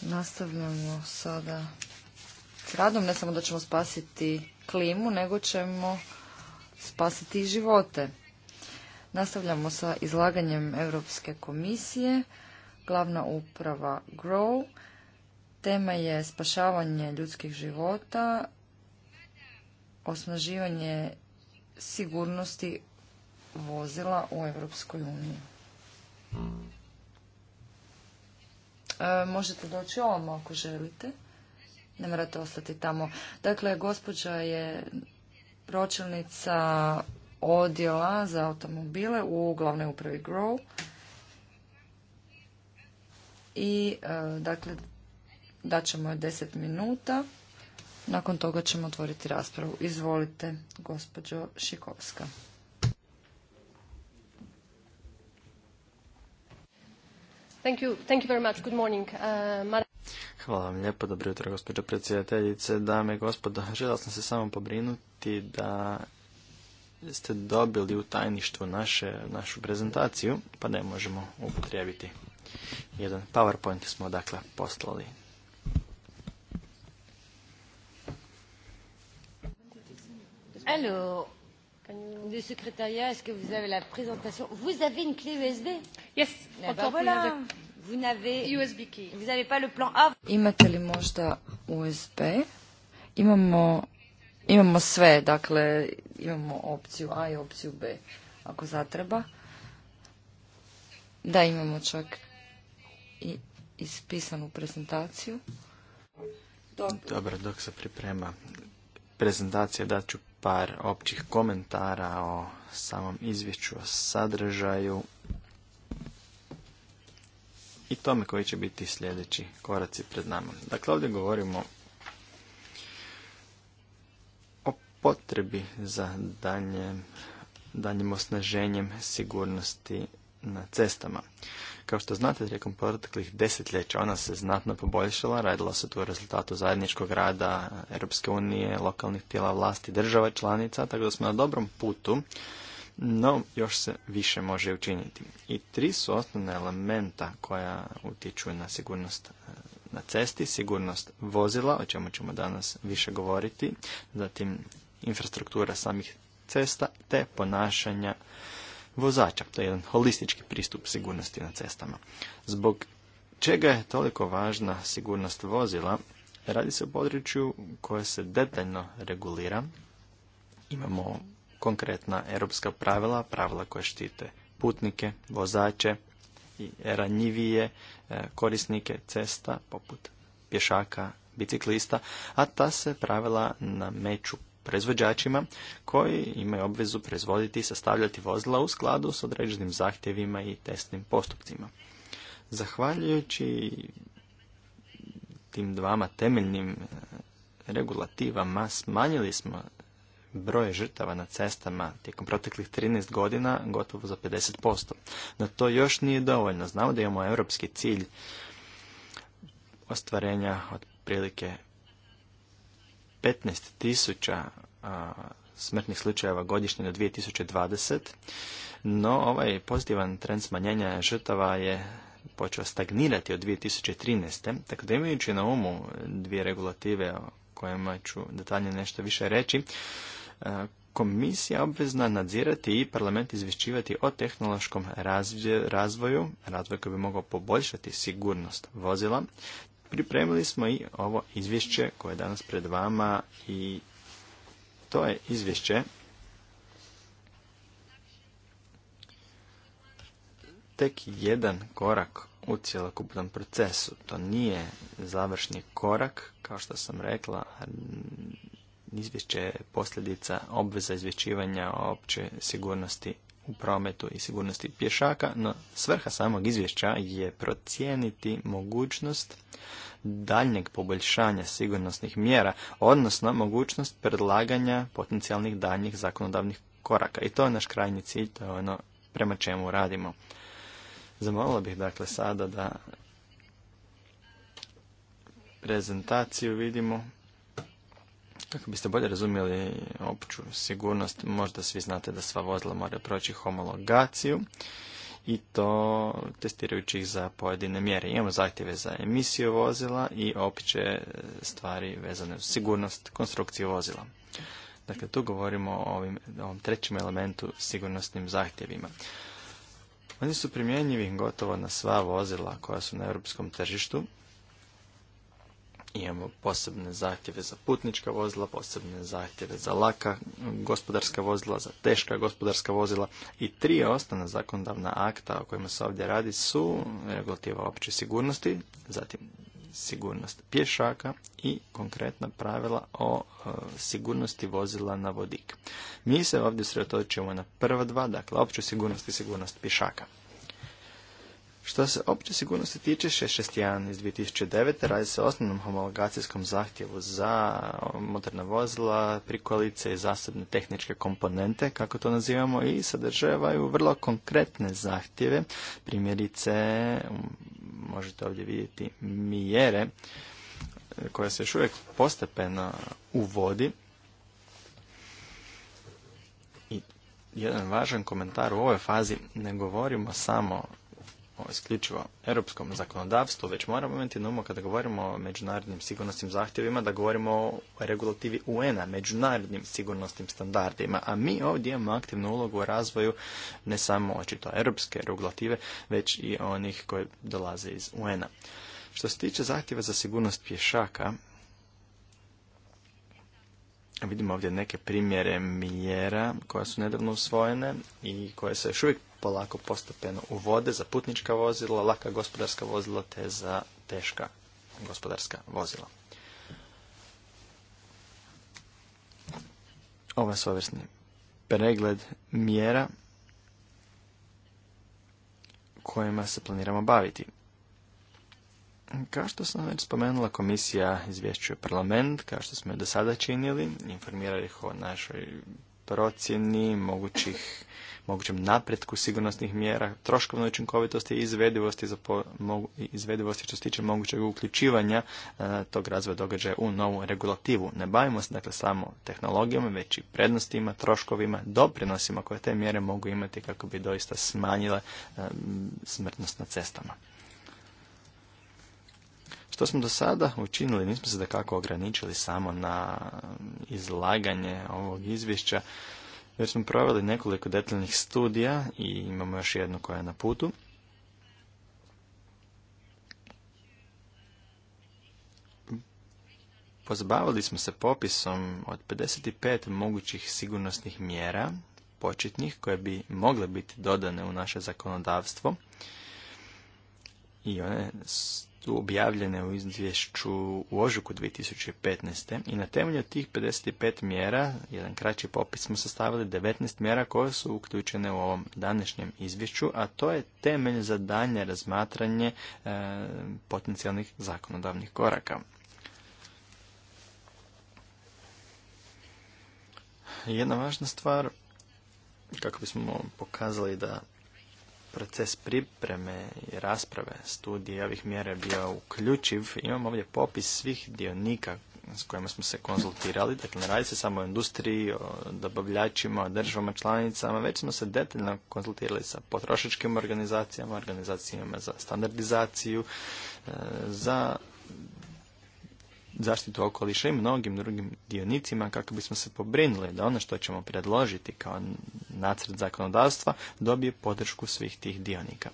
[SPEAKER 1] Nastavljamo sada s radom. Ne samo da ćemo spasiti klimu, nego ćemo spasiti živote. Nastavljamo sa izlaganjem Europske komisije, glavna uprava GROW. Tema je spašavanje ljudskih života, osnaživanje sigurnosti vozila u Europskoj uniji. E, možete doći ovamo ako želite. Ne morate ostati tamo. Dakle, gospođa je pročelnica odjela za automobile u glavnoj upravi Grow. I e, dakle, daćemo je deset minuta. Nakon toga ćemo otvoriti raspravu. Izvolite, gospođo Šikovska. Thank you, thank you very much. Good morning, uh,
[SPEAKER 3] Hvala vam lijepo, dobro jutro gospođo predsjedateljice, dame i gospodo. [laughs] Želio sam se samo pobrinuti da ste dobili u tajništvu naše, našu prezentaciju, pa ne možemo upotrijebiti. Jedan PowerPoint smo dakle poslali.
[SPEAKER 1] Alo, Du secrétariat, est-ce que vous avez la présentation Vous avez une clé USB Yes, eh USB A. Imate li možda USB? Imamo sve, dakle imamo opciju A i opciju B ako zatreba. Da, imamo čak i ispisanu prezentaciju.
[SPEAKER 2] Dobro. Dobro,
[SPEAKER 3] dok se priprema prezentacija daću par općih komentara o samom izvješću, o sadržaju i tome koji će biti sljedeći koraci pred nama. Dakle, ovdje govorimo o potrebi za danjem danjem osnaženjem sigurnosti na cestama. Kao što znate, tijekom proteklih desetljeća ona se znatno poboljšala, radila se tu o rezultatu zajedničkog rada Europske unije, lokalnih tijela vlasti, država članica, tako da smo na dobrom putu no još se više može učiniti. I tri su osnovna elementa koja utječu na sigurnost e, na cesti, sigurnost vozila, o čemu ćemo danas više govoriti, zatim infrastruktura samih cesta te ponašanja vozača. To je jedan holistički pristup sigurnosti na cestama. Zbog čega je toliko važna sigurnost vozila? Radi se o području koje se detaljno regulira. Imamo konkretna europska pravila, pravila koja štite putnike, vozače i ranjivije e, korisnike cesta poput pješaka, biciklista, a ta se pravila nameću proizvođačima koji imaju obvezu proizvoditi i sastavljati vozila u skladu s određenim zahtjevima i testnim postupcima. Zahvaljujući tim dvama temeljnim e, regulativama smanjili smo broj žrtava na cestama tijekom proteklih 13 godina gotovo za 50%. No to još nije dovoljno. Znamo da imamo europski cilj ostvarenja otprilike 15 tisuća smrtnih slučajeva godišnje do 2020, no ovaj pozitivan trend smanjenja žrtava je počeo stagnirati od 2013. Tako da imajući na umu dvije regulative o kojima ću detaljnije nešto više reći, E, komisija obvezna nadzirati i parlament izvješćivati o tehnološkom razvoju, razvoj koji bi mogao poboljšati sigurnost vozila. Pripremili smo i ovo izvješće koje je danas pred vama i to je izvješće tek jedan korak u cjelokupnom procesu. To nije završni korak, kao što sam rekla, izvješće je posljedica obveza izvješćivanja o opće sigurnosti u prometu i sigurnosti pješaka, no svrha samog izvješća je procijeniti mogućnost daljnjeg poboljšanja sigurnosnih mjera, odnosno mogućnost predlaganja potencijalnih daljnjih zakonodavnih koraka. I to je naš krajnji cilj, to je ono prema čemu radimo. Zamolila bih dakle sada da prezentaciju vidimo. Kako biste bolje razumjeli opću sigurnost, možda svi znate da sva vozila moraju proći homologaciju i to testirajući ih za pojedine mjere. Imamo zahtjeve za emisiju vozila i opće stvari vezane uz sigurnost konstrukcije vozila. Dakle, tu govorimo o ovim, ovom trećem elementu sigurnosnim zahtjevima. Oni su primjenjivi gotovo na sva vozila koja su na europskom tržištu, Imamo posebne zahtjeve za putnička vozila, posebne zahtjeve za laka gospodarska vozila, za teška gospodarska vozila i tri osnovna zakonodavna akta o kojima se ovdje radi su regulativa opće sigurnosti, zatim sigurnost pješaka i konkretna pravila o e, sigurnosti vozila na vodik. Mi se ovdje sredotočujemo na prva dva, dakle opću sigurnost i sigurnost pješaka. Što se opće sigurnosti tiče, 661 iz 2009. radi se o osnovnom homologacijskom zahtjevu za moderna vozila, prikolice i zasebne tehničke komponente, kako to nazivamo, i sadržavaju vrlo konkretne zahtjeve. Primjerice, možete ovdje vidjeti mjere koja se još uvijek postepeno uvodi. I jedan važan komentar u ovoj fazi, ne govorimo samo isključivo europskom zakonodavstvu, već moramo imati na umu kada govorimo o međunarodnim sigurnosnim zahtjevima, da govorimo o regulativi UN-a, međunarodnim sigurnosnim standardima, a mi ovdje imamo aktivnu ulogu u razvoju ne samo očito europske regulative, već i onih koje dolaze iz UN-a. Što se tiče zahtjeva za sigurnost pješaka, Vidimo ovdje neke primjere mjera koja su nedavno usvojene i koje se još uvijek polako u uvode za putnička vozila, laka gospodarska vozila te za teška gospodarska vozila. Ovo je svojvrsni pregled mjera kojima se planiramo baviti. Kao što sam već spomenula, komisija izvješćuje parlament, kao što smo je do sada činili, informirali ih o našoj procjeni mogućih mogućem napretku sigurnosnih mjera, troškovnoj učinkovitosti i izvedivosti, za mogu, izvedivosti što se tiče mogućeg uključivanja e, tog razvoja događaja u novu regulativu. Ne bavimo se dakle samo tehnologijama, već i prednostima, troškovima, doprinosima koje te mjere mogu imati kako bi doista smanjile e, smrtnost na cestama. Što smo do sada učinili, nismo se da kako ograničili samo na izlaganje ovog izvješća, već smo proveli nekoliko detaljnih studija i imamo još jednu koja je na putu. Pozabavili smo se popisom od 55 mogućih sigurnosnih mjera početnih koje bi mogle biti dodane u naše zakonodavstvo i one su objavljene u izvješću u ožuku 2015. i na temelju tih 55 mjera, jedan kraći popis smo sastavili 19 mjera koje su uključene u ovom današnjem izvješću, a to je temelj za daljnje razmatranje e, potencijalnih zakonodavnih koraka. Jedna važna stvar, kako bismo pokazali da proces pripreme i rasprave studije ovih mjera je bio uključiv. Imamo ovdje popis svih dionika s kojima smo se konzultirali. Dakle, ne radi se samo o industriji, o dobavljačima, o državama članicama, već smo se detaljno konzultirali sa potrošačkim organizacijama, organizacijama za standardizaciju, e, za zaštitu okoliša i mnogim drugim dionicima kako bismo se pobrinuli da ono što ćemo predložiti kao nacrt zakonodavstva dobije podršku svih tih dionika.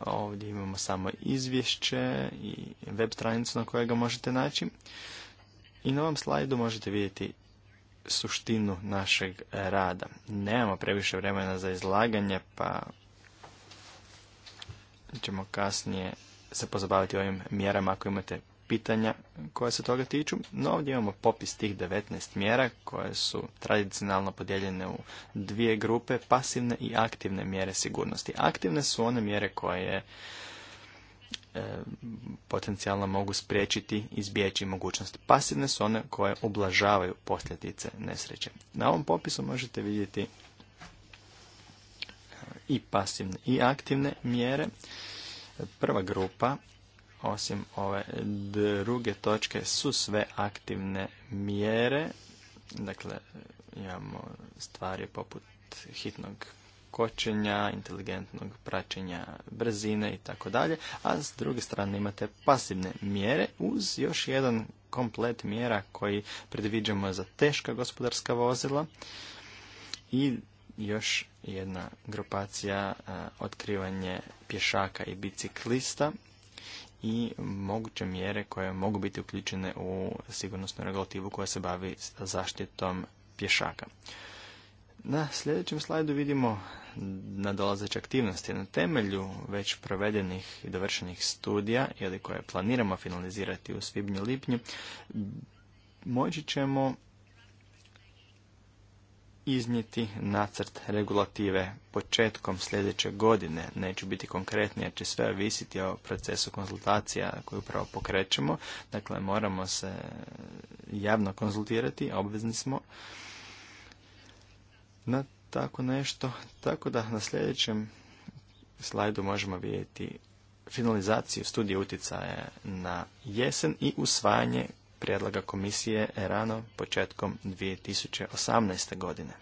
[SPEAKER 3] Ovdje imamo samo izvješće i web stranicu na kojega možete naći. I na ovom slajdu možete vidjeti suštinu našeg rada. Nemamo previše vremena za izlaganje, pa ćemo kasnije se pozabaviti ovim mjerama ako imate pitanja koja se toga tiču, no ovdje imamo popis tih 19 mjera koje su tradicionalno podijeljene u dvije grupe, pasivne i aktivne mjere sigurnosti. Aktivne su one mjere koje e, potencijalno mogu spriječiti, izbjeći mogućnost. Pasivne su one koje ublažavaju posljedice nesreće. Na ovom popisu možete vidjeti e, i pasivne i aktivne mjere. Prva grupa osim ove druge točke su sve aktivne mjere. Dakle, imamo stvari poput hitnog kočenja, inteligentnog praćenja brzine i tako dalje, a s druge strane imate pasivne mjere uz još jedan komplet mjera koji predviđamo za teška gospodarska vozila i još jedna grupacija otkrivanje pješaka i biciklista i moguće mjere koje mogu biti uključene u sigurnosnu regulativu koja se bavi zaštitom pješaka. Na sljedećem slajdu vidimo nadolazeće aktivnosti. Na temelju već provedenih i dovršenih studija ili koje planiramo finalizirati u svibnju lipnju moći ćemo iznijeti nacrt regulative početkom sljedeće godine. Neću biti konkretni jer će sve ovisiti o procesu konzultacija koju upravo pokrećemo. Dakle, moramo se javno konzultirati, obvezni smo na tako nešto. Tako da na sljedećem slajdu možemo vidjeti finalizaciju studije utjecaja na jesen i usvajanje prijedloga komisije rano početkom 2018. godine.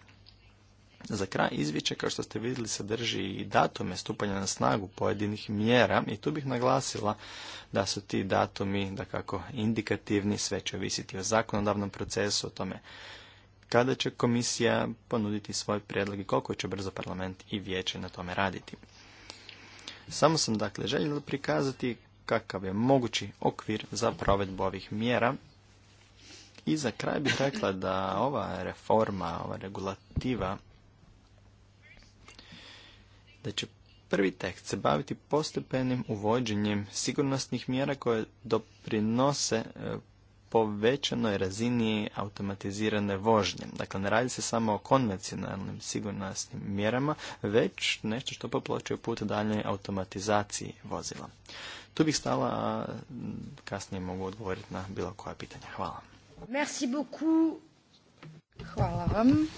[SPEAKER 3] Za kraj izvješća, kao što ste vidjeli, sadrži i datume stupanja na snagu pojedinih mjera i tu bih naglasila da su ti datumi, da kako indikativni, sve će ovisiti o zakonodavnom procesu, o tome kada će komisija ponuditi svoj prijedlog i koliko će brzo parlament i vijeće na tome raditi. Samo sam dakle željela prikazati kakav je mogući okvir za provedbu ovih mjera i za kraj bih rekla da ova reforma, ova regulativa, da će prvi tekst se baviti postepenim uvođenjem sigurnosnih mjera koje doprinose e, povećanoj razini automatizirane vožnje. Dakle, ne radi se samo o konvencionalnim sigurnosnim mjerama, već nešto što popločuje put daljnjoj automatizaciji vozila. Tu bih stala, a kasnije mogu odgovoriti na bilo koja pitanja. Hvala.
[SPEAKER 1] Hvala vam.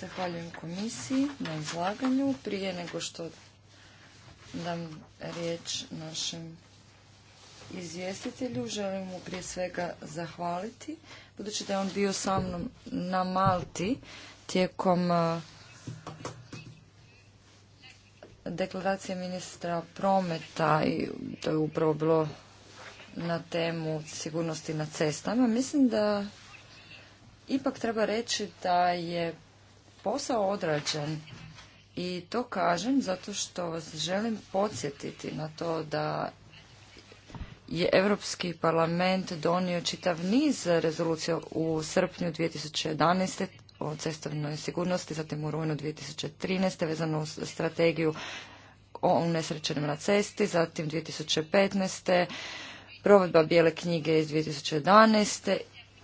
[SPEAKER 1] Zahvaljujem komisiji na izlaganju. Prije nego što dam riječ našem izvjestitelju, želim mu prije svega zahvaliti. Budući da je on bio sa mnom na Malti tijekom e, deklaracije ministra prometa i to je upravo bilo na temu sigurnosti na cestama, mislim da ipak treba reći da je posao odrađen i to kažem zato što vas želim podsjetiti na to da je Europski parlament donio čitav niz rezolucija u srpnju 2011. o cestovnoj sigurnosti, zatim u rujnu 2013. vezano uz strategiju o unesrećenim na cesti, zatim 2015 provedba bijele knjige iz 2011.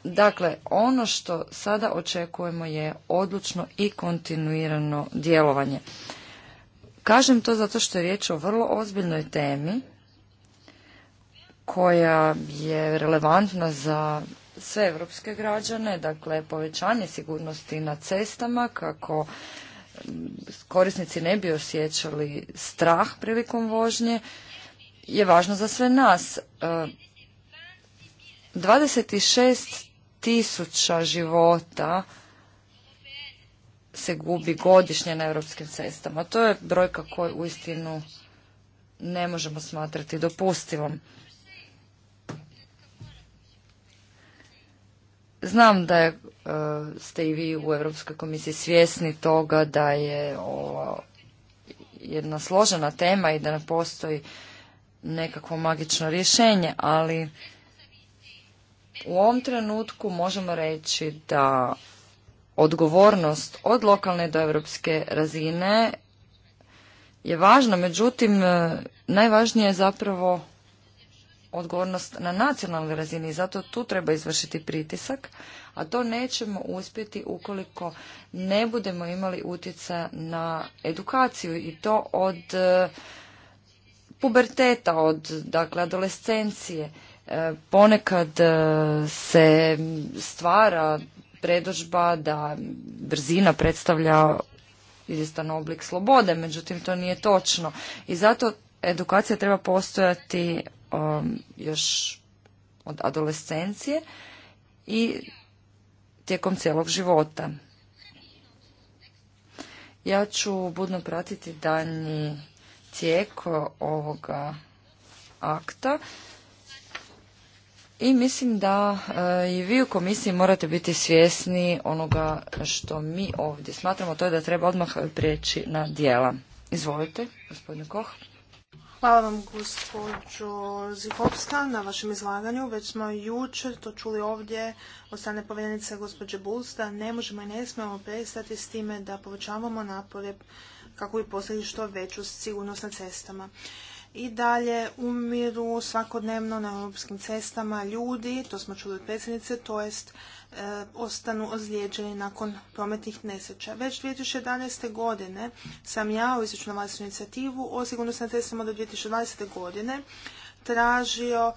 [SPEAKER 1] Dakle, ono što sada očekujemo je odlučno i kontinuirano djelovanje. Kažem to zato što je riječ o vrlo ozbiljnoj temi koja je relevantna za sve evropske građane, dakle povećanje sigurnosti na cestama kako korisnici ne bi osjećali strah prilikom vožnje, je važno za sve nas. 26 e, tisuća života se gubi godišnje na europskim cestama. To je brojka koju uistinu ne možemo smatrati dopustivom. Znam da je, e, ste i vi u Europskoj komisiji svjesni toga da je ovo jedna složena tema i da ne postoji nekakvo magično rješenje, ali u ovom trenutku možemo reći da odgovornost od lokalne do europske razine je važna, međutim najvažnija je zapravo odgovornost na nacionalnoj razini i zato tu treba izvršiti pritisak, a to nećemo uspjeti ukoliko ne budemo imali utjeca na edukaciju i to od puberteta, od dakle, adolescencije. E, ponekad e, se stvara predožba da brzina predstavlja izvjestan oblik slobode, međutim to nije točno. I zato edukacija treba postojati e, još od adolescencije i tijekom cijelog života. Ja ću budno pratiti danji tijek ovoga akta i mislim da eh, i vi u komisiji morate biti svjesni onoga što mi ovdje smatramo, to je da treba odmah prijeći na dijela. Izvolite, gospodine Koh.
[SPEAKER 2] Hvala vam gospođo Zihovska na vašem izlaganju. Već smo jučer to čuli ovdje od strane povjerenice gospođe Bulsta. Ne možemo i ne smijemo prestati s time da povećavamo napore kako bi postigli što veću sigurnost na cestama. I dalje umiru svakodnevno na europskim cestama ljudi, to smo čuli od predsjednice, to jest e, ostanu ozlijeđeni nakon prometnih nesreća. Već 2011. godine sam ja u na inicijativu o sigurnosti na cestama do 2020. godine tražio e,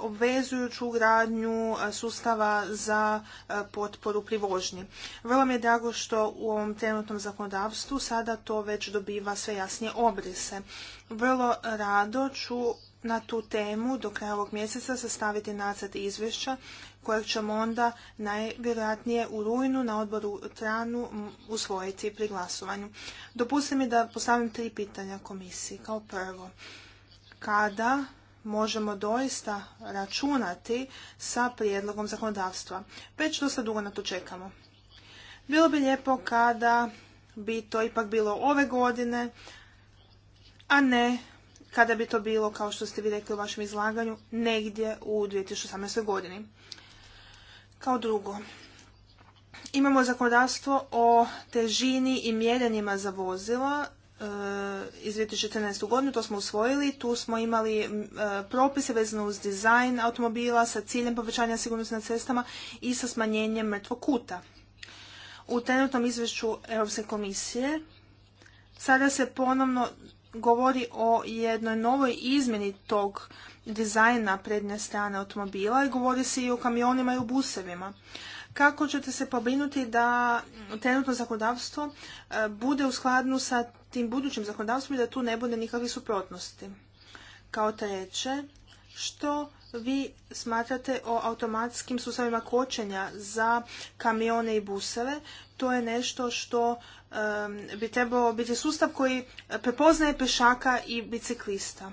[SPEAKER 2] obvezujuću gradnju e, sustava za e, potporu pri vožnji. Vrlo mi je drago što u ovom trenutnom zakonodavstvu sada to već dobiva sve jasnije obrise. Vrlo rado ću na tu temu do kraja ovog mjeseca sastaviti nacrt izvješća kojeg ćemo onda najvjerojatnije u rujnu na odboru Tranu usvojiti pri glasovanju. Dopustite mi da postavim tri pitanja komisiji. Kao prvo, kada možemo doista računati sa prijedlogom zakonodavstva. Već dosta dugo na to čekamo. Bilo bi lijepo kada bi to ipak bilo ove godine, a ne kada bi to bilo, kao što ste vi rekli u vašem izlaganju, negdje u 2018. godini. Kao drugo, imamo zakonodavstvo o težini i mjerenjima za vozila iz 2014. godinu, to smo usvojili, tu smo imali e, propise vezano uz dizajn automobila sa ciljem povećanja sigurnosti na cestama i sa smanjenjem mrtvog kuta. U trenutnom izvješću Europske komisije sada se ponovno govori o jednoj novoj izmjeni tog dizajna prednje strane automobila i govori se i o kamionima i o busevima kako ćete se pobrinuti da trenutno zakonodavstvo e, bude u skladnu sa tim budućim zakonodavstvom i da tu ne bude nikakvih suprotnosti? Kao treće, što vi smatrate o automatskim sustavima kočenja za kamione i buseve. To je nešto što e, bi trebao biti sustav koji prepoznaje pešaka i biciklista.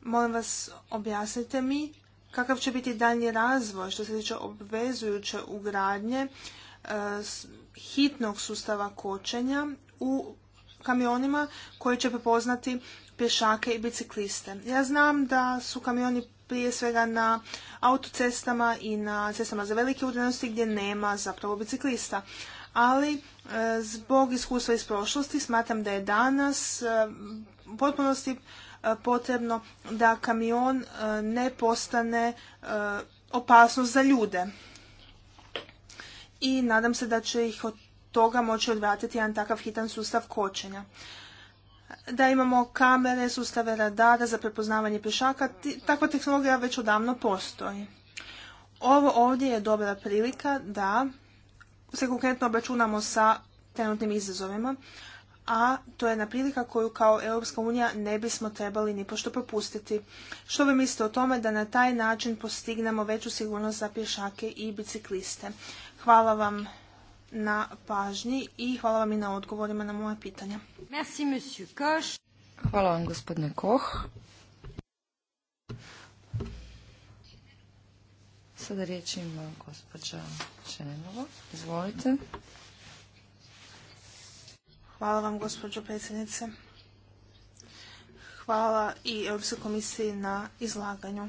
[SPEAKER 2] Molim vas, objasnite mi kakav će biti daljnji razvoj što se tiče obvezujuće ugradnje e, hitnog sustava kočenja u kamionima koji će prepoznati pješake i bicikliste. Ja znam da su kamioni prije svega na autocestama i na cestama za velike udaljenosti gdje nema zapravo biciklista. Ali e, zbog iskustva iz prošlosti smatram da je danas e, u potpunosti E, potrebno da kamion e, ne postane e, opasnost za ljude. I nadam se da će ih od toga moći odvratiti jedan takav hitan sustav kočenja. Da imamo kamere, sustave radara za prepoznavanje pješaka, takva tehnologija već odavno postoji. Ovo ovdje je dobra prilika da se konkretno obračunamo sa trenutnim izazovima, a to je na prilika koju kao Europska unija ne bismo trebali ni pošto propustiti. Što vi mislite o tome da na taj način postignemo veću sigurnost za pješake i bicikliste? Hvala vam na pažnji i hvala vam i na odgovorima na moje pitanja. monsieur Koch.
[SPEAKER 1] Hvala vam, gospodine Koch. Sada riječ ima gospođa Izvolite.
[SPEAKER 2] Hvala vam, gospođo predsjednice. Hvala i Europskoj komisiji na izlaganju.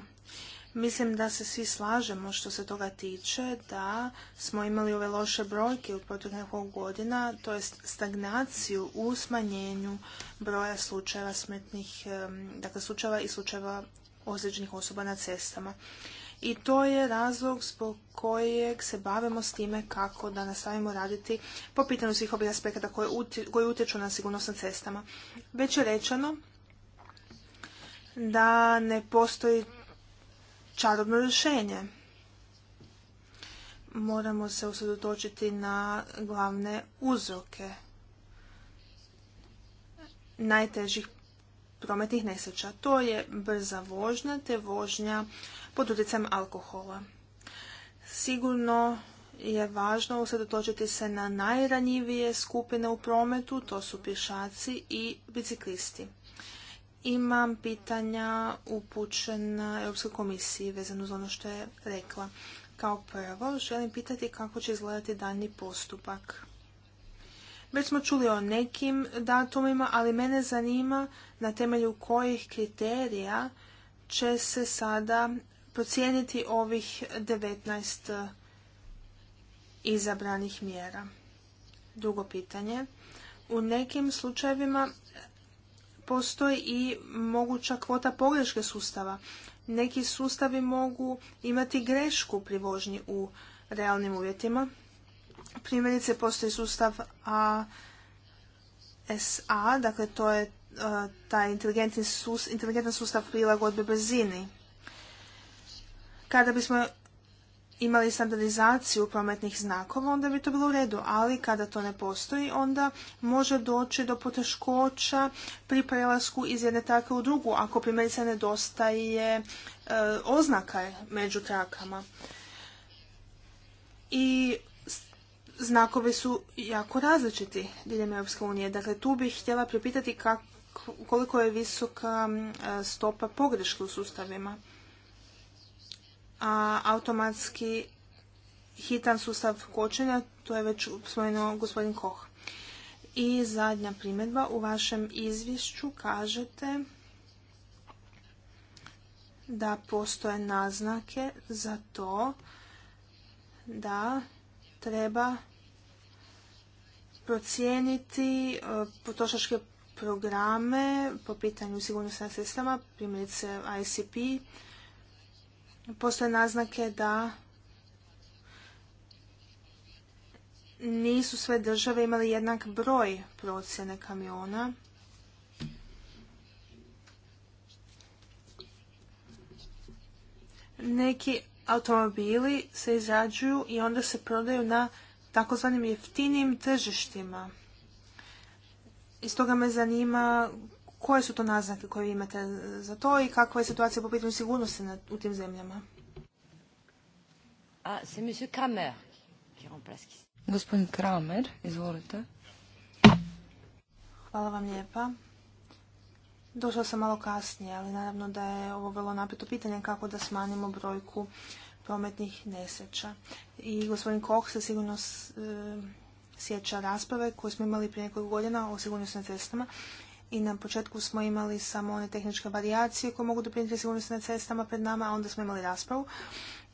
[SPEAKER 2] Mislim da se svi slažemo što se toga tiče, da smo imali ove loše brojke u proteklih godina, to je stagnaciju u smanjenju broja slučajeva smetnih, dakle slučajeva i slučajeva ozređenih osoba na cestama i to je razlog zbog kojeg se bavimo s time kako da nastavimo raditi po pitanju svih ovih aspekata koji utječu na sigurnost na cestama. Već je rečeno da ne postoji čarobno rješenje. Moramo se usredotočiti na glavne uzroke najtežih prometnih nesreća. To je brza vožnja te vožnja pod utjecajem alkohola. Sigurno je važno usredotočiti se na najranjivije skupine u prometu, to su pješaci i biciklisti. Imam pitanja upućena Europskoj komisiji vezano za ono što je rekla. Kao prvo, želim pitati kako će izgledati daljnji postupak. Već smo čuli o nekim datumima, ali mene zanima na temelju kojih kriterija će se sada procijeniti ovih 19 e, izabranih mjera. Drugo pitanje. U nekim slučajevima postoji i moguća kvota pogreške sustava. Neki sustavi mogu imati grešku pri vožnji u realnim uvjetima, Primjerice postoji sustav ASA, dakle to je e, taj inteligentni inteligentan sustav prilagodbe brzini. Kada bismo imali standardizaciju prometnih znakova, onda bi to bilo u redu, ali kada to ne postoji, onda može doći do poteškoća pri prelasku iz jedne trake u drugu, ako primjerice nedostaje e, oznaka među trakama. I znakovi su jako različiti diljem Europske unije. Dakle, tu bih htjela pripitati koliko je visoka stopa pogreške u sustavima. A automatski hitan sustav kočenja, to je već spomenuo gospodin Koh. I zadnja primjedba, u vašem izvješću kažete da postoje naznake za to da treba procijeniti e, potrošačke programe po pitanju sigurnosti na cestama, primjerice ICP. Postoje naznake da nisu sve države imali jednak broj procjene kamiona. Neki automobili se izrađuju i onda se prodaju na takozvanim jeftinim tržištima. I stoga me zanima koje su to naznake koje vi imate za to i kakva je situacija po pitanju sigurnosti u tim zemljama. A, ah, Kramer.
[SPEAKER 1] Gospodin Kramer, izvolite.
[SPEAKER 2] Hvala vam lijepa. Došla sam malo kasnije, ali naravno da je ovo vrlo napeto pitanje kako da smanjimo brojku prometnih nesreća. I gospodin Koch se sigurno e, sjeća rasprave koje smo imali prije nekoliko godina o sigurnosnim cestama i na početku smo imali samo one tehničke varijacije koje mogu doprinijeti sigurnosti cestama pred nama, a onda smo imali raspravu.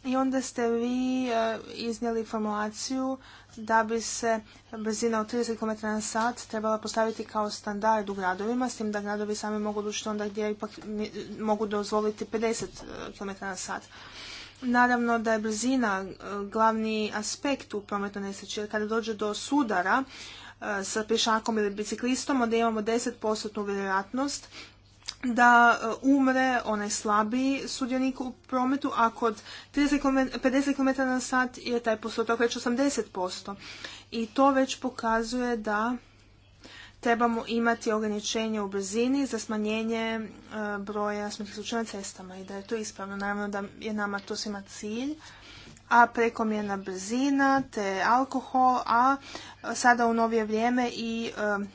[SPEAKER 2] I onda ste vi e, iznijeli formulaciju da bi se brzina od 30 km na sat trebala postaviti kao standard u gradovima, s tim da gradovi sami mogu odlučiti onda gdje ipak mogu dozvoliti 50 e, km na sat. Naravno da je brzina e, glavni aspekt u prometnoj nesreći, jer kada dođe do sudara sa pješakom ili biciklistom, onda imamo 10% vjerojatnost da e, umre onaj slabiji sudionik u prometu, a kod 50 km na sat je taj postotak već 80%. I to već pokazuje da trebamo imati ograničenje u brzini za smanjenje e, broja smrtnih slučaja na cestama i da je to ispravno. Naravno da je nama to svima cilj, a prekomjerna brzina te alkohol, a sada u novije vrijeme i e,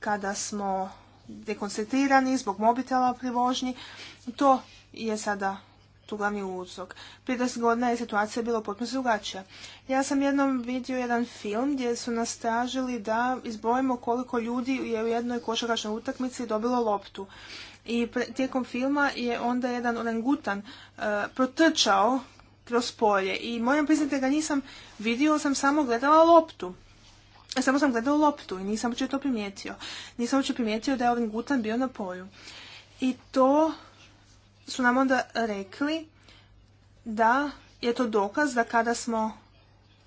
[SPEAKER 2] kada smo dekoncentrirani zbog mobitela pri vožnji. To je sada tu glavni uzrok. Prije godina je situacija bila potpuno drugačija. Ja sam jednom vidio jedan film gdje su nas tražili da izbrojimo koliko ljudi je u jednoj košarkačnoj utakmici dobilo loptu. I tijekom filma je onda jedan orangutan uh, protrčao kroz polje i moram priznati da ga nisam vidio, sam samo gledala loptu. E, samo sam gledao loptu i nisam uopće to primijetio. Nisam uopće primijetio da je ovim Gutan bio na polju. I to su nam onda rekli da je to dokaz da kada smo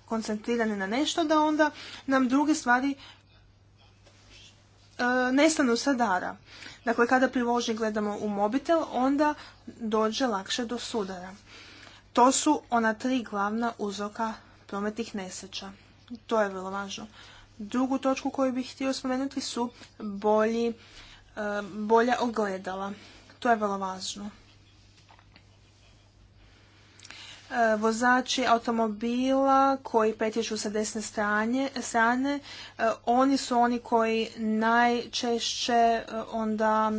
[SPEAKER 2] koncentrirani na nešto, da onda nam druge stvari e, nestanu sa dara. Dakle, kada pri vožnji gledamo u mobitel, onda dođe lakše do sudara. To su ona tri glavna uzroka prometnih nesreća. To je vrlo važno. Drugu točku koju bih htio spomenuti su bolji, e, bolja ogledala. To je vrlo važno. E, vozači automobila koji pretječu sa desne strane, e, oni su oni koji najčešće onda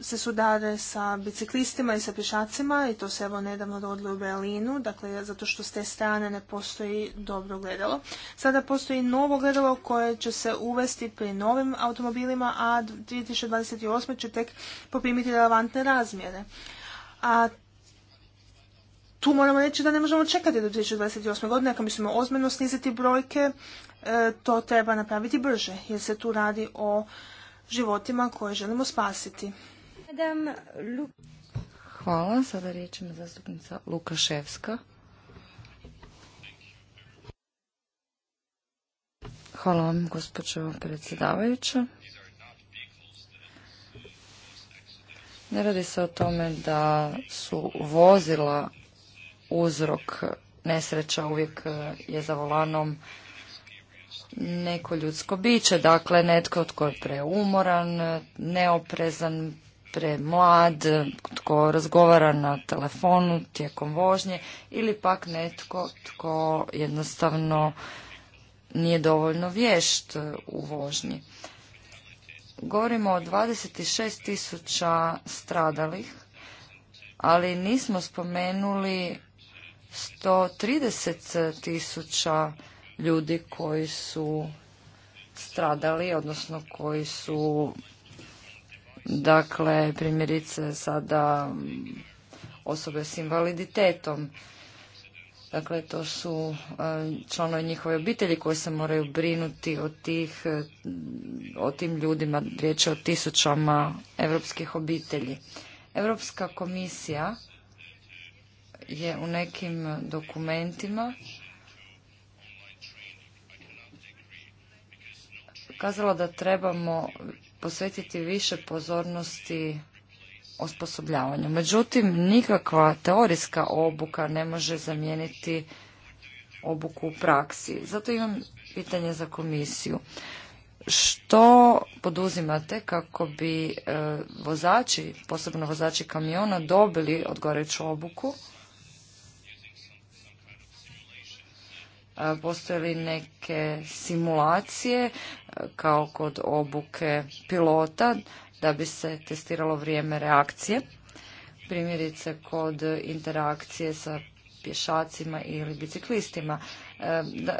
[SPEAKER 2] se sudare sa biciklistima i sa pješacima i to se evo nedavno dogodilo u Berlinu, dakle zato što s te strane ne postoji dobro gledalo. Sada postoji novo gledalo koje će se uvesti pri novim automobilima, a 2028. će tek poprimiti relevantne razmjere. A tu moramo reći da ne možemo čekati do 2028. godine, ako mislimo ozbiljno sniziti brojke, e, to treba napraviti brže, jer se tu radi o životima koje želimo spasiti. Lu...
[SPEAKER 1] Hvala. Sada riječ ima zastupnica Lukaševska. Hvala vam, gospođo predsjedavajuća. Ne radi se o tome da su vozila uzrok nesreća, uvijek e, je za volanom neko ljudsko biće, dakle netko tko je preumoran, neoprezan, premlad, tko razgovara na telefonu tijekom vožnje ili pak netko tko jednostavno nije dovoljno vješt u vožnji. Govorimo o 26 tisuća stradalih, ali nismo spomenuli 130 tisuća ljudi koji su stradali, odnosno koji su Dakle, primjerice sada osobe s invaliditetom. Dakle, to su e, članovi njihove obitelji koji se moraju brinuti o, tih, e, tim ljudima. Riječ je o tisućama evropskih obitelji. Europska komisija je u nekim dokumentima kazala da trebamo posvetiti više pozornosti osposobljavanju. Međutim, nikakva teorijska obuka ne može zamijeniti obuku u praksi. Zato imam pitanje za komisiju. Što poduzimate kako bi e, vozači, posebno vozači kamiona, dobili odgovarajuću obuku? postoje li neke simulacije kao kod obuke pilota da bi se testiralo vrijeme reakcije, primjerice kod interakcije sa pješacima ili biciklistima.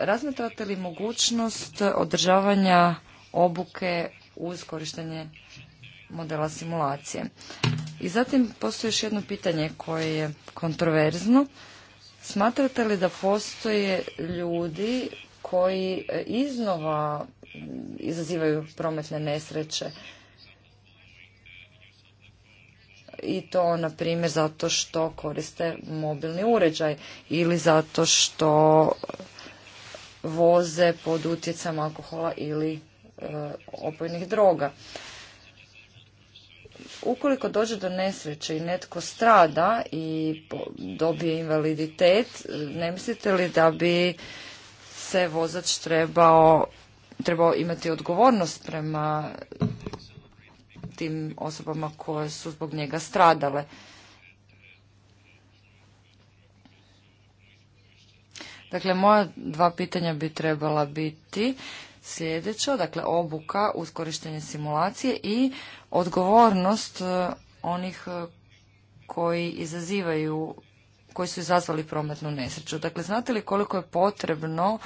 [SPEAKER 1] Razmatrate li mogućnost održavanja obuke uz korištenje modela simulacije? I zatim postoji još jedno pitanje koje je kontroverzno Smatrate li da postoje ljudi koji e, iznova izazivaju prometne nesreće? i to na primjer zato što koriste mobilni uređaj ili zato što voze pod utjecajem alkohola ili e, opojnih droga ukoliko dođe do nesreće i netko strada i dobije invaliditet, ne mislite li da bi se vozač trebao, trebao imati odgovornost prema tim osobama koje su zbog njega stradale? Dakle, moja dva pitanja bi trebala biti sljedeća, dakle obuka uz korištenje simulacije i odgovornost e, onih e, koji izazivaju koji su izazvali prometnu nesreću. Dakle, znate li koliko je potrebno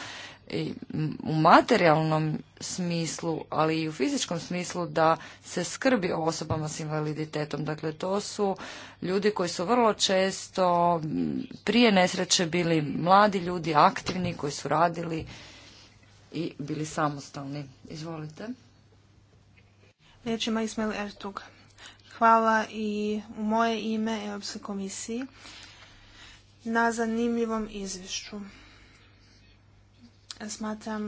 [SPEAKER 1] u materijalnom smislu, ali i u fizičkom smislu da se skrbi o osobama s invaliditetom. Dakle, to su ljudi koji su vrlo često prije nesreće bili mladi ljudi, aktivni, koji su radili i bili samostalni. Izvolite.
[SPEAKER 2] Riječ Ismail Ertug. Hvala i u moje ime Europske komisiji na zanimljivom izvješću. Smatram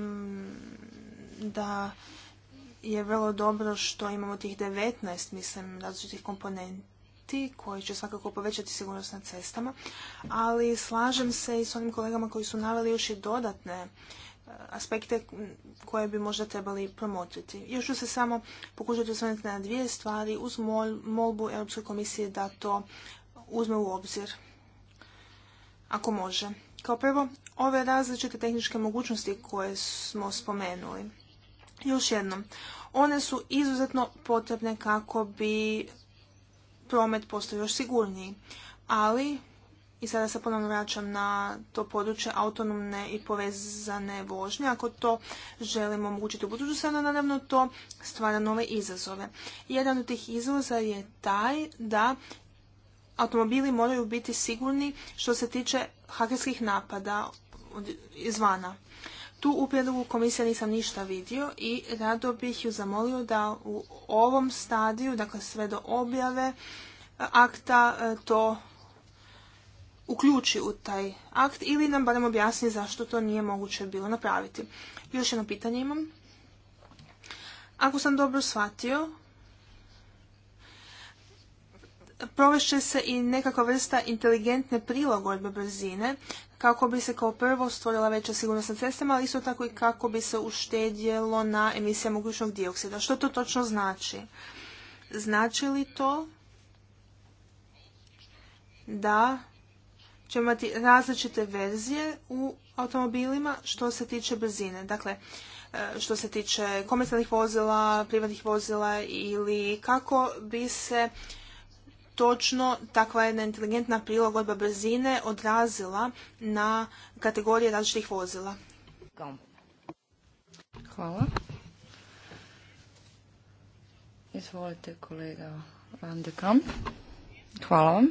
[SPEAKER 2] da je vrlo dobro što imamo tih 19, mislim, različitih komponenti koji će svakako povećati sigurnost na cestama, ali slažem se i s onim kolegama koji su naveli još i dodatne aspekte koje bi možda trebali promotriti. Još ću se samo pokušati osvrnuti na dvije stvari uz molbu Europske komisije da to uzme u obzir. Ako može. Kao prvo, ove različite tehničke mogućnosti koje smo spomenuli. Još jednom, one su izuzetno potrebne kako bi promet postao još sigurniji, ali i sada se ponovno vraćam na to područje autonomne i povezane vožnje. Ako to želimo omogućiti u budućnosti, onda naravno to stvara nove izazove. Jedan od tih izazova je taj da automobili moraju biti sigurni što se tiče hakerskih napada izvana. Tu u komisije nisam ništa vidio i rado bih ju zamolio da u ovom stadiju, dakle sve do objave e, akta, e, to uključi u taj akt ili nam barem objasni zašto to nije moguće bilo napraviti. Još jedno pitanje imam. Ako sam dobro shvatio, provešće se i nekakva vrsta inteligentne prilagodbe brzine kako bi se kao prvo stvorila veća sigurnost na cestama, ali isto tako i kako bi se uštedjelo na emisijama ugljičnog dioksida. Što to točno znači? Znači li to da ćemo imati različite verzije u automobilima što se tiče brzine. Dakle, e, što se tiče komercijalnih vozila, privatnih vozila ili kako bi se točno takva jedna inteligentna prilagodba brzine odrazila na kategorije različitih vozila. Hvala.
[SPEAKER 1] Izvolite kolega Van de Kamp. Hvala vam.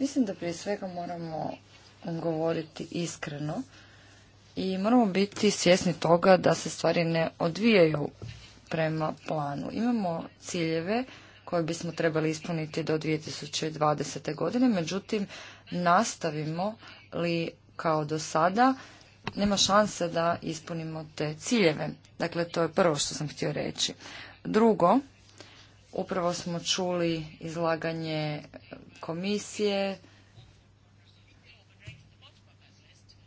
[SPEAKER 1] Mislim da prije svega moramo govoriti iskreno i moramo biti svjesni toga da se stvari ne odvijaju prema planu. Imamo ciljeve koje bismo trebali ispuniti do 2020. godine, međutim nastavimo li kao do sada, nema šanse da ispunimo te ciljeve. Dakle, to je prvo što sam htio reći. Drugo, Upravo smo čuli izlaganje komisije.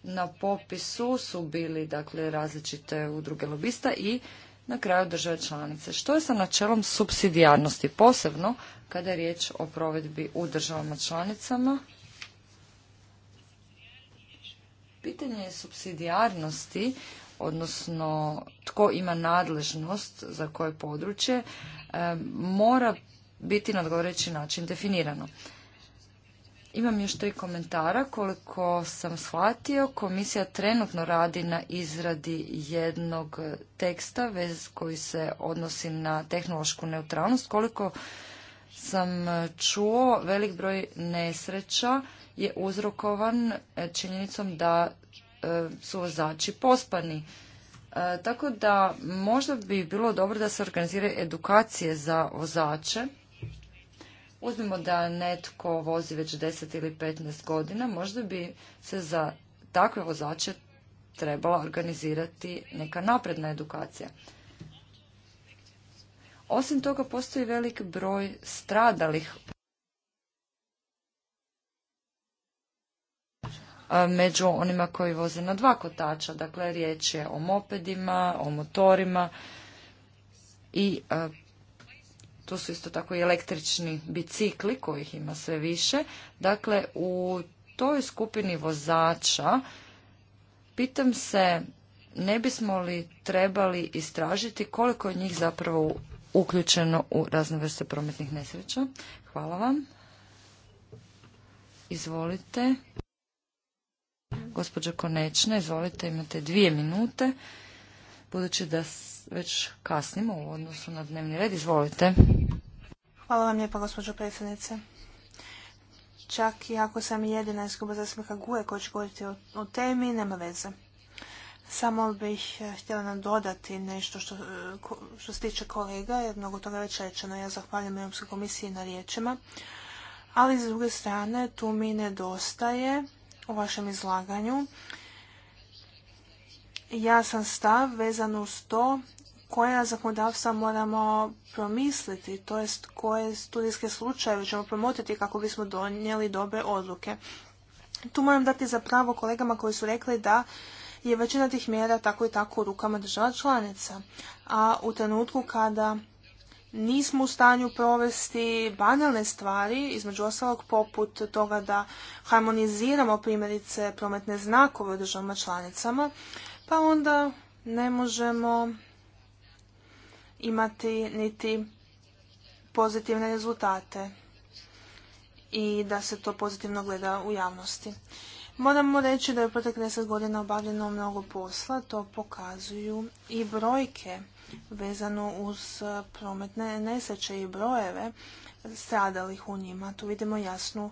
[SPEAKER 1] Na popisu su bili dakle različite udruge lobista i na kraju države članice. Što je sa načelom subsidijarnosti, posebno kada je riječ o provedbi u državama članicama? Pitanje subsidijarnosti odnosno tko ima nadležnost za koje područje, e, mora biti na odgovarajući način definirano. Imam još tri komentara. Koliko sam shvatio, komisija trenutno radi na izradi jednog teksta vez koji se odnosi na tehnološku neutralnost. Koliko sam čuo, velik broj nesreća je uzrokovan činjenicom da E, su vozači pospani. E, tako da možda bi bilo dobro da se organizira edukacije za vozače. Uzmimo da netko vozi već 10 ili 15 godina, možda bi se za takve vozače trebala organizirati neka napredna edukacija. Osim toga postoji velik broj stradalih među onima koji voze na dva kotača. Dakle, riječ je o mopedima, o motorima i tu su isto tako i električni bicikli kojih ima sve više. Dakle, u toj skupini vozača pitam se ne bismo li trebali istražiti koliko je njih zapravo uključeno u razne vrste prometnih nesreća. Hvala vam. Izvolite. Gospođo Konečna, izvolite, imate dvije minute. Budući da već kasnimo u odnosu na dnevni red, izvolite.
[SPEAKER 2] Hvala vam lijepa, gospođo predsjednice. Čak i ako sam jedina iz kluba zastupnika guje koja će govoriti o, temi, nema veze. Samo bih eh, htjela nam dodati nešto što, eh, što se tiče kolega, jer mnogo toga već rečeno. Ja zahvaljujem Europskoj komisiji na riječima. Ali, s druge strane, tu mi nedostaje u vašem izlaganju Ja sam stav vezan uz to koja zakonodavstva moramo promisliti, to jest koje studijske slučajeve ćemo promotiti kako bismo donijeli dobre odluke. Tu moram dati za pravo kolegama koji su rekli da je većina tih mjera tako i tako u rukama država članica, a u trenutku kada nismo u stanju provesti banalne stvari, između ostalog poput toga da harmoniziramo primjerice prometne znakove u državama članicama, pa onda ne možemo imati niti pozitivne rezultate i da se to pozitivno gleda u javnosti. Moramo reći da je u proteklih 10 godina obavljeno mnogo posla, to pokazuju i brojke vezano uz prometne nesreće i brojeve stradalih u njima. Tu vidimo jasnu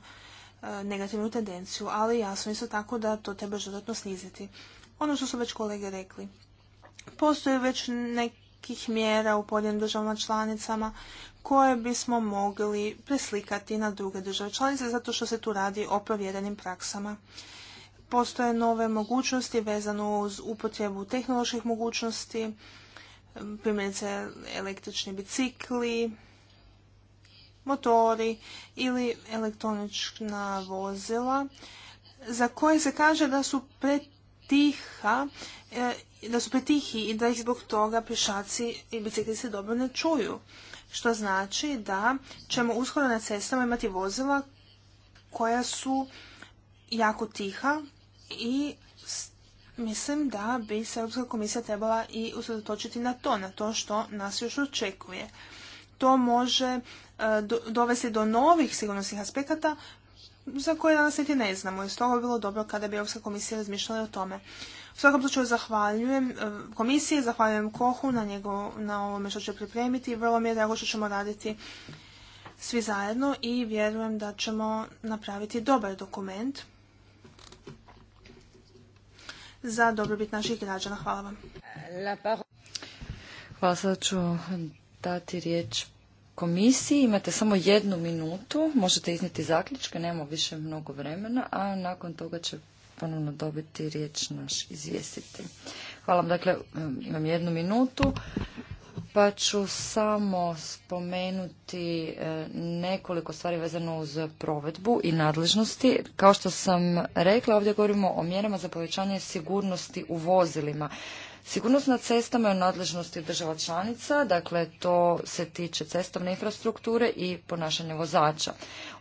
[SPEAKER 2] e, negativnu tendenciju, ali jasno isto tako da to treba dodatno sniziti. Ono što su već kolege rekli. Postoje već nekih mjera u pojedinim državama članicama koje bismo mogli preslikati na druge države članice zato što se tu radi o provjerenim praksama postoje nove mogućnosti vezano uz upotrebu tehnoloških mogućnosti primjerice električni bicikli, motori ili elektronična vozila za koje se kaže da su pretiha e, da su pretihi i da ih zbog toga pješaci i biciklisti dobro ne čuju. Što znači da ćemo uskoro na cestama imati vozila koja su jako tiha i mislim da bi se Europska komisija trebala i usredotočiti na to, na to što nas još očekuje. To može e, dovesti do novih sigurnosnih aspekata za koje danas niti ne znamo i stoga bi bilo dobro kada bi Europska komisija razmišljala o tome. U svakom slučaju zahvaljujem e, komisiji, zahvaljujem Kohu na, ovome što će pripremiti i vrlo mi je drago što ćemo raditi svi zajedno i vjerujem da ćemo napraviti dobar dokument za dobrobit naših građana. Hvala vam.
[SPEAKER 1] Hvala, sada ću dati riječ komisiji. Imate samo jednu minutu, možete iznijeti zaključke, nemamo više mnogo vremena, a nakon toga će ponovno dobiti riječ naš izvjestitelj. Hvala vam, dakle, imam jednu minutu pa ću samo spomenuti e, nekoliko stvari vezano uz provedbu i nadležnosti. Kao što sam rekla, ovdje govorimo o mjerama za povećanje sigurnosti u vozilima. Sigurnost na cestama je u nadležnosti država članica, dakle to se tiče cestovne infrastrukture i ponašanja vozača.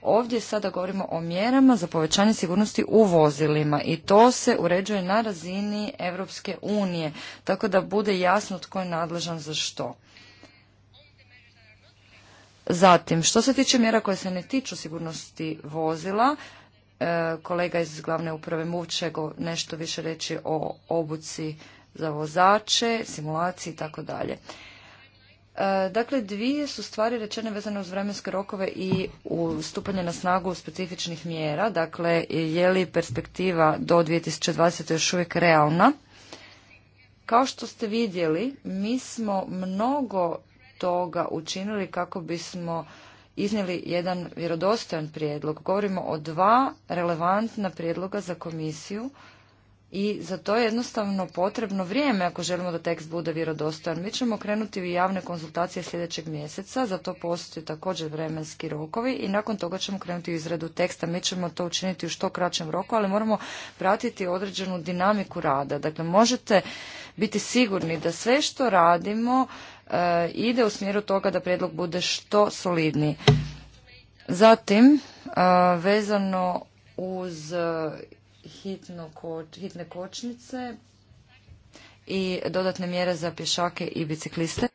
[SPEAKER 1] Ovdje sada govorimo o mjerama za povećanje sigurnosti u vozilima i to se uređuje na razini Europske unije, tako da bude jasno tko je nadležan za što. Zatim, što se tiče mjera koje se ne tiču sigurnosti vozila, e, kolega iz glavne uprave MUV će nešto više reći o obuci za vozače, simulacije i tako dalje. E, dakle, dvije su stvari rečene vezane uz vremenske rokove i u stupanje na snagu specifičnih mjera. Dakle, je li perspektiva do 2020. još uvijek realna? Kao što ste vidjeli, mi smo mnogo toga učinili kako bismo iznijeli jedan vjerodostojan prijedlog. Govorimo o dva relevantna prijedloga za komisiju i za to je jednostavno potrebno vrijeme ako želimo da tekst bude vjerodostojan. Mi ćemo krenuti u javne konzultacije sljedećeg mjeseca, za to postoje također vremenski rokovi i nakon toga ćemo krenuti u izradu teksta. Mi ćemo to učiniti u što kraćem roku, ali moramo pratiti određenu dinamiku rada. Dakle, možete biti sigurni da sve što radimo eh, ide u smjeru toga da prijedlog bude što solidniji. Zatim, eh, vezano uz hitno hitne kočnice i dodatne mjere za pješake i bicikliste.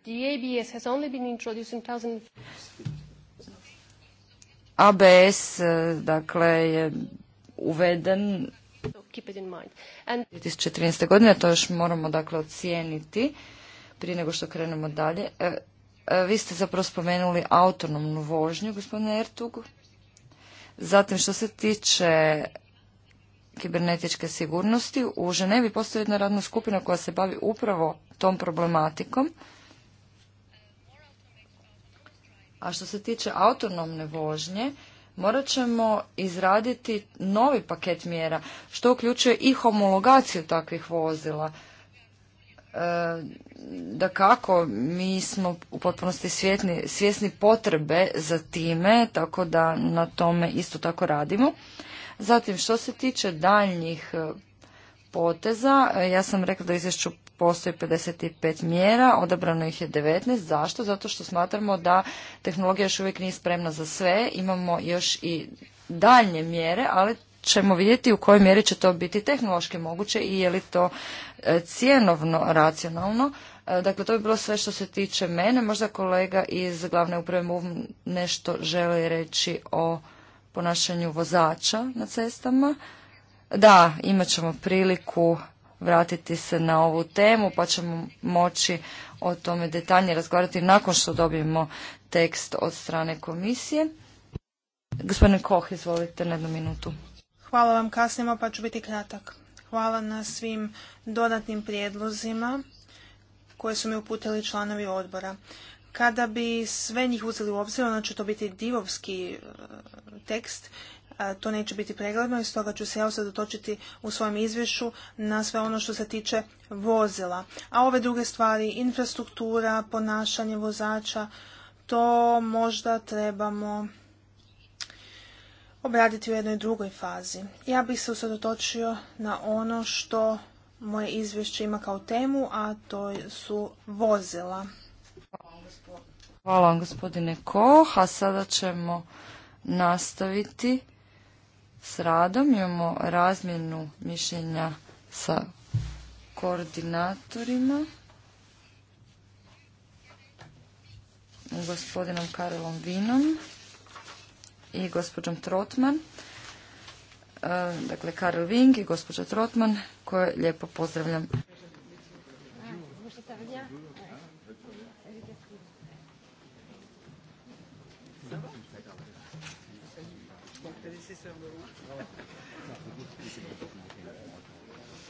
[SPEAKER 1] ABS e, dakle je uveden 2013. godine, to još moramo dakle ocijeniti prije nego što krenemo dalje. E, e, vi ste zapravo spomenuli autonomnu vožnju, gospodine Ertug. Zatim što se tiče kibernetičke sigurnosti. U Ženevi postoji jedna radna skupina koja se bavi upravo tom problematikom. A što se tiče autonomne vožnje, morat ćemo izraditi novi paket mjera, što uključuje i homologaciju takvih vozila. E, da kako, mi smo u potpunosti svjesni potrebe za time, tako da na tome isto tako radimo. Zatim, što se tiče daljnjih e, poteza, e, ja sam rekla da izvješću postoji 55 mjera, odabrano ih je 19. Zašto? Zato što smatramo da tehnologija još uvijek nije spremna za sve, imamo još i daljnje mjere, ali ćemo vidjeti u kojoj mjeri će to biti tehnološki moguće i je li to e, cijenovno, racionalno. Dakle, to bi bilo sve što se tiče mene. Možda kolega iz glavne uprave MUV nešto želi reći o ponašanju vozača na cestama. Da, imat ćemo priliku vratiti se na ovu temu pa ćemo moći o tome detaljnije razgovarati nakon što dobijemo tekst od strane komisije. Gospodine Koh, izvolite na jednu minutu.
[SPEAKER 2] Hvala vam kasnimo pa ću biti kratak. Hvala na svim dodatnim prijedlozima koje su mi uputili članovi odbora. Kada bi sve njih uzeli u obzir, onda će to biti divovski e, tekst, to neće biti pregledno i stoga ću se ja usredotočiti u svojem izvješću na sve ono što se tiče vozila. A ove druge stvari, infrastruktura, ponašanje vozača, to možda trebamo obraditi u jednoj drugoj fazi. Ja bih se usredotočio na ono što moje izvješće ima kao temu, a to su vozila.
[SPEAKER 1] Hvala vam gospodine Koh, a sada ćemo nastaviti s radom. Imamo razmjenu mišljenja sa koordinatorima. Gospodinom Karelom Vinom i gospođom Trotman. E, dakle, Karel Ving i gospođa Trotman, koje lijepo pozdravljam.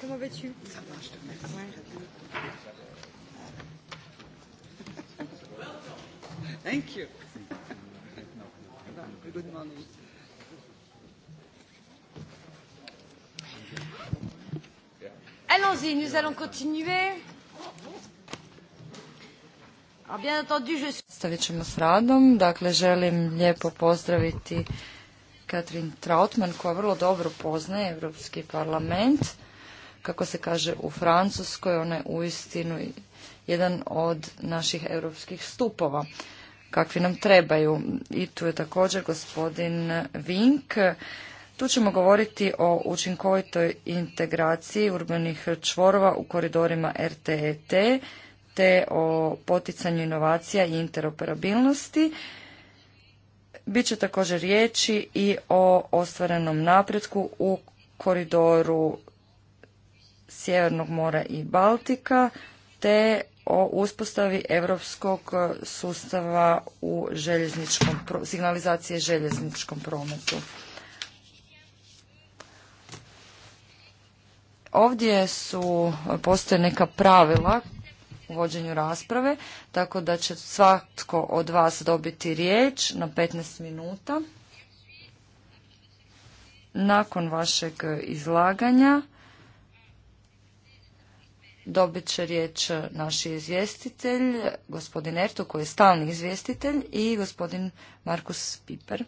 [SPEAKER 2] Comment vas-tu Ça va, je te remercie. Ouais. Thank
[SPEAKER 3] you.
[SPEAKER 1] Good morning. Allons-y, nous allons continuer. Alors, bien entendu, je suis... Stavit ćemo s radom. Dakle, želim lijepo pozdraviti Katrin Trautmann koja vrlo dobro poznaje Europski parlament. Kako se kaže u Francuskoj, ona je uistinu jedan od naših europskih stupova kakvi nam trebaju. I tu je također gospodin Vink. Tu ćemo govoriti o učinkovitoj integraciji urbanih čvorova u koridorima RTET e te o poticanju inovacija i interoperabilnosti Bit će također riječi i o ostvarenom napretku u koridoru Sjevernog mora i Baltika, te o uspostavi europskog sustava u željezničkom, signalizacije željezničkom prometu. Ovdje su, postoje neka pravila u vođenju rasprave, tako da će svatko od vas dobiti riječ na 15 minuta. Nakon vašeg izlaganja dobit će riječ naš izvjestitelj, gospodin erto koji je stalni izvjestitelj, i gospodin Markus Piper,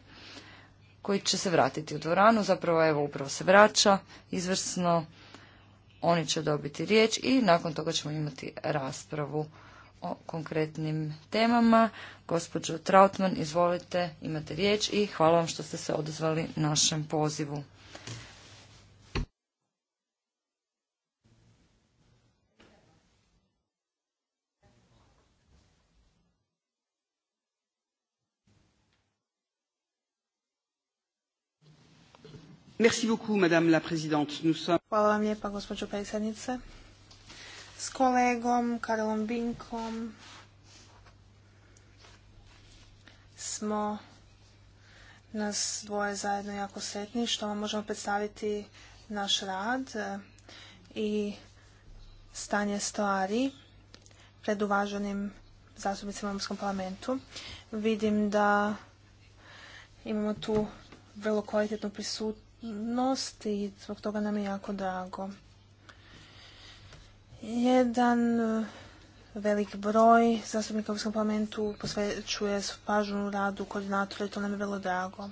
[SPEAKER 1] koji će se vratiti u dvoranu. Zapravo, evo, upravo se vraća, izvrsno oni će dobiti riječ i nakon toga ćemo imati raspravu o konkretnim temama. Gospođo Trautman, izvolite, imate riječ i hvala vam što ste se odozvali našem pozivu.
[SPEAKER 2] Hvala vam lijepa, gospođo predsjednice. S kolegom Karolom Binkom smo nas dvoje zajedno jako sretni što vam možemo predstaviti naš rad eh, i stanje stvari pred uvaženim zastupnicima u Europskom parlamentu. Vidim da imamo tu vrlo kvalitetnu prisutnost nosti i zbog toga nam je jako drago. Jedan eh, velik broj zastupnika u Europskom parlamentu posvećuje pažnju radu koordinatora i to nam je vrlo drago.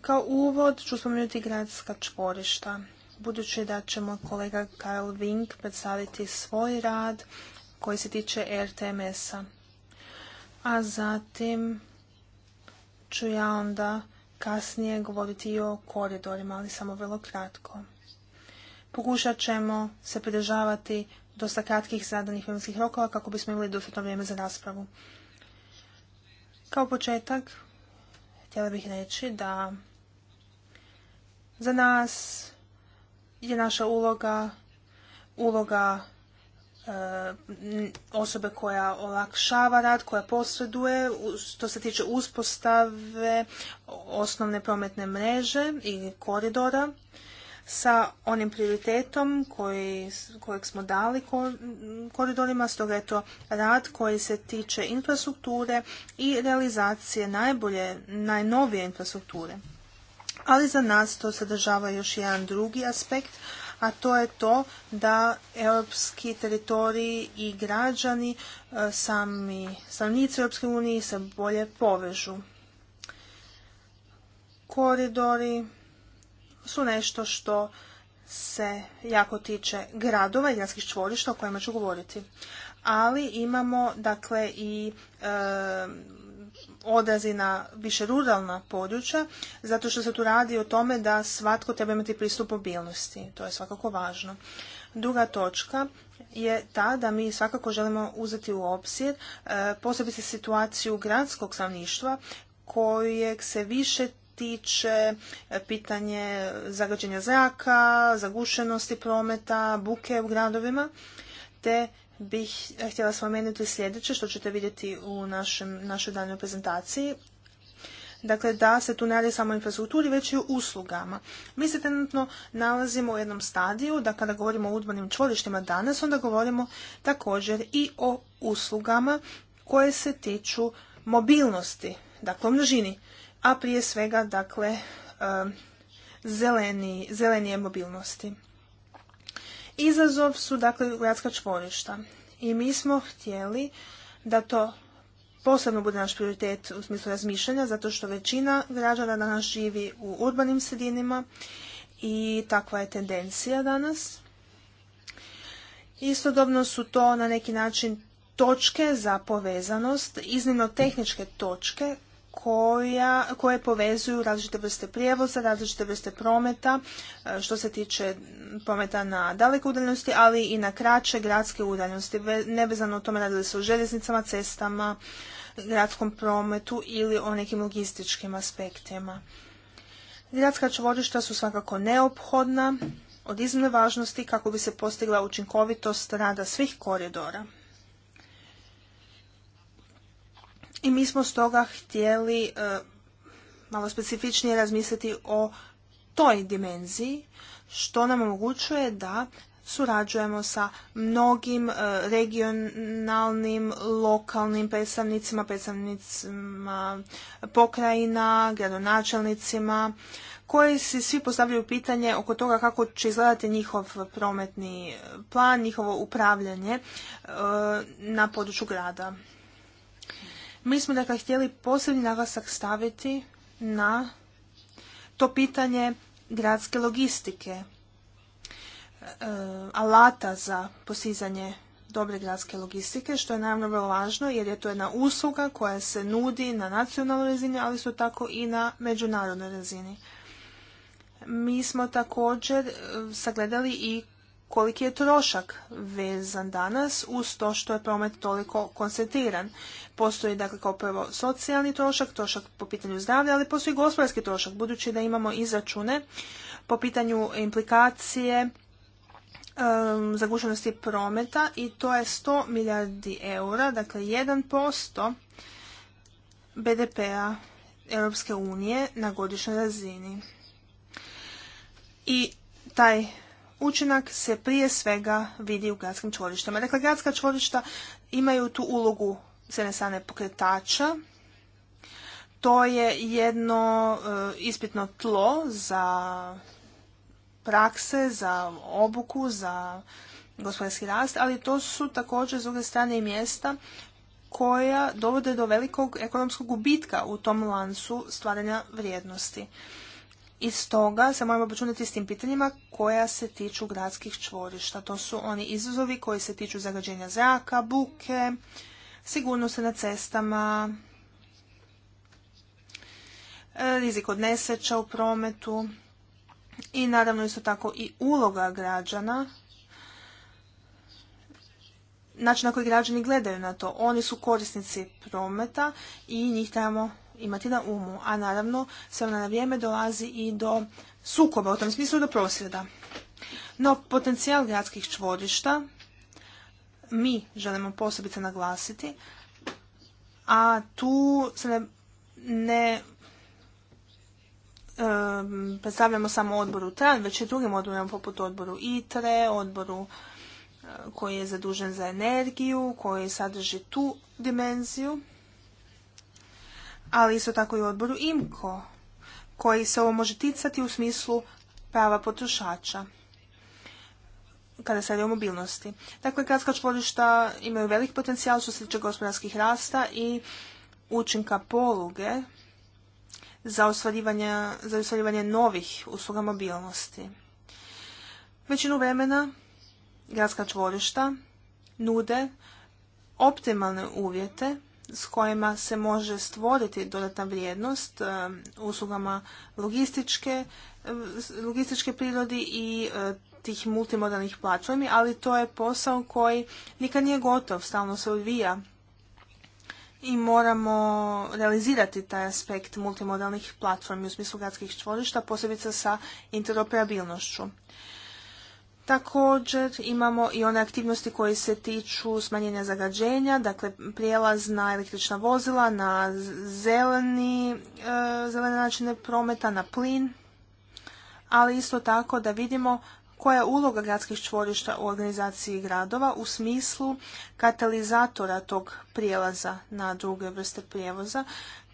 [SPEAKER 2] Kao uvod ću spomenuti gradska čvorišta. Budući da ćemo kolega Karl Vink predstaviti svoj rad koji se tiče RTMS-a. A zatim ću ja onda kasnije govoriti i o koridorima, ali samo vrlo kratko. Pokušat ćemo se pridržavati dosta kratkih zadanih vremenskih rokova kako bismo imali dostatno vrijeme za raspravu. Kao početak, htjela bih reći da za nas je naša uloga uloga E, osobe koja olakšava rad, koja posreduje što se tiče uspostave osnovne prometne mreže i koridora sa onim prioritetom kojeg smo dali koridorima, stoga je to rad koji se tiče infrastrukture i realizacije najbolje, najnovije infrastrukture. Ali za nas to sadržava još jedan drugi aspekt, a to je to da europski teritoriji i građani, e, sami stanovnici Europske unije se bolje povežu. Koridori su nešto što se jako tiče gradova i gradskih čvorišta o kojima ću govoriti. Ali imamo dakle i e, odrazi na više ruralna područja, zato što se tu radi o tome da svatko treba imati pristup mobilnosti. To je svakako važno. Druga točka je ta da mi svakako želimo uzeti u obzir e, posebice situaciju gradskog stanovništva kojeg se više tiče e, pitanje zagađenja zraka, zagušenosti prometa, buke u gradovima, te bih htjela spomenuti sljedeće što ćete vidjeti u našem, našoj daljnjoj prezentaciji. Dakle, da se tu ne radi samo o infrastrukturi, već i o uslugama. Mi se trenutno nalazimo u jednom stadiju da kada govorimo o udbanim čvorištima danas, onda govorimo također i o uslugama koje se tiču mobilnosti, dakle o množini, a prije svega dakle eh, zelenije mobilnosti. Izazov su dakle gradska čvorišta i mi smo htjeli da to posebno bude naš prioritet u smislu razmišljanja, zato što većina građana danas živi u urbanim sredinama i takva je tendencija danas. Istodobno su to na neki način točke za povezanost, iznimno tehničke točke koja, koje povezuju različite vrste prijevoza, različite vrste prometa, e, što se tiče prometa na daleko udaljenosti, ali i na kraće gradske udaljenosti, nevezano o tome radili se o željeznicama, cestama, gradskom prometu ili o nekim logističkim aspektima. Gradska čvorišta su svakako neophodna, od iznimne važnosti kako bi se postigla učinkovitost rada svih koridora. I mi smo stoga htjeli e, malo specifičnije razmisliti o toj dimenziji, što nam omogućuje da surađujemo sa mnogim e, regionalnim, lokalnim predstavnicima, predstavnicima pokrajina, gradonačelnicima, koji si svi postavljaju pitanje oko toga kako će izgledati njihov prometni plan, njihovo upravljanje e, na području grada. Mi smo dakle htjeli posebni naglasak staviti na to pitanje gradske logistike, e, alata za posizanje dobre gradske logistike, što je naravno vrlo važno jer je to jedna usluga koja se nudi na nacionalnoj razini, ali su tako i na međunarodnoj razini. Mi smo također e, sagledali i koliki je trošak vezan danas uz to što je promet toliko koncentriran. Postoji dakle kao prvo socijalni trošak, trošak po pitanju zdravlja, ali postoji gospodarski trošak, budući da imamo izračune po pitanju implikacije um, zagušenosti prometa i to je 100 milijardi eura, dakle 1% BDP-a Europske unije na godišnjoj razini. I taj učinak se prije svega vidi u gradskim čvorištama. Dakle, gradska čvorišta imaju tu ulogu s jedne strane pokretača, to je jedno e, ispitno tlo za prakse, za obuku, za gospodarski rast, ali to su također s druge strane i mjesta koja dovode do velikog ekonomskog gubitka u tom lancu stvaranja vrijednosti i stoga se moramo obračunati s tim pitanjima koja se tiču gradskih čvorišta. To su oni izazovi koji se tiču zagađenja zraka, buke, sigurnosti na cestama, e, rizik od nesreća u prometu i naravno isto tako i uloga građana način na koji građani gledaju na to. Oni su korisnici prometa i njih trebamo imati na umu. A naravno, s ona na vrijeme dolazi i do sukoba, u tom smislu do prosvjeda. No, potencijal gradskih čvorišta mi želimo posebice naglasiti, a tu se ne, predstavljamo samo odboru TRAN, već i drugim odborima poput odboru ITRE, odboru e, koji je zadužen za energiju, koji sadrži tu dimenziju ali isto tako i u odboru IMKO, koji se ovo može ticati u smislu prava potrošača kada se radi o mobilnosti. Dakle, gradska čvorišta imaju velik potencijal što se tiče gospodarskih rasta i učinka poluge za za ostvarivanje novih usluga mobilnosti. Većinu vremena gradska čvorišta nude optimalne uvjete s kojima se može stvoriti dodatna vrijednost e, uslugama logističke, e, logističke prirodi i e, tih multimodalnih platformi, ali to je posao koji nikad nije gotov, stalno se odvija i moramo realizirati taj aspekt multimodalnih platformi u smislu gradskih čvorišta, posebice sa interoperabilnošću. Također imamo i one aktivnosti koje se tiču smanjenja zagađenja, dakle prijelaz na električna vozila, na zeleni, e, zelene načine prometa, na plin, ali isto tako da vidimo koja je uloga gradskih čvorišta u organizaciji gradova u smislu katalizatora tog prijelaza na druge vrste prijevoza,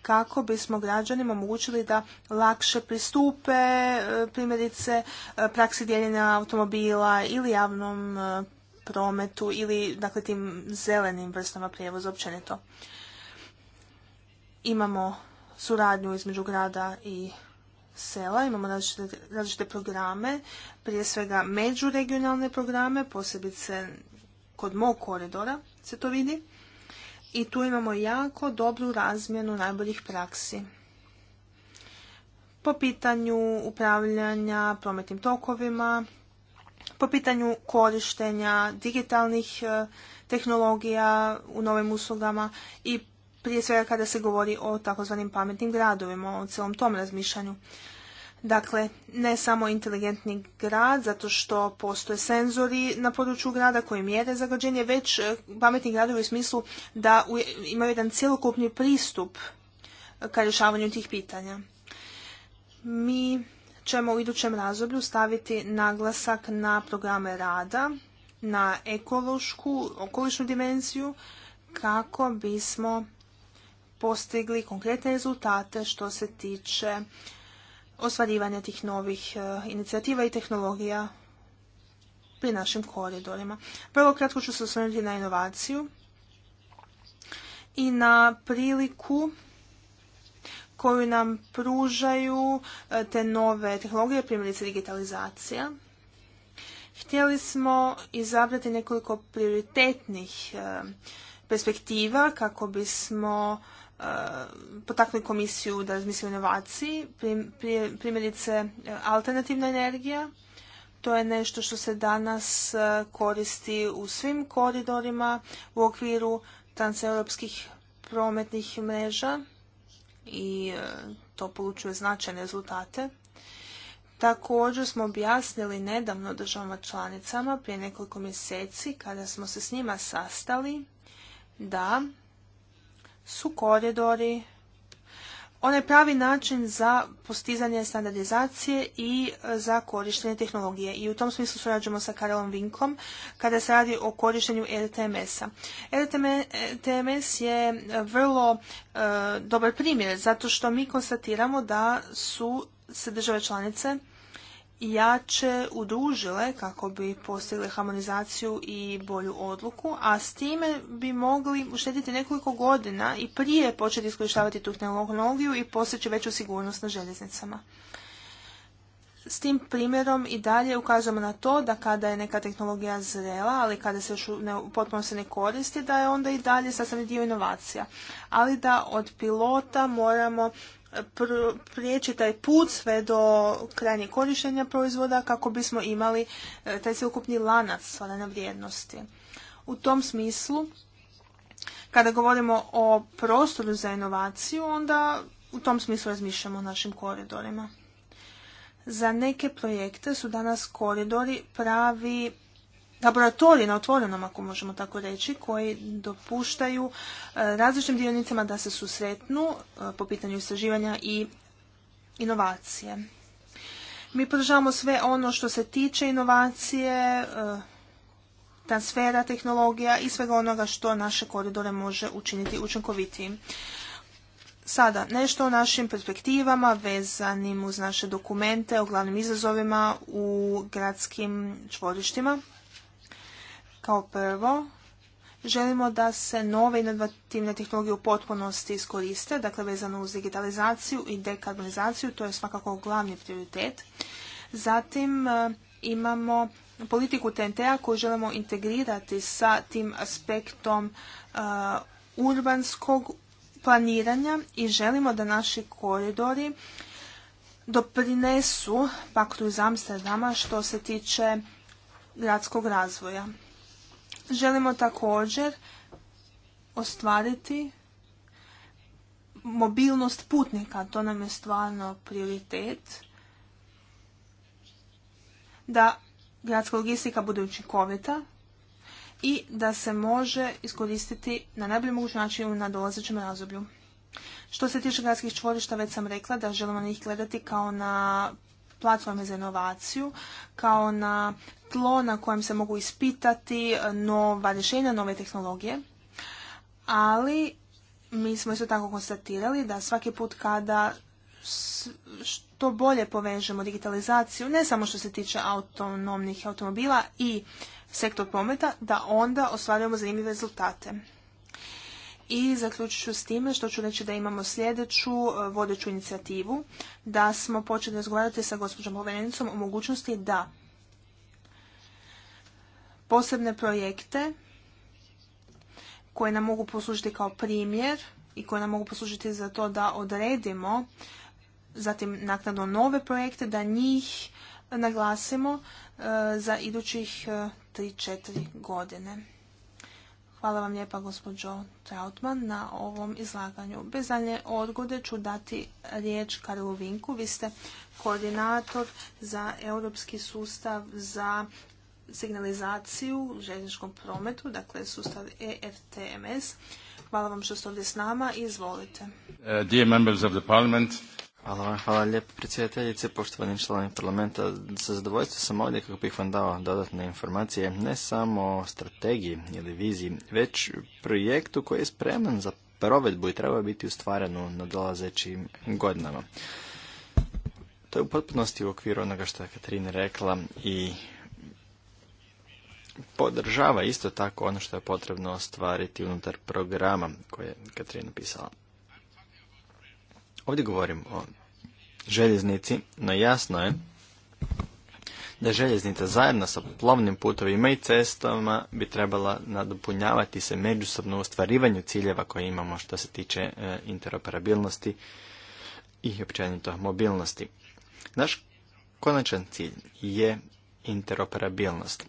[SPEAKER 2] kako bismo građanima omogućili da lakše pristupe e, primjerice e, praksi dijeljenja automobila ili javnom e, prometu ili dakle tim zelenim vrstama prijevoza općenito. Imamo suradnju između grada i sela, imamo različite, različite programe, prije svega međuregionalne programe, posebice kod mog koridora se to vidi i tu imamo jako dobru razmjenu najboljih praksi. Po pitanju upravljanja prometnim tokovima, po pitanju korištenja digitalnih e, tehnologija u novim uslugama i prije svega kada se govori o takozvanim pametnim gradovima, o celom tom razmišljanju. Dakle, ne samo inteligentni grad, zato što postoje senzori na području grada koji mjere zagađenje, već e, pametni gradovi u smislu da imaju jedan cjelokupni pristup e, ka rješavanju tih pitanja. Mi ćemo u idućem razdoblju staviti naglasak na programe rada, na ekološku, okolišnu dimenziju, kako bismo postigli konkretne rezultate što se tiče osvarivanja tih novih e, inicijativa i tehnologija pri našim koridorima. Prvo kratko ću se osvrnuti na inovaciju i na priliku koju nam pružaju e, te nove tehnologije, primjerice digitalizacija. Htjeli smo izabrati nekoliko prioritetnih e, perspektiva kako bismo Eh, potaknuli komisiju da razmisli o inovaciji, primjerice eh, alternativna energija. To je nešto što se danas eh, koristi u svim koridorima u okviru transeuropskih prometnih mreža i to polučuje značajne rezultate. Također smo objasnili nedavno državama članicama prije nekoliko mjeseci kada smo se s njima sastali da su koridori onaj pravi način za postizanje standardizacije i e, za korištenje tehnologije. I u tom smislu surađujemo sa Karelom Vinkom kada se radi o korištenju RTMS-a. RTMS je vrlo e, dobar primjer zato što mi konstatiramo da su se države članice jače udružile kako bi postigle harmonizaciju i bolju odluku, a s time bi mogli uštediti nekoliko godina i prije početi iskorištavati tu tehnologiju i postići veću sigurnost na željeznicama. S tim primjerom i dalje ukazujemo na to da kada je neka tehnologija zrela, ali kada se još potpuno se ne koristi, da je onda i dalje sastavni dio inovacija. Ali da od pilota moramo prijeći taj put sve do krajnjeg korištenja proizvoda kako bismo imali e, taj sveukupni lanac stvarane vrijednosti. U tom smislu, kada govorimo o prostoru za inovaciju, onda u tom smislu razmišljamo o našim koridorima. Za neke projekte su danas koridori pravi laboratoriji na otvorenom, ako možemo tako reći, koji dopuštaju e, različitim dionicama da se susretnu e, po pitanju istraživanja i inovacije. Mi podržavamo sve ono što se tiče inovacije, e, transfera tehnologija i svega onoga što naše koridore može učiniti učinkovitijim. Sada, nešto o našim perspektivama vezanim uz naše dokumente o glavnim izazovima u gradskim čvorištima. Kao prvo, želimo da se nove inovativne tehnologije u potpunosti iskoriste, dakle vezano uz digitalizaciju i dekarbonizaciju, to je svakako glavni prioritet. Zatim e, imamo politiku TNT-a koju želimo integrirati sa tim aspektom e, urbanskog planiranja i želimo da naši koridori doprinesu paktu iz Amsterdama što se tiče gradskog razvoja. Želimo također ostvariti mobilnost putnika, to nam je stvarno prioritet, da gradska logistika bude učinkovita i da se može iskoristiti na najbolji mogući način u nadolazećem razdoblju. Što se tiče gradskih čvorišta, već sam rekla da želimo na njih gledati kao na platforme za inovaciju kao na tlo na kojem se mogu ispitati nova rješenja, nove tehnologije. Ali mi smo isto tako konstatirali da svaki put kada što bolje povežemo digitalizaciju, ne samo što se tiče autonomnih automobila i sektor prometa, da onda ostvarujemo zanimljive rezultate. I zaključit ću s time što ću reći da imamo sljedeću e, vodeću inicijativu, da smo počeli razgovarati sa gospođom povjerenicom o mogućnosti da posebne projekte koje nam mogu poslužiti kao primjer i koje nam mogu poslužiti za to da odredimo zatim naknadno nove projekte, da njih naglasimo e, za idućih 3-4 e, godine. Hvala vam lijepa gospođo Trautman na ovom izlaganju. Bez dalje odgode ću dati riječ Karlu Vinku. Vi ste koordinator za europski sustav za signalizaciju u željezničkom prometu, dakle sustav ERTMS. Hvala vam što ste ovdje s nama i izvolite. Uh, members of the parliament,
[SPEAKER 3] Hvala vam, hvala lijepo predsjedateljice, poštovani članovi parlamenta. Sa zadovoljstvom sam ovdje kako bih vam dao dodatne informacije ne samo o strategiji ili viziji, već projektu koji je spreman za provedbu i treba biti ustvaran u nadolazećim godinama. To je u potpunosti u okviru onoga što je Katrina rekla i podržava isto tako ono što je potrebno ostvariti unutar programa koje je Katrina pisala. Ovdje govorim o željeznici, no jasno je da željeznica zajedno sa plovnim putovima i cestama bi trebala nadopunjavati se međusobno u ostvarivanju ciljeva koje imamo što se tiče e, interoperabilnosti i općenito mobilnosti. Naš konačan cilj je interoperabilnost,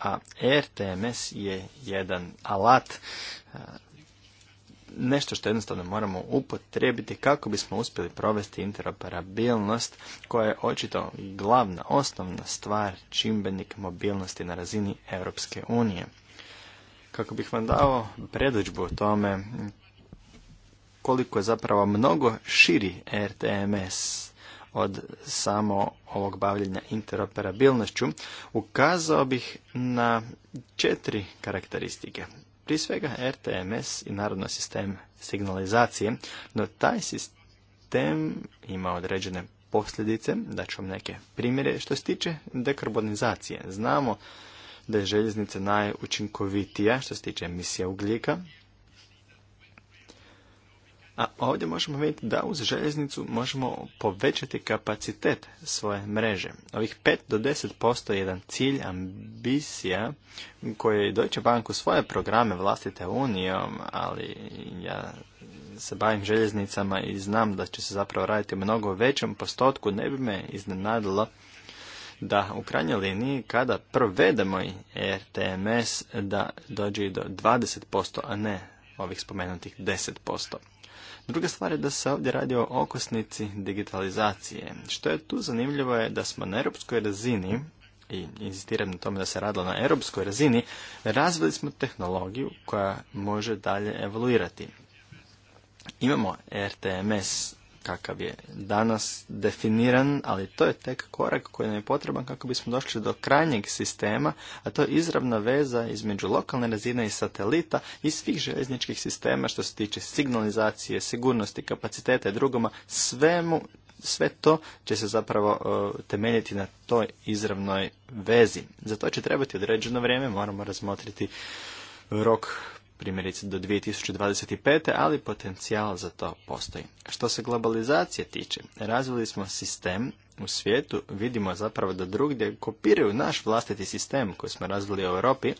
[SPEAKER 3] a ERTMS je jedan alat e, nešto što jednostavno moramo upotrebiti kako bismo uspjeli provesti interoperabilnost koja je očito glavna, osnovna stvar čimbenik mobilnosti na razini Europske unije. Kako bih vam dao predođbu o tome koliko je zapravo mnogo širi RTMS od samo ovog bavljenja interoperabilnošću, ukazao bih na četiri karakteristike. Prije svega RTMS i narodno sistem signalizacije, no taj sistem ima određene posljedice, da ću vam neke primjere. Što se tiče dekarbonizacije, znamo da je željeznica najučinkovitija što se tiče emisija ugljika, a ovdje možemo vidjeti da uz željeznicu možemo povećati kapacitet svoje mreže. Ovih 5 do 10% je jedan cilj, ambicija koji je Deutsche Bank u svoje programe vlastite unijom, ali ja se bavim željeznicama i znam da će se zapravo raditi u mnogo većem postotku, ne bi me iznenadilo da u krajnjoj liniji kada provedemo RTMS da dođe i do 20%, a ne ovih spomenutih 10%. Druga stvar je da se ovdje radi o okosnici digitalizacije. Što je tu zanimljivo je da smo na europskoj razini i insistiram na tome da se radilo na europskoj razini, razvili smo tehnologiju koja može dalje evoluirati. Imamo RTMS kakav je danas definiran, ali to je tek korak koji nam je potreban kako bismo došli do krajnjeg sistema, a to je izravna veza između lokalne razine i satelita i svih željezničkih sistema što se tiče signalizacije, sigurnosti, kapaciteta i drugoma, svemu, sve to će se zapravo e, temeljiti na toj izravnoj vezi. Za to će trebati određeno vrijeme, moramo razmotriti rok primjerice do 2025. ali potencijal za to postoji. Što se globalizacije tiče, razvili smo sistem u svijetu, vidimo zapravo da drugdje kopiraju naš vlastiti sistem koji smo razvili u Europi,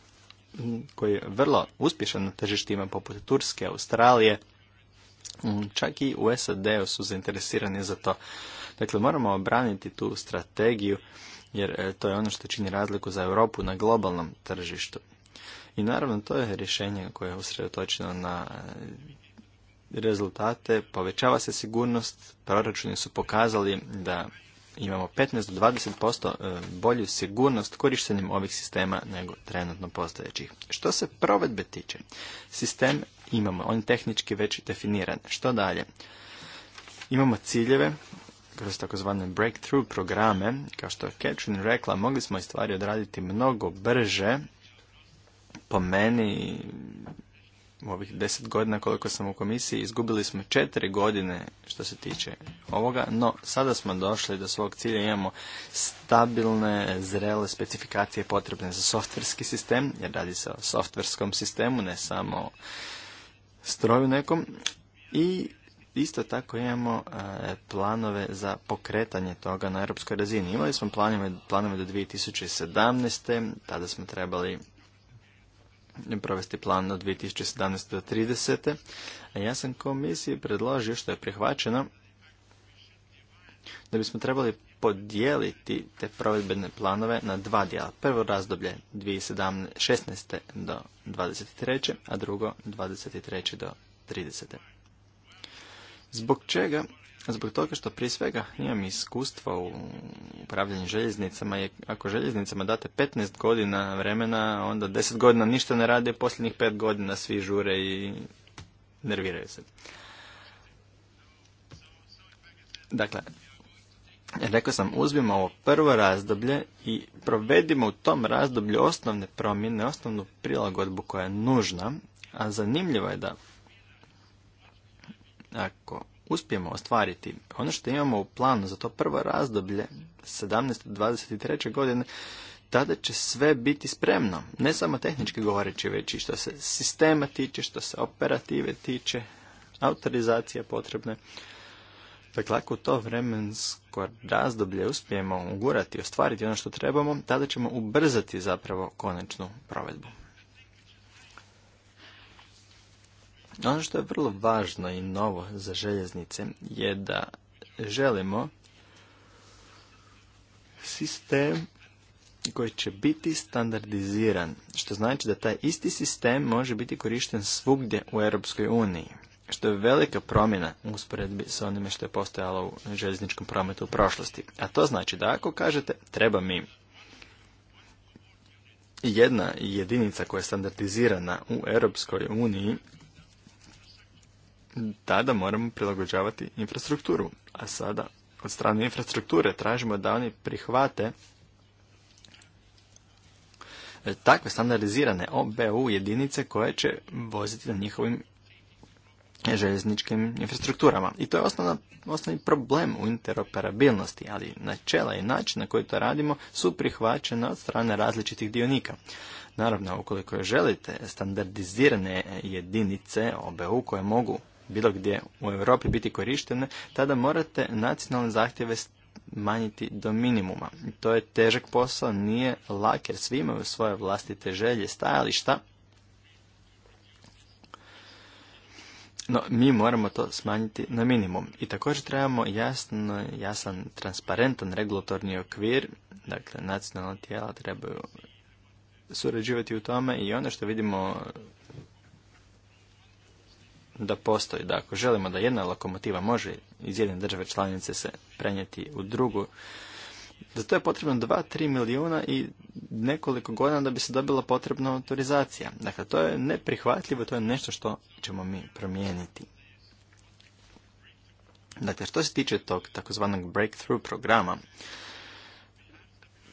[SPEAKER 3] koji je vrlo uspješan na tržištima poput Turske, Australije, mm, čak i u SAD-u su zainteresirani za to. Dakle, moramo obraniti tu strategiju jer e, to je ono što čini razliku za Europu na globalnom tržištu. I naravno to je rješenje koje je usredotočeno na e, rezultate, povećava se sigurnost, proračuni su pokazali da imamo 15 do 20% e, bolju sigurnost korištenjem ovih sistema nego trenutno postojećih. Što se provedbe tiče, sistem imamo, on je tehnički već definiran. Što dalje? Imamo ciljeve kroz takozvane breakthrough programe, kao što je Catherine rekla, mogli smo i stvari odraditi mnogo brže po meni u ovih deset godina koliko sam u komisiji izgubili smo četiri godine što se tiče ovoga, no sada smo došli do svog cilja, imamo stabilne, zrele specifikacije potrebne za softverski sistem, jer radi se o softverskom sistemu, ne samo stroju nekom i Isto tako imamo e, planove za pokretanje toga na europskoj razini. Imali smo planove, planove do 2017. Tada smo trebali provesti plan od 2017. do 30. A ja sam komisiji predložio što je prihvaćeno da bismo trebali podijeliti te provedbene planove na dva dijela. Prvo razdoblje 2016. do 23. a drugo 23. do 30. Zbog čega Zbog toga što prije svega imam iskustva u upravljanju željeznicama i ako željeznicama date 15 godina vremena, onda 10 godina ništa ne rade, posljednjih 5 godina svi žure i nerviraju se. Dakle, rekao sam, uzmimo ovo prvo razdoblje i provedimo u tom razdoblju osnovne promjene, osnovnu prilagodbu koja je nužna, a zanimljivo je da ako uspijemo ostvariti ono što imamo u planu za to prvo razdoblje 17-23. godine, tada će sve biti spremno. Ne samo tehnički govoreći, već i što se sistema tiče, što se operative tiče, autorizacije potrebne. Dakle, ako u to vremensko razdoblje uspijemo ugurati i ostvariti ono što trebamo, tada ćemo ubrzati zapravo konačnu provedbu. Ono što je vrlo važno i novo za željeznice je da želimo sistem koji će biti standardiziran, što znači da taj isti sistem može biti korišten svugdje u Europskoj uniji, što je velika promjena u usporedbi sa onime što je postojalo u željezničkom prometu u prošlosti. A to znači da ako kažete treba mi jedna jedinica koja je standardizirana u Europskoj uniji tada moramo prilagođavati infrastrukturu. A sada od strane infrastrukture tražimo da oni prihvate e, takve standardizirane OBU jedinice koje će voziti na njihovim željezničkim infrastrukturama. I to je osnovna, osnovni problem u interoperabilnosti, ali načela i način na koji to radimo su prihvaćene od strane različitih dionika. Naravno, ukoliko želite standardizirane jedinice OBU koje mogu bilo gdje u Europi biti korištene, tada morate nacionalne zahtjeve manjiti do minimuma. To je težak posao, nije lak jer svi imaju svoje vlastite želje, stajališta. No, mi moramo to smanjiti na minimum. I također trebamo jasno, jasan, transparentan regulatorni okvir. Dakle, nacionalna tijela trebaju surađivati u tome i ono što vidimo da postoji da ako želimo da jedna lokomotiva može iz jedne države članice se prenijeti u drugu, za to je potrebno 2-3 milijuna i nekoliko godina da bi se dobila potrebna autorizacija. Dakle, to je neprihvatljivo, to je nešto što ćemo mi promijeniti. Dakle, što se tiče tog takozvanog breakthrough programa,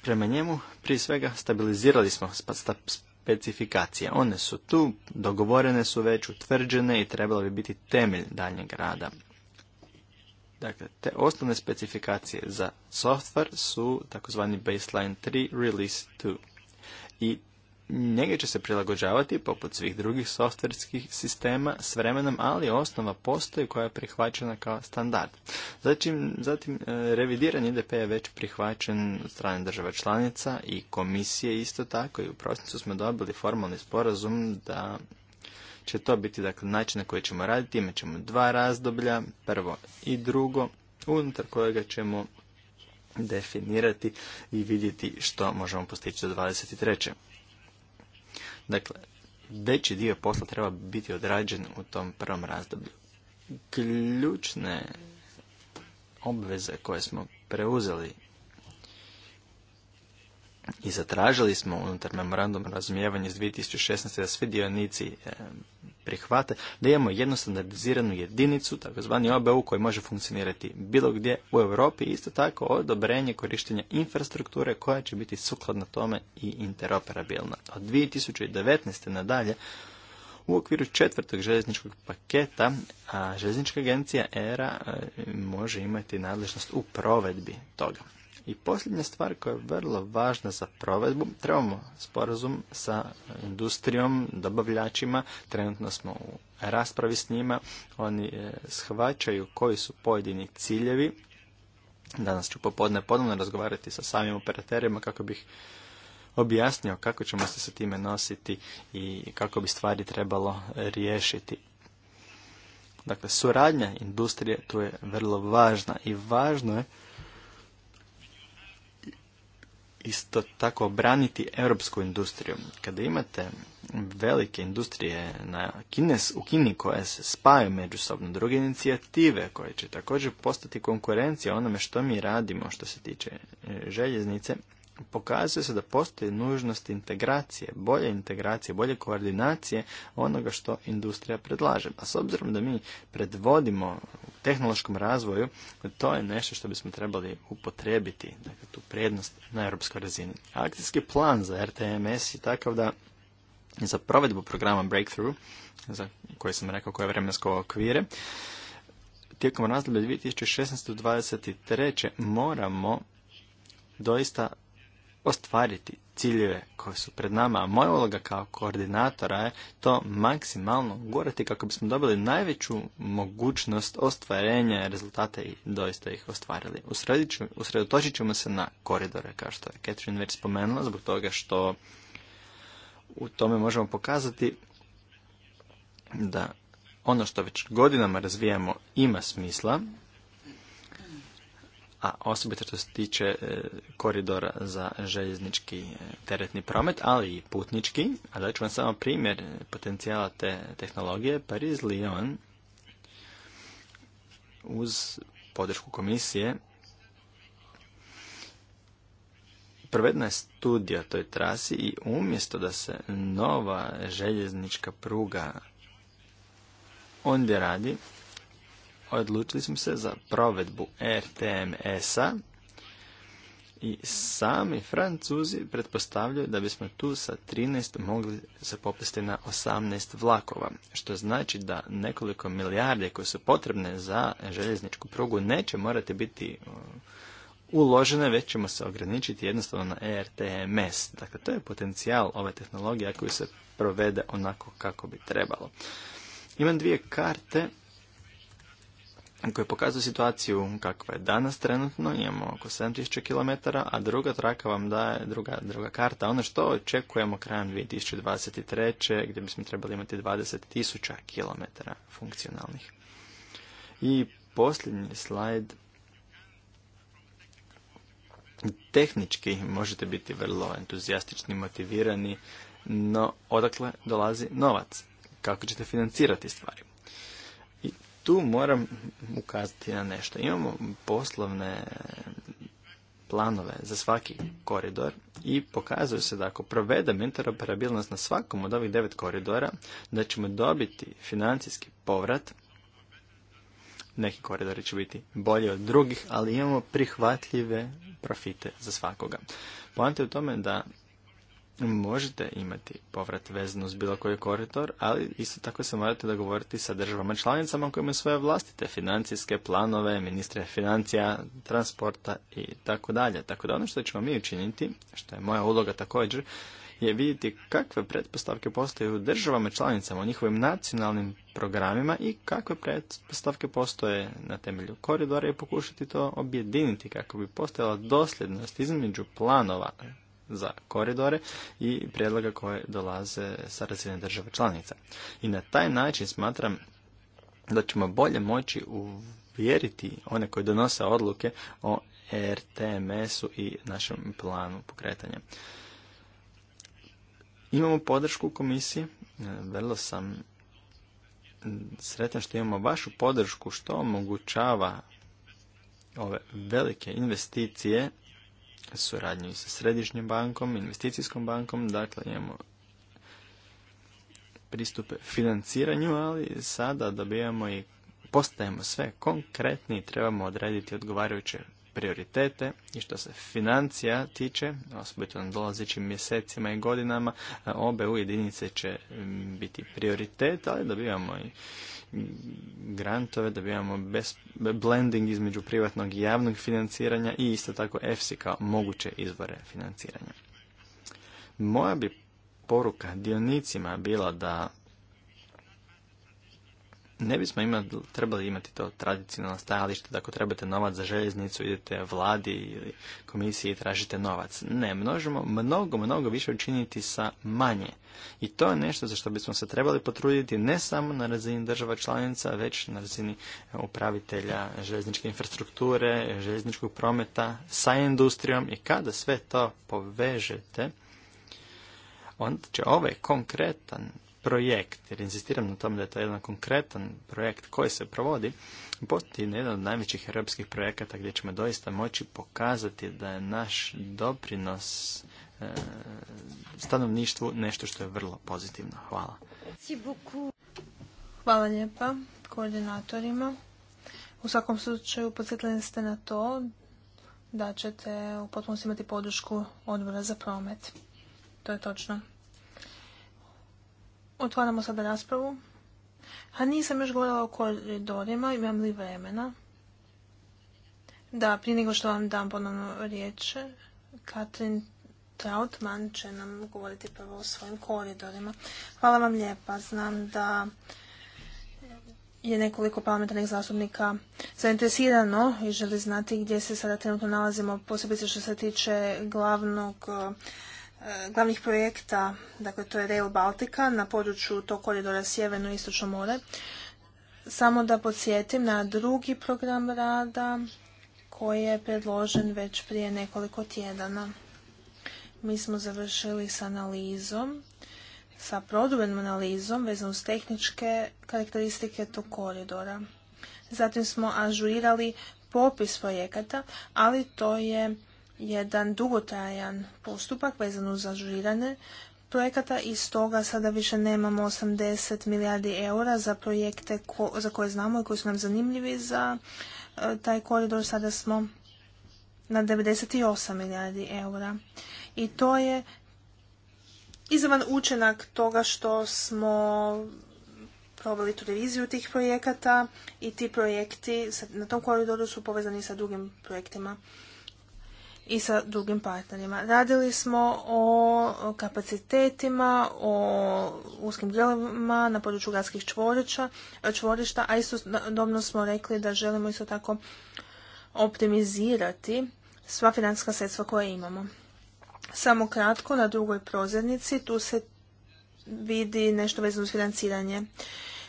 [SPEAKER 3] prema njemu prije svega stabilizirali smo specifikacije. One su tu, dogovorene su već, utvrđene i trebalo bi biti temelj daljnjeg rada. Dakle, te osnovne specifikacije za software su takozvani baseline 3 release 2 i Njega će se prilagođavati poput svih drugih softverskih sistema s vremenom, ali osnova postoji koja je prihvaćena kao standard. Zatim, zatim e, revidiran IDP je već prihvaćen od strane država članica i komisije isto tako i u prosincu smo dobili formalni sporazum da će to biti dakle, način na koji ćemo raditi. Imat ćemo dva razdoblja, prvo i drugo, unutar kojega ćemo definirati i vidjeti što možemo postići do 23. Dakle, veći dio posla treba biti odrađen u tom prvom razdoblju. Ključne obveze koje smo preuzeli i zatražili smo unutar memoranduma razumijevanja iz 2016. da svi dionici e, prihvate, da imamo jednu standardiziranu jedinicu, takozvani OBU, koji može funkcionirati bilo gdje u Europi, isto tako odobrenje korištenja infrastrukture koja će biti sukladna tome i interoperabilna. Od 2019. nadalje, u okviru četvrtog željezničkog paketa, a željeznička agencija ERA e, može imati nadležnost u provedbi toga. I posljednja stvar koja je vrlo važna za provedbu, trebamo sporazum sa industrijom, dobavljačima, trenutno smo u raspravi s njima, oni e, shvaćaju koji su pojedini ciljevi. Danas ću popodne ponovno razgovarati sa samim operaterima kako bih objasnio kako ćemo se sa time nositi i kako bi stvari trebalo riješiti. Dakle, suradnja industrije tu je vrlo važna i važno je isto tako braniti europsku industriju. Kada imate velike industrije na Kines, u Kini koje se spaju međusobno, druge inicijative koje će također postati konkurencija onome što mi radimo što se tiče e, željeznice, pokazuje se da postoji nužnost integracije, bolje integracije, bolje koordinacije onoga što industrija predlaže. A s obzirom da mi predvodimo u tehnološkom razvoju, to je nešto što bismo trebali upotrebiti, dakle tu prednost na europskoj razini. Akcijski plan za RTMS je takav da za provedbu programa Breakthrough, za koji sam rekao koje vremensko okvire, tijekom razdoblja 2016-2023 moramo doista ostvariti ciljeve koje su pred nama, a moja uloga kao koordinatora je to maksimalno gorati kako bismo dobili najveću mogućnost ostvarenja rezultata i doista ih ostvarili. Usredotočit ćemo se na koridore, kao što je Catherine već spomenula, zbog toga što u tome možemo pokazati da ono što već godinama razvijamo ima smisla, a osobito što se tiče e, koridora za željeznički e, teretni promet, ali i putnički. A da ću vam samo primjer potencijala te tehnologije. paris lyon uz podršku komisije provedena je studija toj trasi i umjesto da se nova željeznička pruga ondje radi, odlučili smo se za provedbu RTMS-a i sami Francuzi pretpostavljaju da bismo tu sa 13 mogli se popisti na 18 vlakova, što znači da nekoliko milijarde koje su potrebne za željezničku prugu neće morati biti uh, uložene, već ćemo se ograničiti jednostavno na RTMS. Dakle, to je potencijal ove tehnologije koju se provede onako kako bi trebalo. Imam dvije karte koji pokazuje situaciju kakva je danas trenutno, imamo oko 7000 km, a druga traka vam daje, druga, druga karta, ono što očekujemo krajem 2023. gdje bismo trebali imati 20.000 km funkcionalnih. I posljednji slajd. Tehnički možete biti vrlo entuzijastični, motivirani, no odakle dolazi novac? Kako ćete financirati stvari? tu moram ukazati na nešto. Imamo poslovne planove za svaki koridor i pokazuje se da ako provedemo interoperabilnost na svakom od ovih devet koridora, da ćemo dobiti financijski povrat. Neki koridori će biti bolji od drugih, ali imamo prihvatljive profite za svakoga. Poanta je u tome da možete imati povrat vezano uz bilo koji koridor, ali isto tako se morate dogovoriti sa državama članicama koje imaju svoje vlastite financijske planove, ministre financija, transporta i tako dalje. Tako da ono što ćemo mi učiniti, što je moja uloga također, je vidjeti kakve pretpostavke postoje u državama članicama, u njihovim nacionalnim programima i kakve pretpostavke postoje na temelju koridora i pokušati to objediniti kako bi postojala dosljednost između planova za koridore i prijedloga koje dolaze sa razine država članica. I na taj način smatram da ćemo bolje moći uvjeriti one koji donose odluke o RTMS-u i našem planu pokretanja. Imamo podršku u komisiji, vrlo sam sretan što imamo vašu podršku što omogućava ove velike investicije suradnju sa Središnjom bankom, investicijskom bankom, dakle imamo pristupe financiranju, ali sada dobijamo i postajemo sve konkretni i trebamo odrediti odgovarajuće prioritete i što se financija tiče, osobito na dolazećim mjesecima i godinama, obe u jedinice će biti prioritet, ali dobivamo i grantove, dobivamo bez, blending između privatnog i javnog financiranja i isto tako EFSI kao moguće izvore financiranja. Moja bi poruka dionicima bila da ne bismo trebali imati to tradicionalno stajalište da ako trebate novac za željeznicu idete vladi ili komisiji i tražite novac. Ne, množemo mnogo, mnogo više učiniti sa manje. I to je nešto za što bismo se trebali potruditi ne samo na razini država članica, već na razini upravitelja željezničke infrastrukture, željezničkog prometa, sa industrijom i kada sve to povežete, onda će ovaj konkretan projekt, jer insistiram na tom da je to jedan konkretan projekt koji se provodi, postoji jedan od najvećih europskih projekata gdje ćemo doista moći pokazati da je naš doprinos e, stanovništvu nešto što je vrlo pozitivno. Hvala.
[SPEAKER 2] Hvala lijepa koordinatorima. U svakom slučaju podsjetljeni ste na to da ćete u potpunosti imati podršku odbora za promet. To je točno. Otvaramo sada raspravu. A nisam još govorila o koridorima, imam li vremena? Da, prije nego što vam dam ponovno riječ, Katrin Trautman će nam govoriti prvo o svojim koridorima. Hvala vam lijepa. Znam da je nekoliko parlamentarnih zastupnika zainteresirano i želi znati gdje se sada trenutno nalazimo, posebice što se tiče glavnog glavnih projekta, dakle to je Rail Baltica na području tog koridora Sjeverno i Istočno more. Samo da podsjetim na drugi program rada koji je predložen već prije nekoliko tjedana. Mi smo završili s analizom, sa produbenom analizom vezano uz tehničke karakteristike tog koridora. Zatim smo ažurirali popis projekata, ali to je jedan dugotrajan postupak vezan uz ažuriranje projekata i stoga sada više nemamo 80 milijardi eura za projekte za koje znamo i koji su nam zanimljivi za e, taj koridor. Sada smo na 98 milijardi eura. I to je izvan učenak toga što smo proveli tu reviziju tih projekata i ti projekti na tom koridoru su povezani sa drugim projektima i sa drugim partnerima. Radili smo o kapacitetima, o uskim dijelovima na području gradskih čvorišta, a istodobno smo rekli da želimo isto tako optimizirati sva financijska sredstva koja imamo. Samo kratko, na drugoj prozirnici tu se vidi nešto vezano uz financiranje.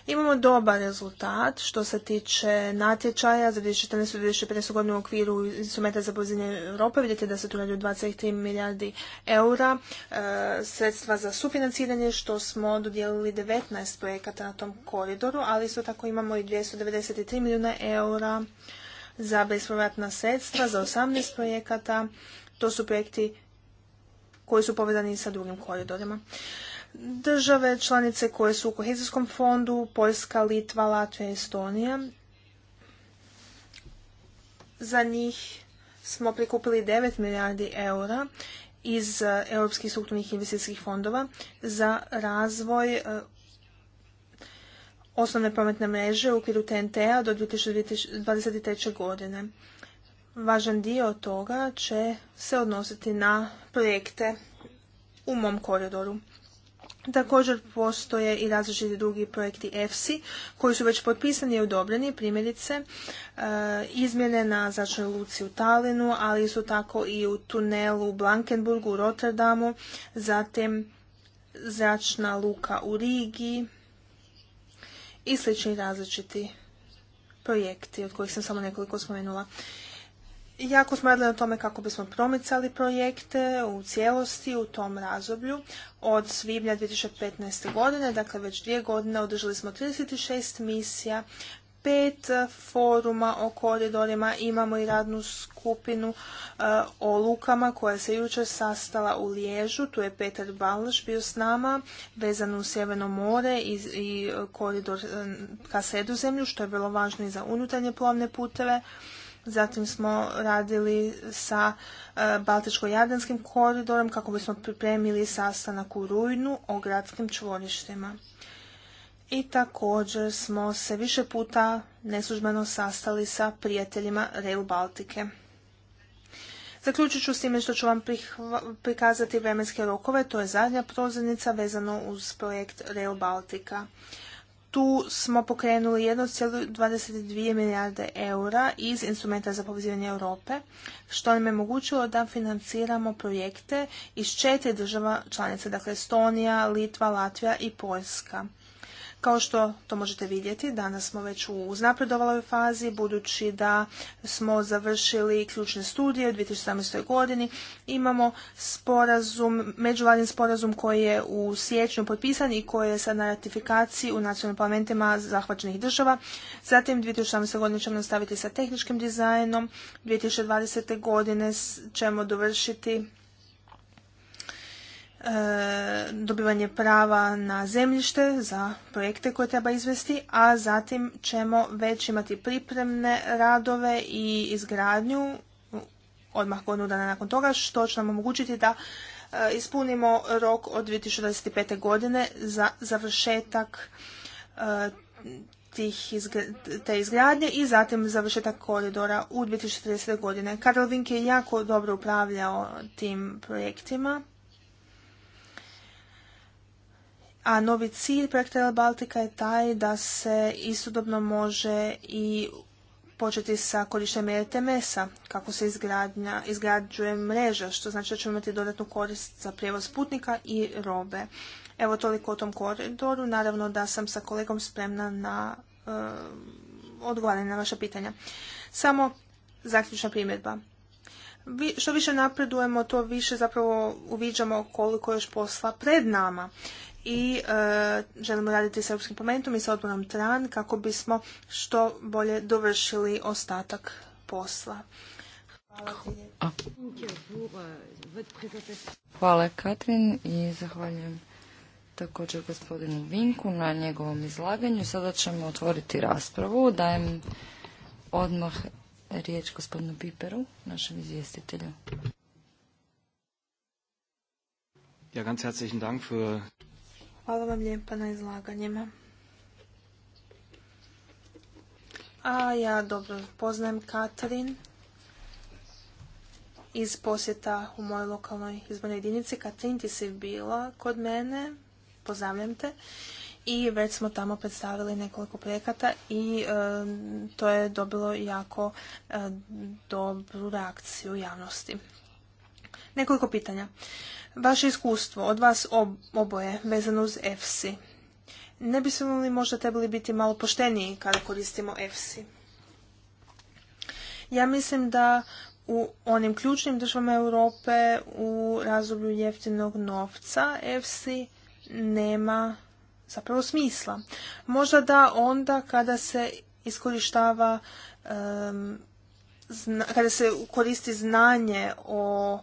[SPEAKER 2] Imamo dobar rezultat što se tiče natječaja za 2014. i 2015. godinu u okviru instrumenta za povezanje Europe. Vidite da se tu radi 23 milijardi eura e, sredstva za sufinanciranje što smo dodijelili 19 projekata na tom koridoru, ali isto tako imamo i 293 milijuna eura za bespovratna sredstva za 18 projekata. To su projekti koji su povezani sa drugim koridorima. Države članice koje su u kohezijskom fondu, Poljska, Litva, Latvija, i Estonija, za njih smo prikupili 9 milijardi eura iz eh, europskih strukturnih investicijskih fondova za razvoj eh, osnovne prometne mreže u okviru TNT-a do 2023. godine. Važan dio toga će se odnositi na projekte u mom koridoru. Također postoje i različiti drugi projekti EFSI koji su već potpisani i odobreni, primjerice e, izmjene na zračnoj luci u Talinu, ali su tako i u tunelu u Blankenburgu, u Rotterdamu, zatim zračna luka u Rigi i slični različiti projekti od kojih sam samo nekoliko spomenula jako smo radili na tome kako bismo promicali projekte u cijelosti u tom razoblju. od svibnja 2015. godine, dakle već dvije godine održali smo 36 misija, pet eh, foruma o koridorima, imamo i radnu skupinu eh, o lukama koja se jučer sastala u Liježu, tu je Petar Balš bio s nama, vezan u Sjeveno more i, koridor eh, ka sredozemlju, što je bilo važno i za unutarnje plovne puteve. Zatim smo radili sa e, baltičko jadranskim koridorom kako bismo pripremili sastanak u rujnu o gradskim čvorištima. I također smo se više puta neslužbeno sastali sa prijateljima Rail Baltike. Zaključit ću s time što ću vam prikazati vremenske rokove, to je zadnja prozirnica vezano uz projekt Rail Baltica tu smo pokrenuli 1,22 milijarde eura iz instrumenta za povezivanje Europe, što nam je omogućilo da financiramo projekte iz četiri država članica, dakle Estonija, Litva, Latvija i Poljska. Kao što to možete vidjeti, danas smo već u uznapredovaloj fazi, budući da smo završili ključne studije u 2017. godini. Imamo sporazum, međuvladin sporazum koji je u siječnju potpisan i koji je sad na ratifikaciji u nacionalnim parlamentima zahvaćenih država. Zatim 2018. godine ćemo nastaviti sa tehničkim dizajnom. 2020. godine ćemo dovršiti E, dobivanje prava na zemljište za projekte koje treba izvesti, a zatim ćemo već imati pripremne radove i izgradnju odmah godinu dana nakon toga, što će nam omogućiti da e, ispunimo rok od 2025. godine za završetak e, tih te izgradnje i zatim završetak koridora u 2030. godine. Karol Vink je jako dobro upravljao tim projektima A novi cilj projekta Baltica je taj da se istodobno može i početi sa korištenjem RTMS-a, e kako se izgrađuje mreža, što znači da ćemo imati dodatnu korist za prijevoz putnika i robe. Evo toliko o tom koridoru. Naravno da sam sa kolegom spremna na eh, odgovaranje na vaša pitanja. Samo zaključna primjedba. što više napredujemo, to više zapravo uviđamo koliko je još posla pred nama i e, želimo raditi s Europskim parlamentom i sa odborom TRAN kako bismo što bolje dovršili ostatak posla. Hvala, Hvala
[SPEAKER 1] Katrin i zahvaljujem također gospodinu Vinku na njegovom izlaganju. Sada ćemo otvoriti raspravu. Dajem odmah riječ gospodinu Piperu, našem izvjestitelju. Ja, ganz herzlichen Dank für
[SPEAKER 2] Hvala vam lijepa na izlaganjima. A ja dobro poznajem Katarin iz posjeta u mojoj lokalnoj izbornoj jedinici. Katarin, ti si bila kod mene, pozdravljam te. I već smo tamo predstavili nekoliko projekata i e, to je dobilo jako e, dobru reakciju javnosti. Nekoliko pitanja. Vaše iskustvo od vas oboje vezano uz EFSI. Ne bismo li možda trebali biti malo pošteniji kada koristimo EFSI? Ja mislim da u onim ključnim državama Europe u razdoblju jeftinog novca EFSI nema zapravo smisla. Možda da onda kada se iskorištava kada se koristi znanje o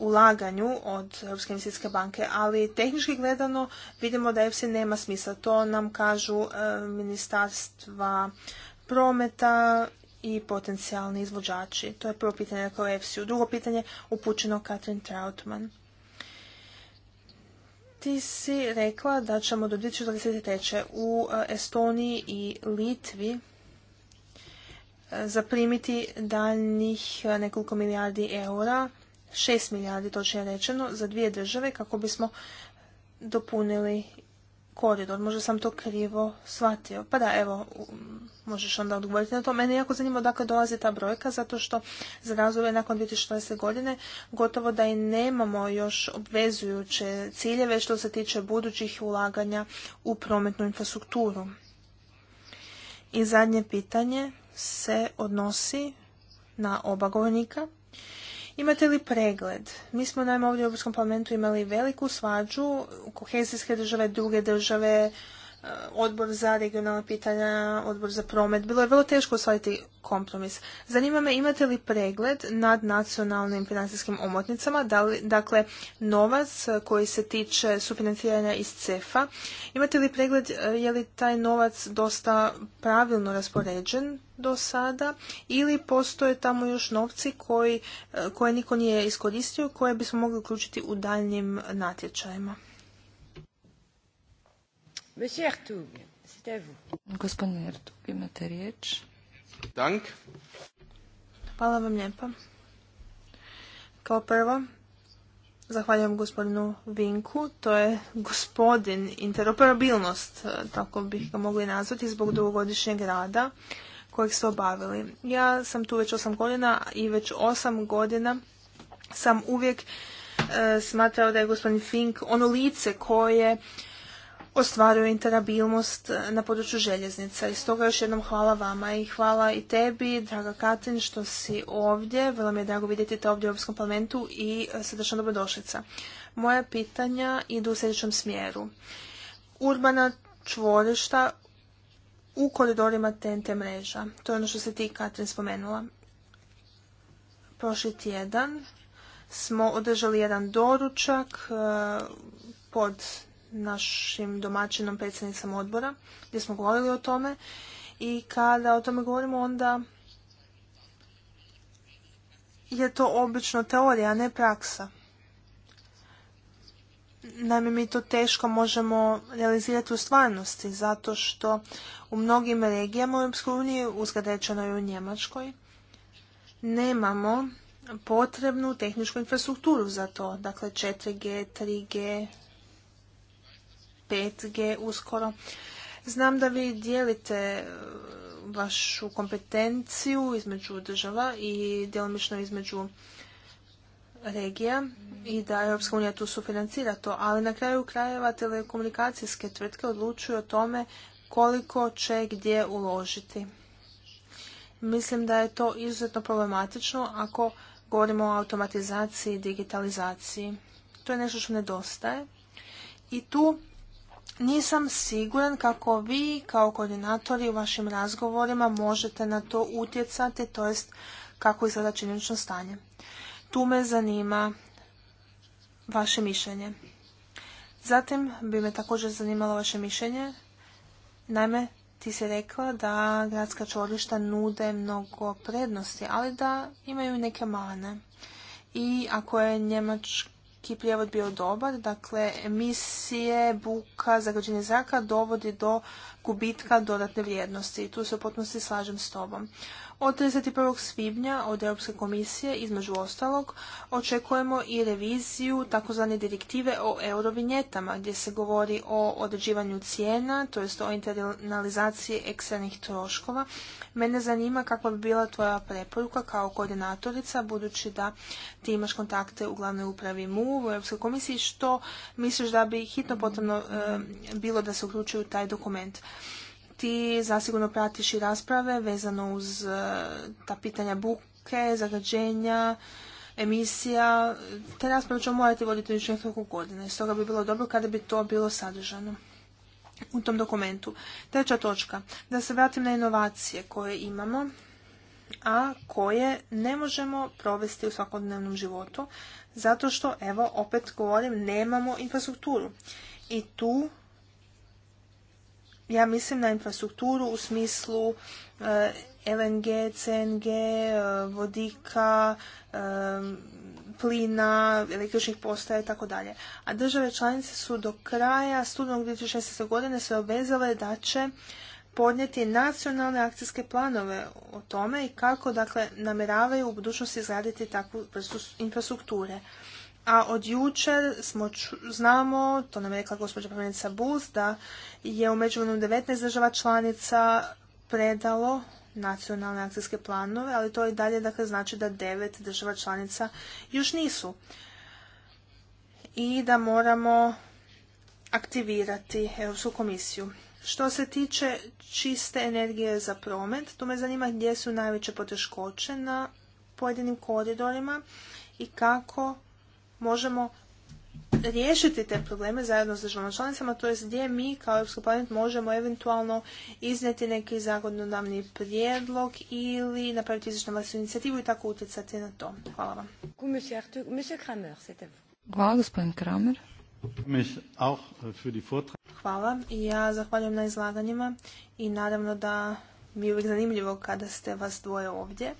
[SPEAKER 2] ulaganju od Europske investicijske banke, ali tehnički gledano vidimo da EFSI nema smisla. To nam kažu e, ministarstva prometa i potencijalni izvođači. To je prvo pitanje kao EFSI. Drugo pitanje upućeno Katrin Trautman. Ti si rekla da ćemo do 2023. u e, Estoniji i Litvi e, zaprimiti daljnjih nekoliko milijardi eura 6 milijardi točnije rečeno za dvije države kako bismo dopunili koridor. Možda sam to krivo shvatio. Pa da, evo, možeš onda odgovoriti na to. Mene jako zanima odakle dolazi ta brojka, zato što za razvoj nakon 2014. godine gotovo da i nemamo još obvezujuće ciljeve što se tiče budućih ulaganja u prometnu infrastrukturu. I zadnje pitanje se odnosi na oba govornika. Imate li pregled? Mi smo naime ovdje u Europskom parlamentu imali veliku svađu kohezijske države, druge države, odbor za regionalna pitanja, odbor za promet. Bilo je vrlo teško osvajati kompromis. Zanima me imate li pregled nad nacionalnim financijskim omotnicama, da li, dakle novac koji se tiče sufinanciranja iz CEFA. Imate li pregled e, je li taj novac dosta pravilno raspoređen do sada ili postoje tamo još novci koji, e, koje niko nije iskoristio koje bismo mogli uključiti u daljnjim natječajima? Ertug, imate riječ. Hvala vam lijepa. Kao prvo, zahvaljujem gospodinu Vinku. To je gospodin interoperabilnost, e, tako bih ga mogli nazvati, zbog dugogodišnjeg rada kojeg ste obavili. Ja sam tu već osam godina i već osam godina sam uvijek e, smatrao da je gospodin Fink ono lice koje ostvaruju interabilnost eh, na području željeznica. I stoga još jednom hvala vama i hvala i tebi, draga Katrin, što si ovdje. Vrlo mi je drago vidjeti te ovdje u Europskom parlamentu i eh, srdečna dobrodošlica. Moja pitanja idu u sljedećem smjeru. Urbana čvorišta u koridorima TNT mreža. To je ono što se ti, Katrin, spomenula. Prošli tjedan smo održali jedan doručak eh, pod našim domaćinom predsjednicom odbora gdje smo govorili o tome i kada o tome govorimo onda je to obično teorija, a ne praksa. Naime, mi to teško možemo realizirati u stvarnosti, zato što u mnogim regijama u EU, uzgled rečeno i u Njemačkoj, nemamo potrebnu tehničku infrastrukturu za to. Dakle, 4G, 3G, 5G uskoro. Znam da vi dijelite e, vašu kompetenciju između država i djelomično između regija i da Europska unija tu sufinancira to, ali na kraju krajeva telekomunikacijske tvrtke odlučuju o tome koliko će gdje uložiti. Mislim da je to izuzetno problematično ako govorimo o automatizaciji i digitalizaciji. To je nešto što nedostaje i tu nisam siguran kako vi kao koordinatori u vašim razgovorima možete na to utjecati, to jest kako izgleda činjenično stanje. Tu me zanima vaše mišljenje. Zatim bi me također zanimalo vaše mišljenje. Naime, ti si rekla da gradska čvorišta nude mnogo prednosti, ali da imaju neke mane. I ako je Njemačka ki prijevod bio dobar. Dakle, emisije, buka, zagađenje zraka dovodi do gubitka dodatne vrijednosti. I tu se u potpunosti slažem s tobom. Od 31. svibnja od Europske komisije, između ostalog, očekujemo i reviziju takozvane direktive o eurovinjetama, gdje se govori o određivanju cijena, to jest o internalizaciji eksternih troškova. Mene zanima kakva bi bila tvoja preporuka kao koordinatorica, budući da ti imaš kontakte u glavnoj upravi MU u Europskoj komisiji, što misliš da bi hitno potrebno eh, bilo da se uključuju taj dokument ti zasigurno pratiš i rasprave vezano uz e, ta pitanja buke, zagađenja, emisija. Te rasprave ćemo morati voditi već nekoliko godina i stoga bi bilo dobro kada bi to bilo sadržano u tom dokumentu. Treća točka. Da se vratim na inovacije koje imamo, a koje ne možemo provesti u svakodnevnom životu, zato što, evo, opet govorim, nemamo infrastrukturu. I tu ja mislim na infrastrukturu u smislu e, LNG, CNG, e, vodika, e, plina, električnih postaja i tako dalje. A države članice su do kraja studenog 2016. godine se obvezale da će podnijeti nacionalne akcijske planove o tome i kako dakle namjeravaju u budućnosti izraditi takvu vrstu infrastrukture. A od jučer smo znamo, to nam je rekla gospođa Buz, da je u međuvremenu 19 država članica predalo nacionalne akcijske planove, ali to i dalje dakle, znači da devet država članica još nisu. I da moramo aktivirati Europsku komisiju. Što se tiče čiste energije za promet, tu me zanima gdje su najveće poteškoće na pojedinim koridorima i kako možemo riješiti te probleme zajedno s državama članicama, to jest gdje mi kao Europski parlament možemo eventualno iznijeti neki zakonodavni prijedlog ili napraviti izvršnu vlastnu inicijativu i tako utjecati na to. Hvala vam. Hvala, Hvala i ja zahvaljujem na izlaganjima i naravno da mi je uvijek zanimljivo kada ste vas dvoje ovdje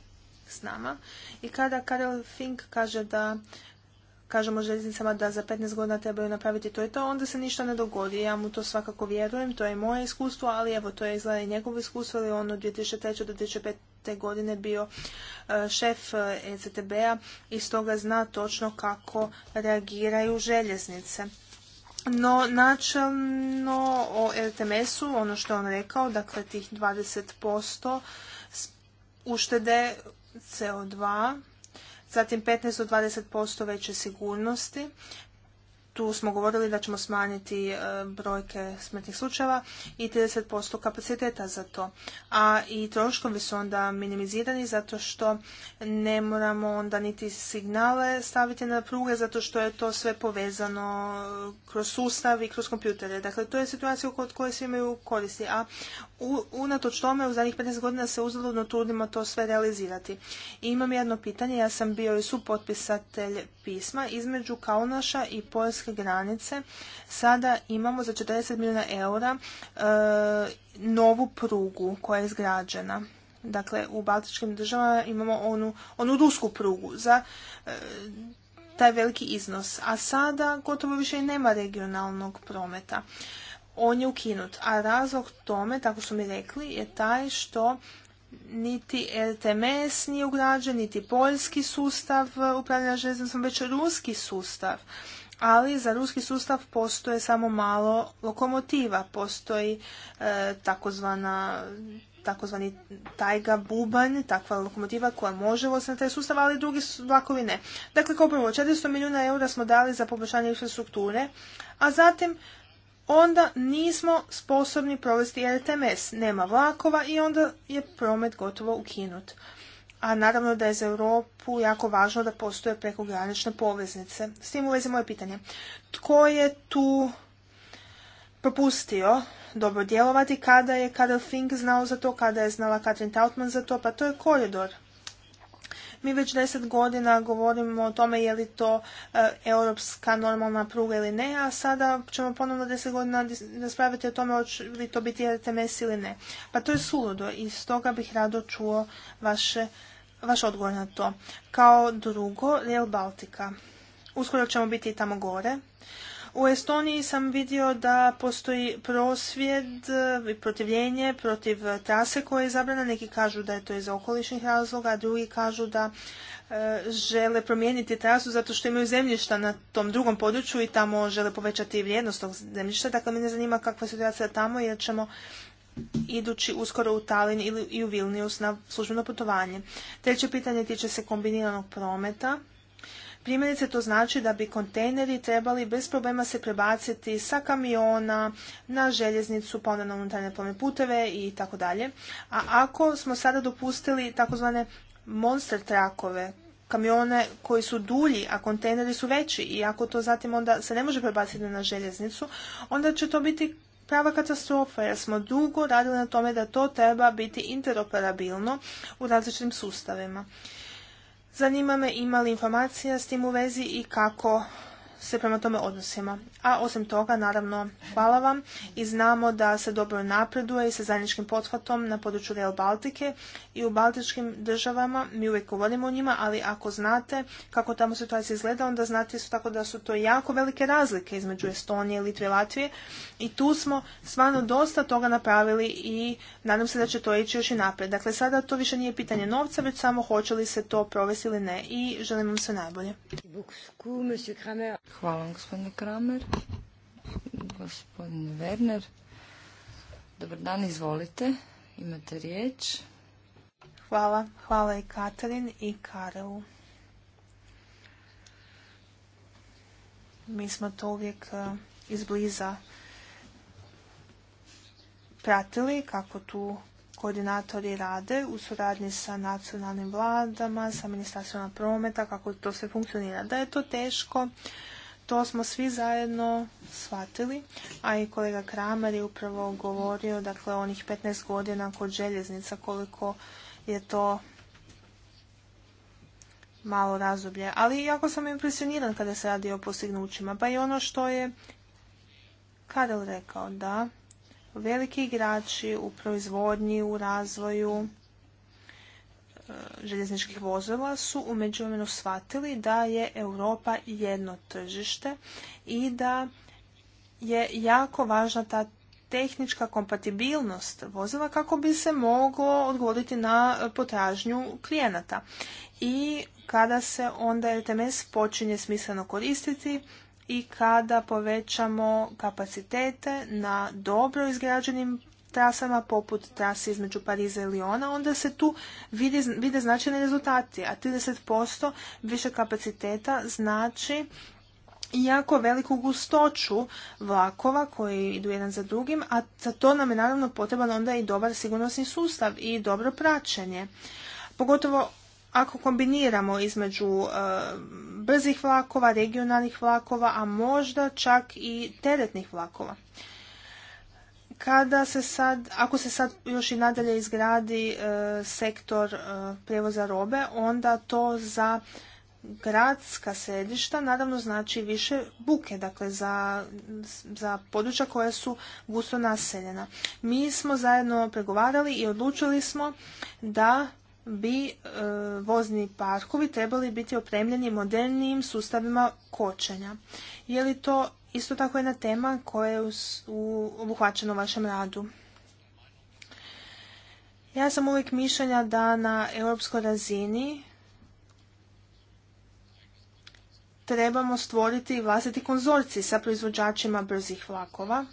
[SPEAKER 2] s nama i kada Karel Fink kaže da kažemo željeznicama da za 15 godina trebaju napraviti to i to, onda se ništa ne dogodi. Ja mu to svakako vjerujem, to je moje iskustvo, ali evo, to je izgleda i njegovo iskustvo, ali on od 2003. do 2005. godine bio e, šef ECTB-a e i stoga zna točno kako reagiraju željeznice. No, načelno o RTMS-u, ono što je on rekao, dakle tih 20% uštede CO2 zatim 15 do 20% veće sigurnosti. Tu smo govorili da ćemo smanjiti e, brojke smrtnih slučajeva i 30% kapaciteta za to. A i troškovi su onda minimizirani zato što ne moramo onda niti signale staviti na pruge zato što je to sve povezano e, kroz sustav i kroz kompjutere. Dakle, to je situacija kod koje svi imaju koristi. A unatoč tome u zadnjih 15 godina se uzaludno trudimo to sve realizirati. I imam jedno pitanje, ja sam bio i supotpisatelj pisma između Kaunaša i poljske granice. Sada imamo za 40 milijuna eura e, novu prugu koja je izgrađena. Dakle, u baltičkim državama imamo onu, onu rusku prugu za e, taj veliki iznos. A sada gotovo više i nema regionalnog prometa on je ukinut. A razlog tome, tako su mi rekli, je taj što niti RTMS nije ugrađen, niti poljski sustav upravljanja željeznicom, već ruski sustav. Ali za ruski sustav postoje samo malo lokomotiva, postoji e, takozvana takozvani tajga bubanj, takva lokomotiva koja može voziti na taj sustav, ali drugi vlakovi ne. Dakle, kao prvo, 400 milijuna eura smo dali za poboljšanje infrastrukture, a zatim onda nismo sposobni provesti RTMS. Nema vlakova i onda je promet gotovo ukinut. A naravno da je za Europu jako važno da postoje prekogranične poveznice. S tim uvezi moje pitanje. Tko je tu propustio dobro djelovati kada je Karel Fink znao za to, kada je znala Katrin Tautman za to, pa to je koridor. Mi već deset godina govorimo o tome je li to e, europska normalna pruga ili ne, a sada ćemo ponovno deset godina raspraviti o tome hoće li to biti RTMS ili ne. Pa to je suludo i stoga bih rado čuo vaše, vaš odgovor na to. Kao drugo, Rail Baltica. Uskoro ćemo biti i tamo gore. U Estoniji sam vidio da postoji prosvjed i e, protivljenje protiv trase koja je zabrana. Neki kažu da je to iz okolišnih razloga, a drugi kažu da e, žele promijeniti trasu zato što imaju zemljišta na tom drugom području i tamo žele povećati vrijednost tog zemljišta. Dakle, mene zanima kakva je situacija tamo jer ćemo idući uskoro u Talin ili i u Vilnius na službeno putovanje. Treće pitanje tiče se kombiniranog prometa. Primjerice to znači da bi kontejneri trebali bez problema se prebaciti sa kamiona na željeznicu, pa onda na unutarnje plovne puteve i tako dalje. A ako smo sada dopustili takozvane monster trakove, kamione koji su dulji, a kontejneri su veći i ako to zatim onda se ne može prebaciti na željeznicu, onda će to biti prava katastrofa jer smo dugo radili na tome da to treba biti interoperabilno u različitim sustavima. Zanima me ima li informacija s tim u vezi i kako se prema tome odnosimo. A osim toga, naravno, hvala vam i znamo da se dobro napreduje i sa zajedničkim pothvatom na području Real Baltike i u baltičkim državama, mi uvijek govorimo o njima, ali ako znate kako tamo situacija izgleda, onda znate isto tako da su to jako velike razlike između Estonije, Litve i Latvije i tu smo stvarno dosta toga napravili i nadam se da će to ići još i naprijed. Dakle, sada to više nije pitanje novca, već samo hoće li se to provesti ili ne i želim vam sve najbolje. Hvala vam, gospodine Kramer.
[SPEAKER 1] gospodine Werner. Dobar dan, izvolite.
[SPEAKER 2] Imate riječ. Hvala. Hvala i Katarin i Karelu. Mi smo to uvijek e, izbliza pratili kako tu koordinatori rade u suradnji sa nacionalnim vladama, sa ministarstvima prometa, kako to sve funkcionira. Da je to teško, to smo svi zajedno shvatili, a i kolega Kramer je upravo govorio, dakle, onih 15 godina kod željeznica, koliko je to malo razdoblje. Ali jako sam impresioniran kada se radi o postignućima. Pa i ono što je Karel rekao, da veliki igrači u proizvodnji, u razvoju, željezničkih vozila su u međuvremenu shvatili da je Europa jedno tržište i da je jako važna ta tehnička kompatibilnost vozila kako bi se moglo odgovoriti na potražnju klijenata. I kada se onda RTMS počinje smisleno koristiti i kada povećamo kapacitete na dobro izgrađenim trasama poput trasi između Pariza i Liona, onda se tu vide, vide značajni rezultati, a 30% više kapaciteta znači jako veliku gustoću vlakova koji idu jedan za drugim, a za to nam je naravno potreban onda i dobar sigurnosni sustav i dobro praćenje. Pogotovo ako kombiniramo između e, brzih vlakova, regionalnih vlakova, a možda čak i teretnih vlakova kada se sad, ako se sad još i nadalje izgradi e, sektor e, prijevoza robe, onda to za gradska središta naravno znači više buke, dakle za, za područja koja su gusto naseljena. Mi smo zajedno pregovarali i odlučili smo da bi e, vozni parkovi trebali biti opremljeni modernijim sustavima kočenja. Je li to isto tako jedna tema koja je obuhvaćena u vašem radu. Ja sam uvijek mišljenja da na europskoj razini trebamo stvoriti vlastiti konzorci sa proizvođačima brzih vlakova.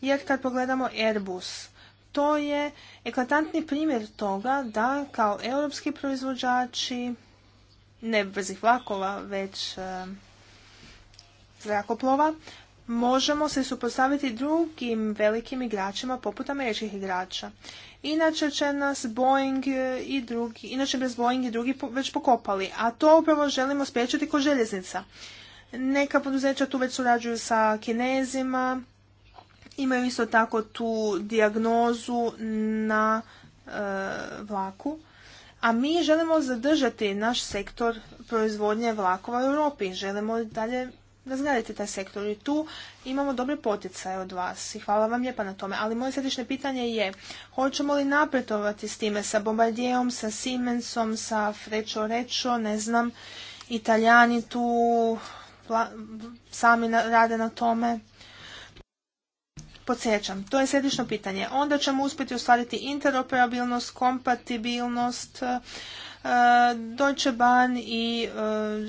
[SPEAKER 2] Jer kad pogledamo Airbus, to je eklatantni primjer toga da kao europski proizvođači ne brzih vlakova, već eh, zrakoplova možemo se supostaviti drugim velikim igračima poput američkih igrača. Inače će nas Boeing i drugi, inače bez Boeing i drugi već pokopali, a to upravo želimo spriječiti kod željeznica. Neka poduzeća tu već surađuju sa kinezima, imaju isto tako tu dijagnozu na e, vlaku. A mi želimo zadržati naš sektor proizvodnje vlakova u Europi. Želimo dalje razgraditi taj sektor i tu imamo dobre poticaje od vas i hvala vam lijepa na tome. Ali moje središnje pitanje je hoćemo li napretovati s time, sa Bombardijom, sa Siemensom, sa Frečo Rečo, ne znam, Italijani tu sami rade na tome. Podsjećam, to je središnje pitanje. Onda ćemo uspjeti ostvariti interoperabilnost, kompatibilnost, Deutsche Bahn i e,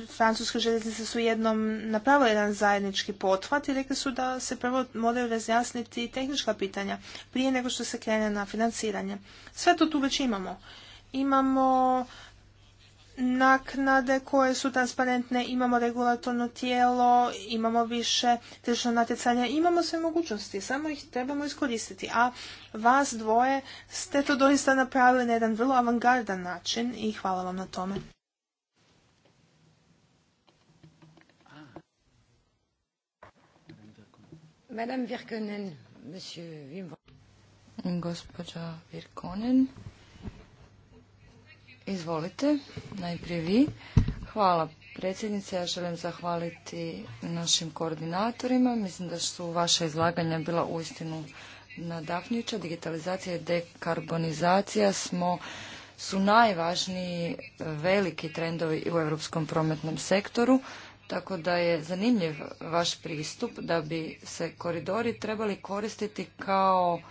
[SPEAKER 2] francuske željeznice su jednom napravili jedan zajednički potvat i rekli su da se prvo moraju razjasniti tehnička pitanja prije nego što se krene na financiranje. Sve to tu već imamo. Imamo naknade koje su transparentne, imamo regulatorno tijelo, imamo više tržišno natjecanje imamo sve mogućnosti, samo ih trebamo iskoristiti. A vas dvoje ste to doista napravili na jedan vrlo avangardan način i hvala vam na tome.
[SPEAKER 1] Madame Virkonen, monsieur Gospođa Virkonen. Izvolite, najprije vi. Hvala predsjednice, ja želim zahvaliti našim koordinatorima. Mislim da su vaša izlaganja bila uistinu nadahnujuća. Digitalizacija i dekarbonizacija smo su najvažniji e, veliki trendovi u europskom prometnom sektoru, tako da je zanimljiv vaš pristup da bi se koridori trebali koristiti kao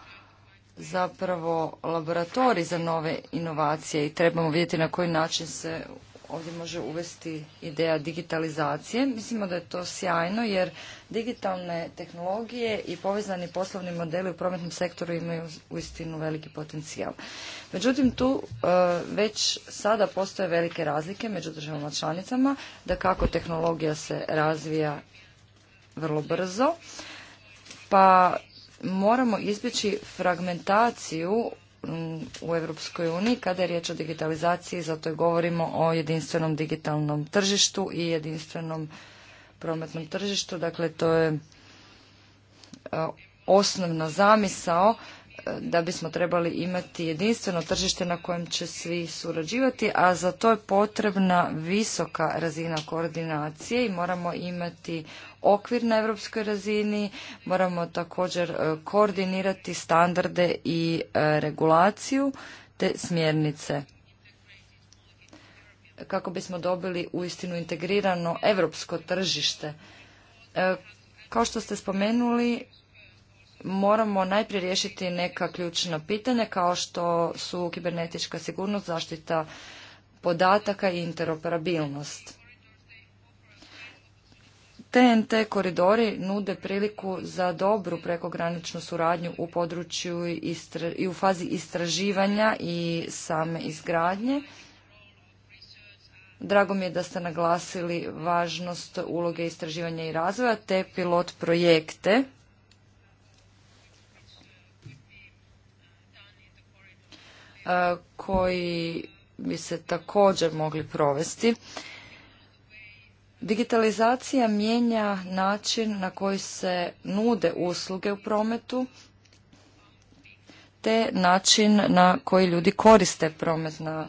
[SPEAKER 1] zapravo laboratorij za nove inovacije i trebamo vidjeti na koji način se ovdje može uvesti ideja digitalizacije. Mislimo da je to sjajno jer digitalne tehnologije i povezani poslovni modeli u prometnom sektoru imaju uistinu veliki potencijal. Međutim, tu e, već sada postoje velike razlike među državama članicama, da kako tehnologija se razvija vrlo brzo, pa moramo izbjeći fragmentaciju u Europskoj uniji kada je riječ o digitalizaciji, zato i govorimo o jedinstvenom digitalnom tržištu i jedinstvenom prometnom tržištu. Dakle, to je e, osnovna zamisao da bismo trebali imati jedinstveno tržište na kojem će svi surađivati, a za to je potrebna visoka razina koordinacije i moramo imati okvir na europskoj razini, moramo također e, koordinirati standarde i e, regulaciju te smjernice kako bismo dobili uistinu integrirano europsko tržište. E, kao što ste spomenuli, moramo najprije riješiti neka ključna pitanja kao što su kibernetička sigurnost, zaštita podataka i interoperabilnost. TNT koridori nude priliku za dobru prekograničnu suradnju u području i u fazi istraživanja i same izgradnje. Drago mi je da ste naglasili važnost uloge istraživanja i razvoja te pilot projekte E, koji bi se također mogli provesti. Digitalizacija mijenja način na koji se nude usluge u prometu te način na koji ljudi koriste prometna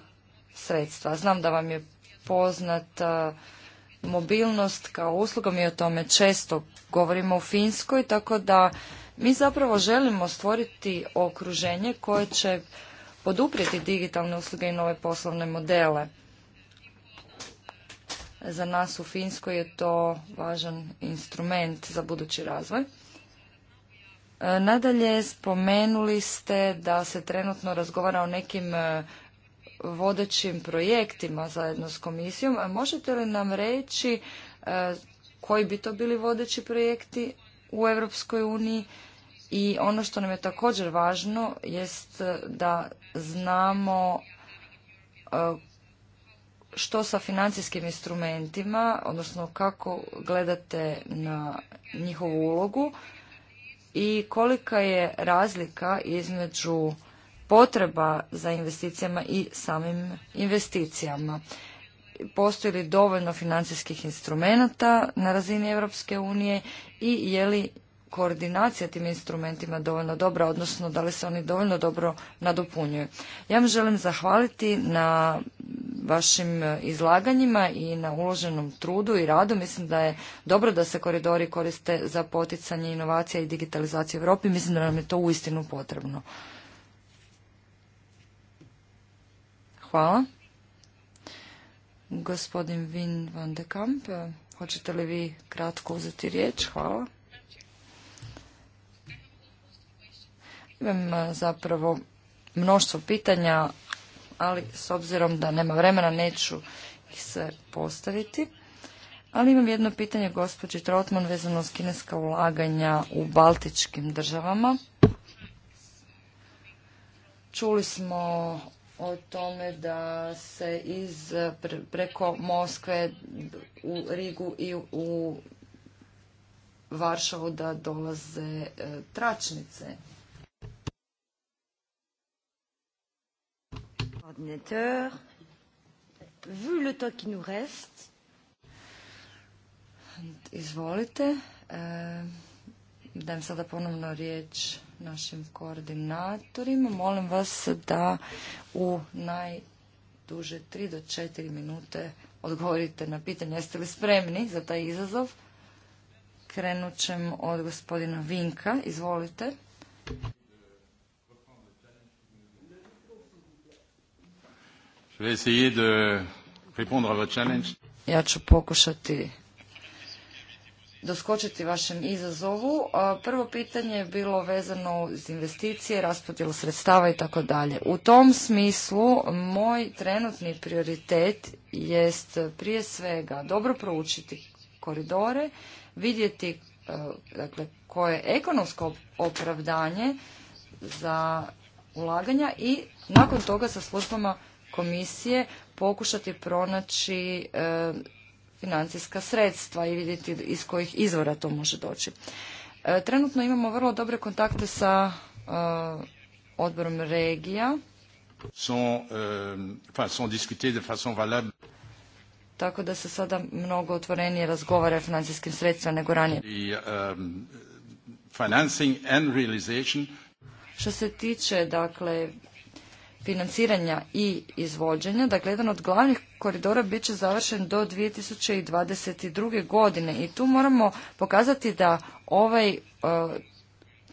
[SPEAKER 1] sredstva. Znam da vam je poznata mobilnost kao usluga, mi o tome često govorimo u Finskoj, tako da mi zapravo želimo stvoriti okruženje koje će poduprijeti digitalne usluge i nove poslovne modele. Za nas u Finskoj je to važan instrument za budući razvoj. E, nadalje, spomenuli ste da se trenutno razgovara o nekim e, vodećim projektima zajedno s komisijom. možete li nam reći e, koji bi to bili vodeći projekti u Europskoj uniji i ono što nam je također važno jest da znamo e, što sa financijskim instrumentima, odnosno kako gledate na njihovu ulogu i kolika je razlika između potreba za investicijama i samim investicijama. Postoji li dovoljno financijskih instrumenata na razini Europske unije i je li koordinacija tim instrumentima dovoljno dobra, odnosno da li se oni dovoljno dobro nadopunjuju. Ja vam želim zahvaliti na vašim izlaganjima i na uloženom trudu i radu. Mislim da je dobro da se koridori koriste za poticanje inovacija i digitalizacije u Europi. Mislim da nam je to uistinu potrebno. Hvala. Gospodin Vin van de Kamp, hoćete li vi kratko uzeti riječ? Hvala. Imam e, zapravo mnoštvo pitanja, ali s obzirom da nema vremena neću ih sve postaviti. Ali imam jedno pitanje gospođi Trotman vezano s kineska ulaganja u baltičkim državama. Čuli smo o tome da se iz preko Moskve u Rigu i u Varšavu da dolaze e, tračnice coordinateur. Vu le temps qui nous reste. Izvolite. da e, dajem sada ponovno riječ našim koordinatorima. Molim vas da u najduže 3 do 4 minute odgovorite na pitanje. Jeste li spremni za taj izazov? Krenut ćemo od gospodina Vinka. Izvolite. Ja ću pokušati doskočiti vašem izazovu. Prvo pitanje je bilo vezano uz investicije, raspodjelu sredstava i tako dalje. U tom smislu moj trenutni prioritet jest prije svega dobro proučiti koridore, vidjeti e, dakle, koje je ekonomsko opravdanje za ulaganja i nakon toga sa službama komisije pokušati pronaći e, financijska sredstva i vidjeti iz kojih izvora to može doći. E, trenutno imamo vrlo dobre kontakte sa e, odborom regija.
[SPEAKER 2] Son, enfin, son de façon
[SPEAKER 1] Tako da se sada mnogo otvorenije razgovara o financijskim sredstvima nego ranije.
[SPEAKER 2] I, um, financing and realization.
[SPEAKER 1] Što se tiče dakle financiranja i izvođenja. Dakle, jedan od glavnih koridora bit će završen do 2022. godine i tu moramo pokazati da ovaj e,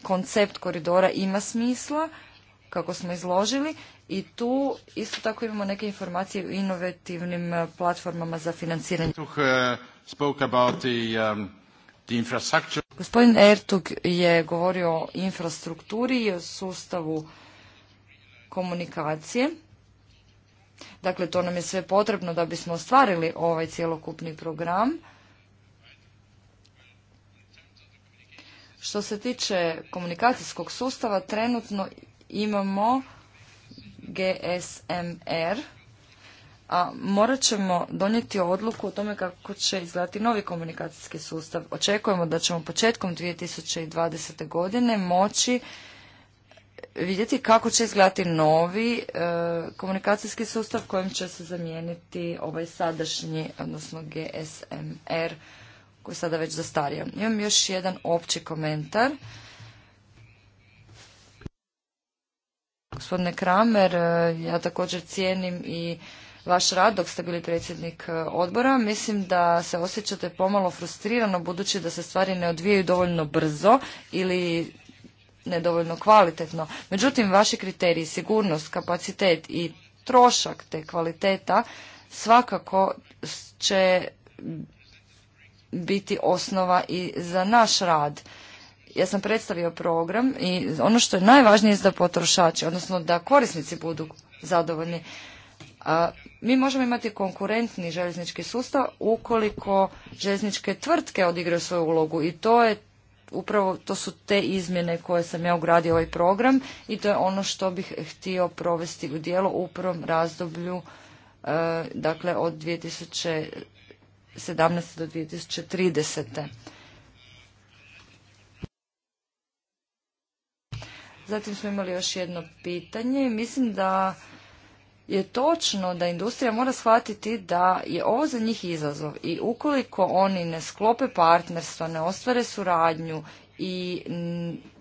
[SPEAKER 1] koncept koridora ima smisla, kako smo izložili, i tu isto tako imamo neke informacije o inovativnim e, platformama za financiranje. E, um, Gospodin Ertug je govorio o infrastrukturi i o sustavu komunikacije. Dakle, to nam je sve potrebno da bismo ostvarili ovaj cjelokupni program. Što se tiče komunikacijskog sustava, trenutno imamo GSMR, a morat ćemo donijeti odluku o tome kako će izgledati novi komunikacijski sustav. Očekujemo da ćemo početkom 2020. godine moći vidjeti kako će izgledati novi e, komunikacijski sustav kojim će se zamijeniti ovaj sadašnji, odnosno GSMR koji je sada već zastario. Imam još jedan opći komentar. Gospodine Kramer, e, ja također cijenim i vaš rad dok ste bili predsjednik e, odbora. Mislim da se osjećate pomalo frustrirano budući da se stvari ne odvijaju dovoljno brzo ili nedovoljno kvalitetno. Međutim, vaši kriteriji, sigurnost, kapacitet i trošak te kvaliteta svakako će biti osnova i za naš rad. Ja sam predstavio program i ono što je najvažnije je da potrošači, odnosno da korisnici budu zadovoljni. A, mi možemo imati konkurentni željeznički sustav ukoliko željezničke tvrtke odigraju svoju ulogu i to je upravo to su te izmjene koje sam ja ugradio ovaj program i to je ono što bih htio provesti u dijelo u prvom razdoblju e, dakle od 2017. do 2030. Zatim smo imali još jedno pitanje. Mislim da je točno da industrija mora shvatiti da je ovo za njih izazov i ukoliko oni ne sklope partnerstva, ne ostvare suradnju i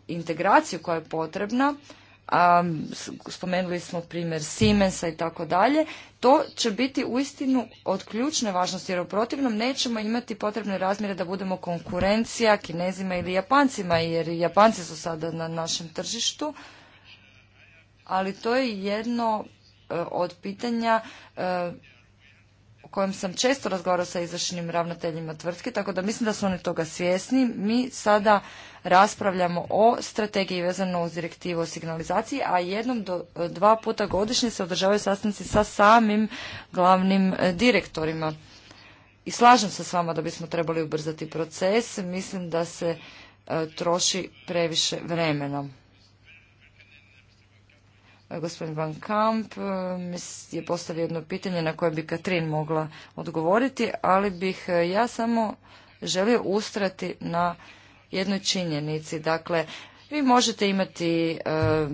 [SPEAKER 1] integraciju koja je potrebna, spomenuli smo primjer Siemensa i tako dalje, to će biti uistinu od ključne važnosti jer u protivnom nećemo imati potrebne razmjere da budemo konkurencija Kinezima ili Japancima jer Japanci su sada na našem tržištu, ali to je jedno E, od pitanja e, o kojem sam često razgovarao sa izvršenim ravnateljima tvrtke, tako da mislim da su oni toga svjesni. Mi sada raspravljamo o strategiji vezano uz direktivu o signalizaciji, a jednom do e, dva puta godišnje se održavaju sastanci sa samim glavnim direktorima. I slažem se s vama da bismo trebali ubrzati proces. Mislim da se troši previše vremena. Gospodin Van Kamp eh, je postavio jedno pitanje na koje bi Katrin mogla odgovoriti, ali bih eh, ja samo želio ustrati na jednoj činjenici. Dakle, vi možete imati eh,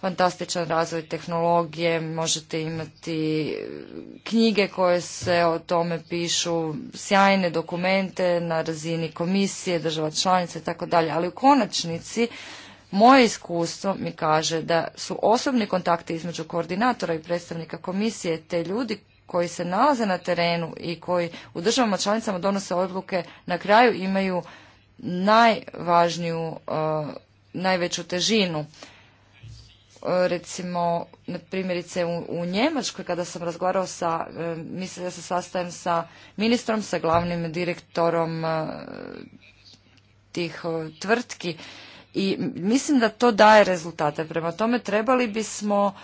[SPEAKER 1] fantastičan razvoj tehnologije, možete imati knjige koje se o tome pišu, sjajne dokumente na razini komisije, država članica i tako dalje, ali u konačnici moje iskustvo mi kaže da su osobni kontakti između koordinatora i predstavnika komisije te ljudi koji se nalaze na terenu i koji u državama članicama donose odluke na kraju imaju najvažniju, e, najveću težinu. E, recimo, primjerice u, Njemačkoj kada sam razgovarao sa, e, mislim da se sastajem sa ministrom, sa glavnim direktorom tih tvrtki i mislim da to daje rezultate. Prema tome trebali bismo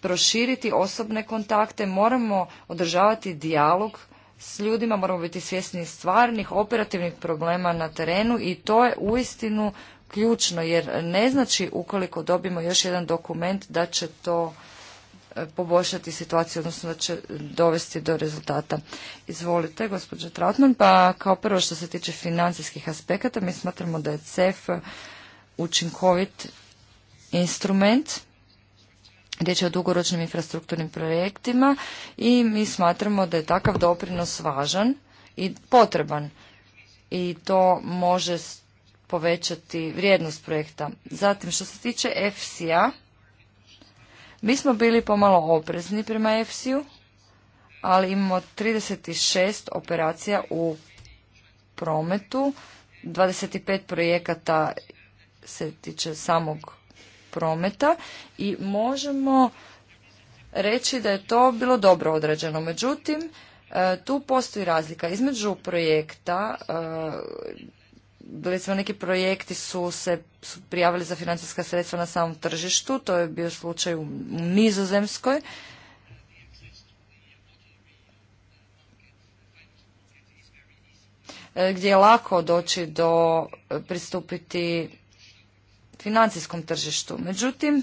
[SPEAKER 1] proširiti osobne kontakte, moramo održavati dijalog s ljudima, moramo biti svjesni stvarnih operativnih problema na terenu i to je uistinu ključno jer ne znači ukoliko dobimo još jedan dokument da će to e, poboljšati situaciju, odnosno da će dovesti do rezultata. Izvolite, gospođo Trautman, pa kao prvo što se tiče financijskih aspekata, mi smatramo da je CEF učinkovit instrument. Riječ je o dugoročnim infrastrukturnim projektima i mi smatramo da je takav doprinos važan i potreban i to može povećati vrijednost projekta. Zatim, što se tiče EFSI-a, mi smo bili pomalo oprezni prema EFSI-u, ali imamo 36 operacija u prometu, 25 projekata se tiče samog prometa i možemo reći da je to bilo dobro odrađeno. Međutim, e, tu postoji razlika između projekta, recimo neki projekti su se prijavili za financijska sredstva na samom tržištu, to je bio slučaj u Nizozemskoj. E, gdje je lako doći do e, pristupiti financijskom tržištu. Međutim,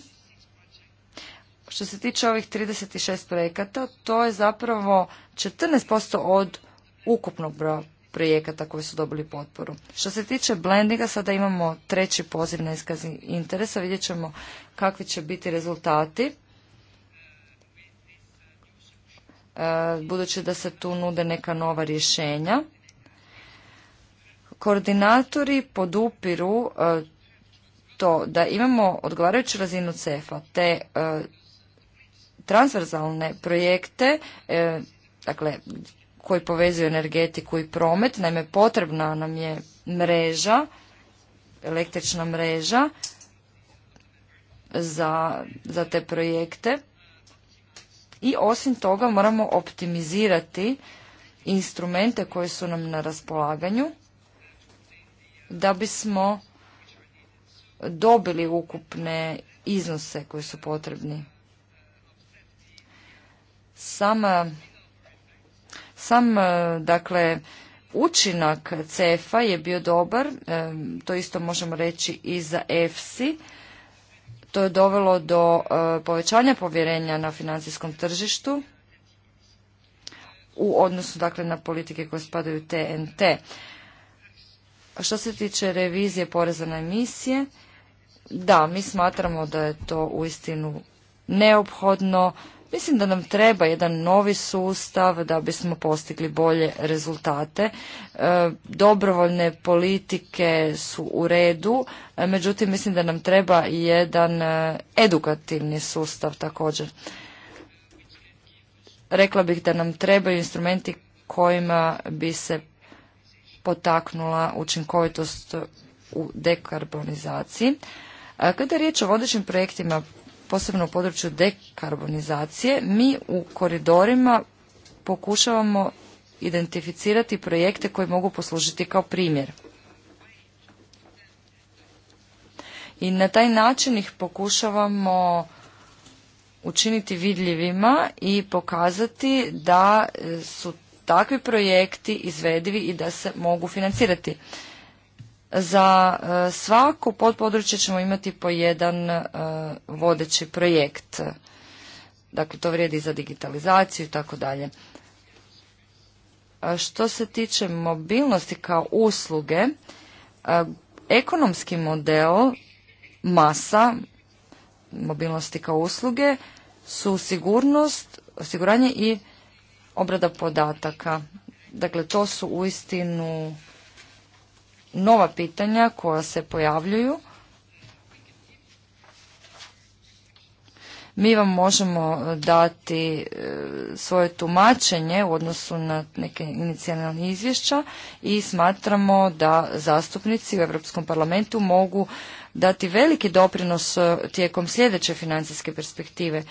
[SPEAKER 1] što se tiče ovih 36 projekata, to je zapravo 14% od ukupnog broja projekata koji su dobili potporu. Što se tiče blendinga, sada imamo treći poziv na iskaz interesa, vidjet ćemo kakvi će biti rezultati. E, budući da se tu nude neka nova rješenja. Koordinatori podupiru e, to da imamo odgovarajuću razinu cefa te e, transverzalne projekte, e, dakle koji povezuju energetiku i promet, naime potrebna nam je mreža, električna mreža za, za te projekte i osim toga moramo optimizirati instrumente koji su nam na raspolaganju da bismo dobili ukupne iznose koji su potrebni. sam, e, e, dakle, učinak CEFA je bio dobar, e, to isto možemo reći i za EFSI. To je dovelo do povećanja povjerenja na financijskom tržištu u odnosu dakle na politike koje spadaju TNT. Što se tiče revizije poreza na emisije, da, mi smatramo da je to uistinu neophodno. Mislim da nam treba jedan novi sustav da bismo postigli bolje rezultate. E, dobrovoljne politike su u redu, e, međutim mislim da nam treba jedan e, edukativni sustav također. Rekla bih da nam trebaju instrumenti kojima bi se potaknula učinkovitost u dekarbonizaciji. Kada je riječ o vodećim projektima, posebno u području dekarbonizacije, mi u koridorima pokušavamo identificirati projekte koji mogu poslužiti kao primjer. I na taj način ih pokušavamo učiniti vidljivima i pokazati da su takvi projekti izvedivi i da se mogu financirati. Za e, svako podpodručje ćemo imati po jedan e, vodeći projekt. Dakle, to vrijedi za digitalizaciju i tako dalje. E, što se tiče mobilnosti kao usluge, ekonomski model masa mobilnosti kao usluge su sigurnost, osiguranje i obrada podataka. Dakle, to su uistinu nova pitanja koja se pojavljuju. Mi vam možemo dati e, svoje tumačenje u odnosu na neke inicijalne izvješća i smatramo da zastupnici u Europskom parlamentu mogu dati veliki doprinos e, tijekom sljedeće financijske perspektive.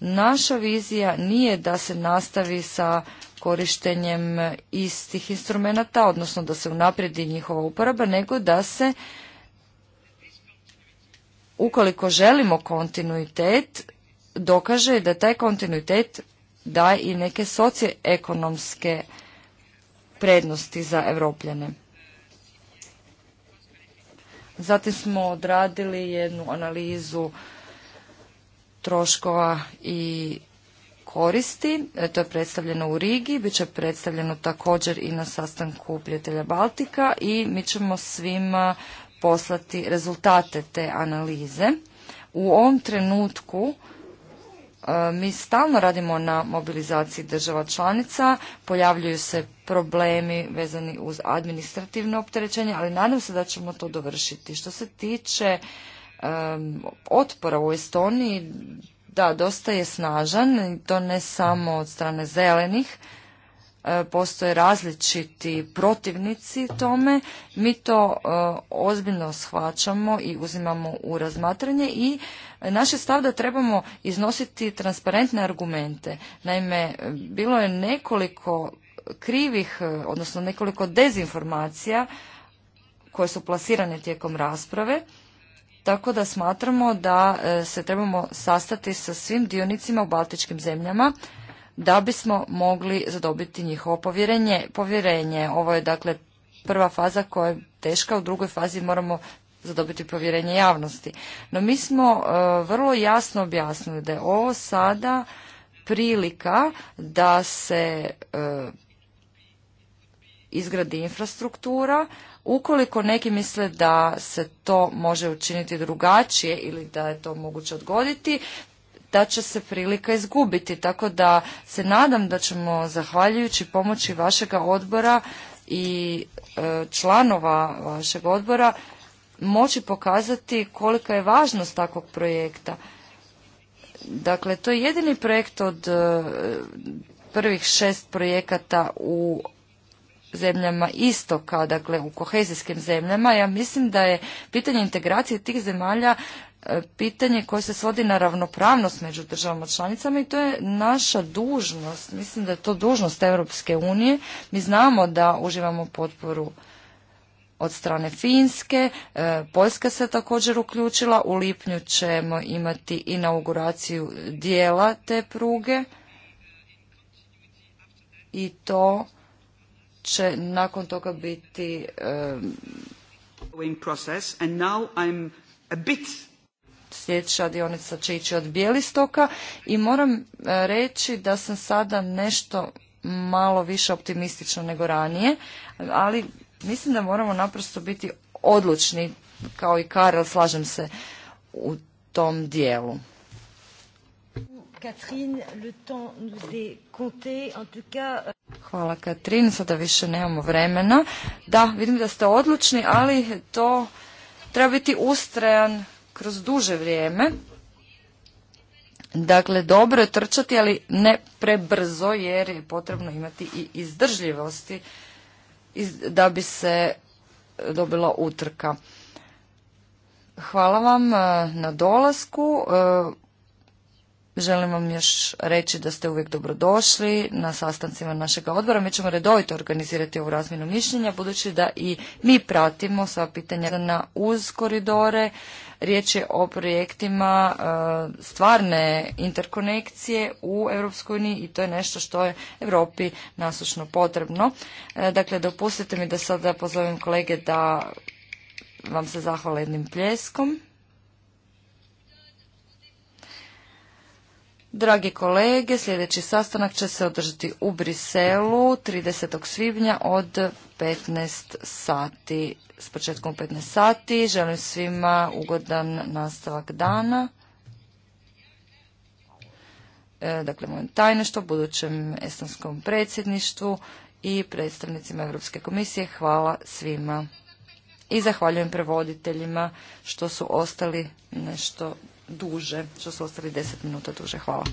[SPEAKER 1] Naša vizija nije da se nastavi sa korištenjem istih instrumenata, odnosno da se unaprijedi njihova uporaba, nego da se ukoliko želimo kontinuitet, dokaže da taj kontinuitet daje i neke socioekonomske prednosti za Evropljane. Zatim smo odradili jednu analizu troškova i koristi. E, to je predstavljeno u Rigi, bit će predstavljeno također i na sastanku prijatelja Baltika i mi ćemo svima poslati rezultate te analize. U ovom trenutku e, mi stalno radimo na mobilizaciji država članica, pojavljuju se problemi vezani uz administrativno opterećenje, ali nadam se da ćemo to dovršiti. Što se tiče otpora u Estoniji da dosta je snažan i to ne samo od strane zelenih e, postoje različiti protivnici tome mi to e, ozbiljno shvaćamo i uzimamo u razmatranje i naš je stav da trebamo iznositi transparentne argumente naime bilo je nekoliko krivih e, odnosno nekoliko dezinformacija koje su plasirane tijekom rasprave tako da smatramo da e, se trebamo sastati sa svim dionicima u baltičkim zemljama da bismo mogli zadobiti njihovo povjerenje. povjerenje. Ovo je dakle prva faza koja je teška, u drugoj fazi moramo zadobiti povjerenje javnosti. No mi smo e, vrlo jasno objasnili da je ovo sada prilika da se e, izgradi infrastruktura, Ukoliko neki misle da se to može učiniti drugačije ili da je to moguće odgoditi, da će se prilika izgubiti. Tako da se nadam da ćemo zahvaljujući pomoći vašega odbora i e, članova vašeg odbora moći pokazati kolika je važnost takvog projekta. Dakle, to je jedini projekt od e, prvih šest projekata u zemljama istoka, dakle u kohezijskim zemljama. Ja mislim da je pitanje integracije tih zemalja e, pitanje koje se svodi na ravnopravnost među državama članicama i to je naša dužnost. Mislim da je to dužnost Europske unije. Mi znamo da uživamo potporu od strane Finske, e, Poljska se također uključila, u lipnju ćemo imati inauguraciju dijela te pruge i to će nakon toga biti sljedeća dionica će ići od Bjelistoka i moram e, reći da sam sada nešto malo više optimistična nego ranije, ali mislim da moramo naprosto biti odlučni kao i Karel, slažem se u tom dijelu. Catherine, euh, Hvala Katrin, sada više nemamo vremena. Da, vidim da ste odlučni, ali to treba biti ustrajan kroz duže vrijeme. Dakle, dobro je trčati, ali ne prebrzo jer je potrebno imati i izdržljivosti da bi se dobila utrka. Hvala vam eh, na dolasku. Eh, Želim vam još reći da ste uvijek dobrodošli na sastancima našega odbora. Mi ćemo redovito organizirati ovu razmjenu mišljenja, budući da i mi pratimo sva pitanja na uz koridore. Riječ je o projektima e, stvarne interkonekcije u EU i to je nešto što je Europi nasučno potrebno. E, dakle, dopustite mi da sada pozovem kolege da vam se zahvale jednim pljeskom. Dragi kolege, sljedeći sastanak će se održati u Briselu 30. svibnja od 15 sati, s početkom 15 sati. Želim svima ugodan nastavak dana. E, dakle, mojem tajništvu, budućem estonskom predsjedništvu i predstavnicima Europske komisije. Hvala svima. I zahvaljujem prevoditeljima što su ostali nešto duže, što su ostali 10 minuta
[SPEAKER 2] duže. Hvala.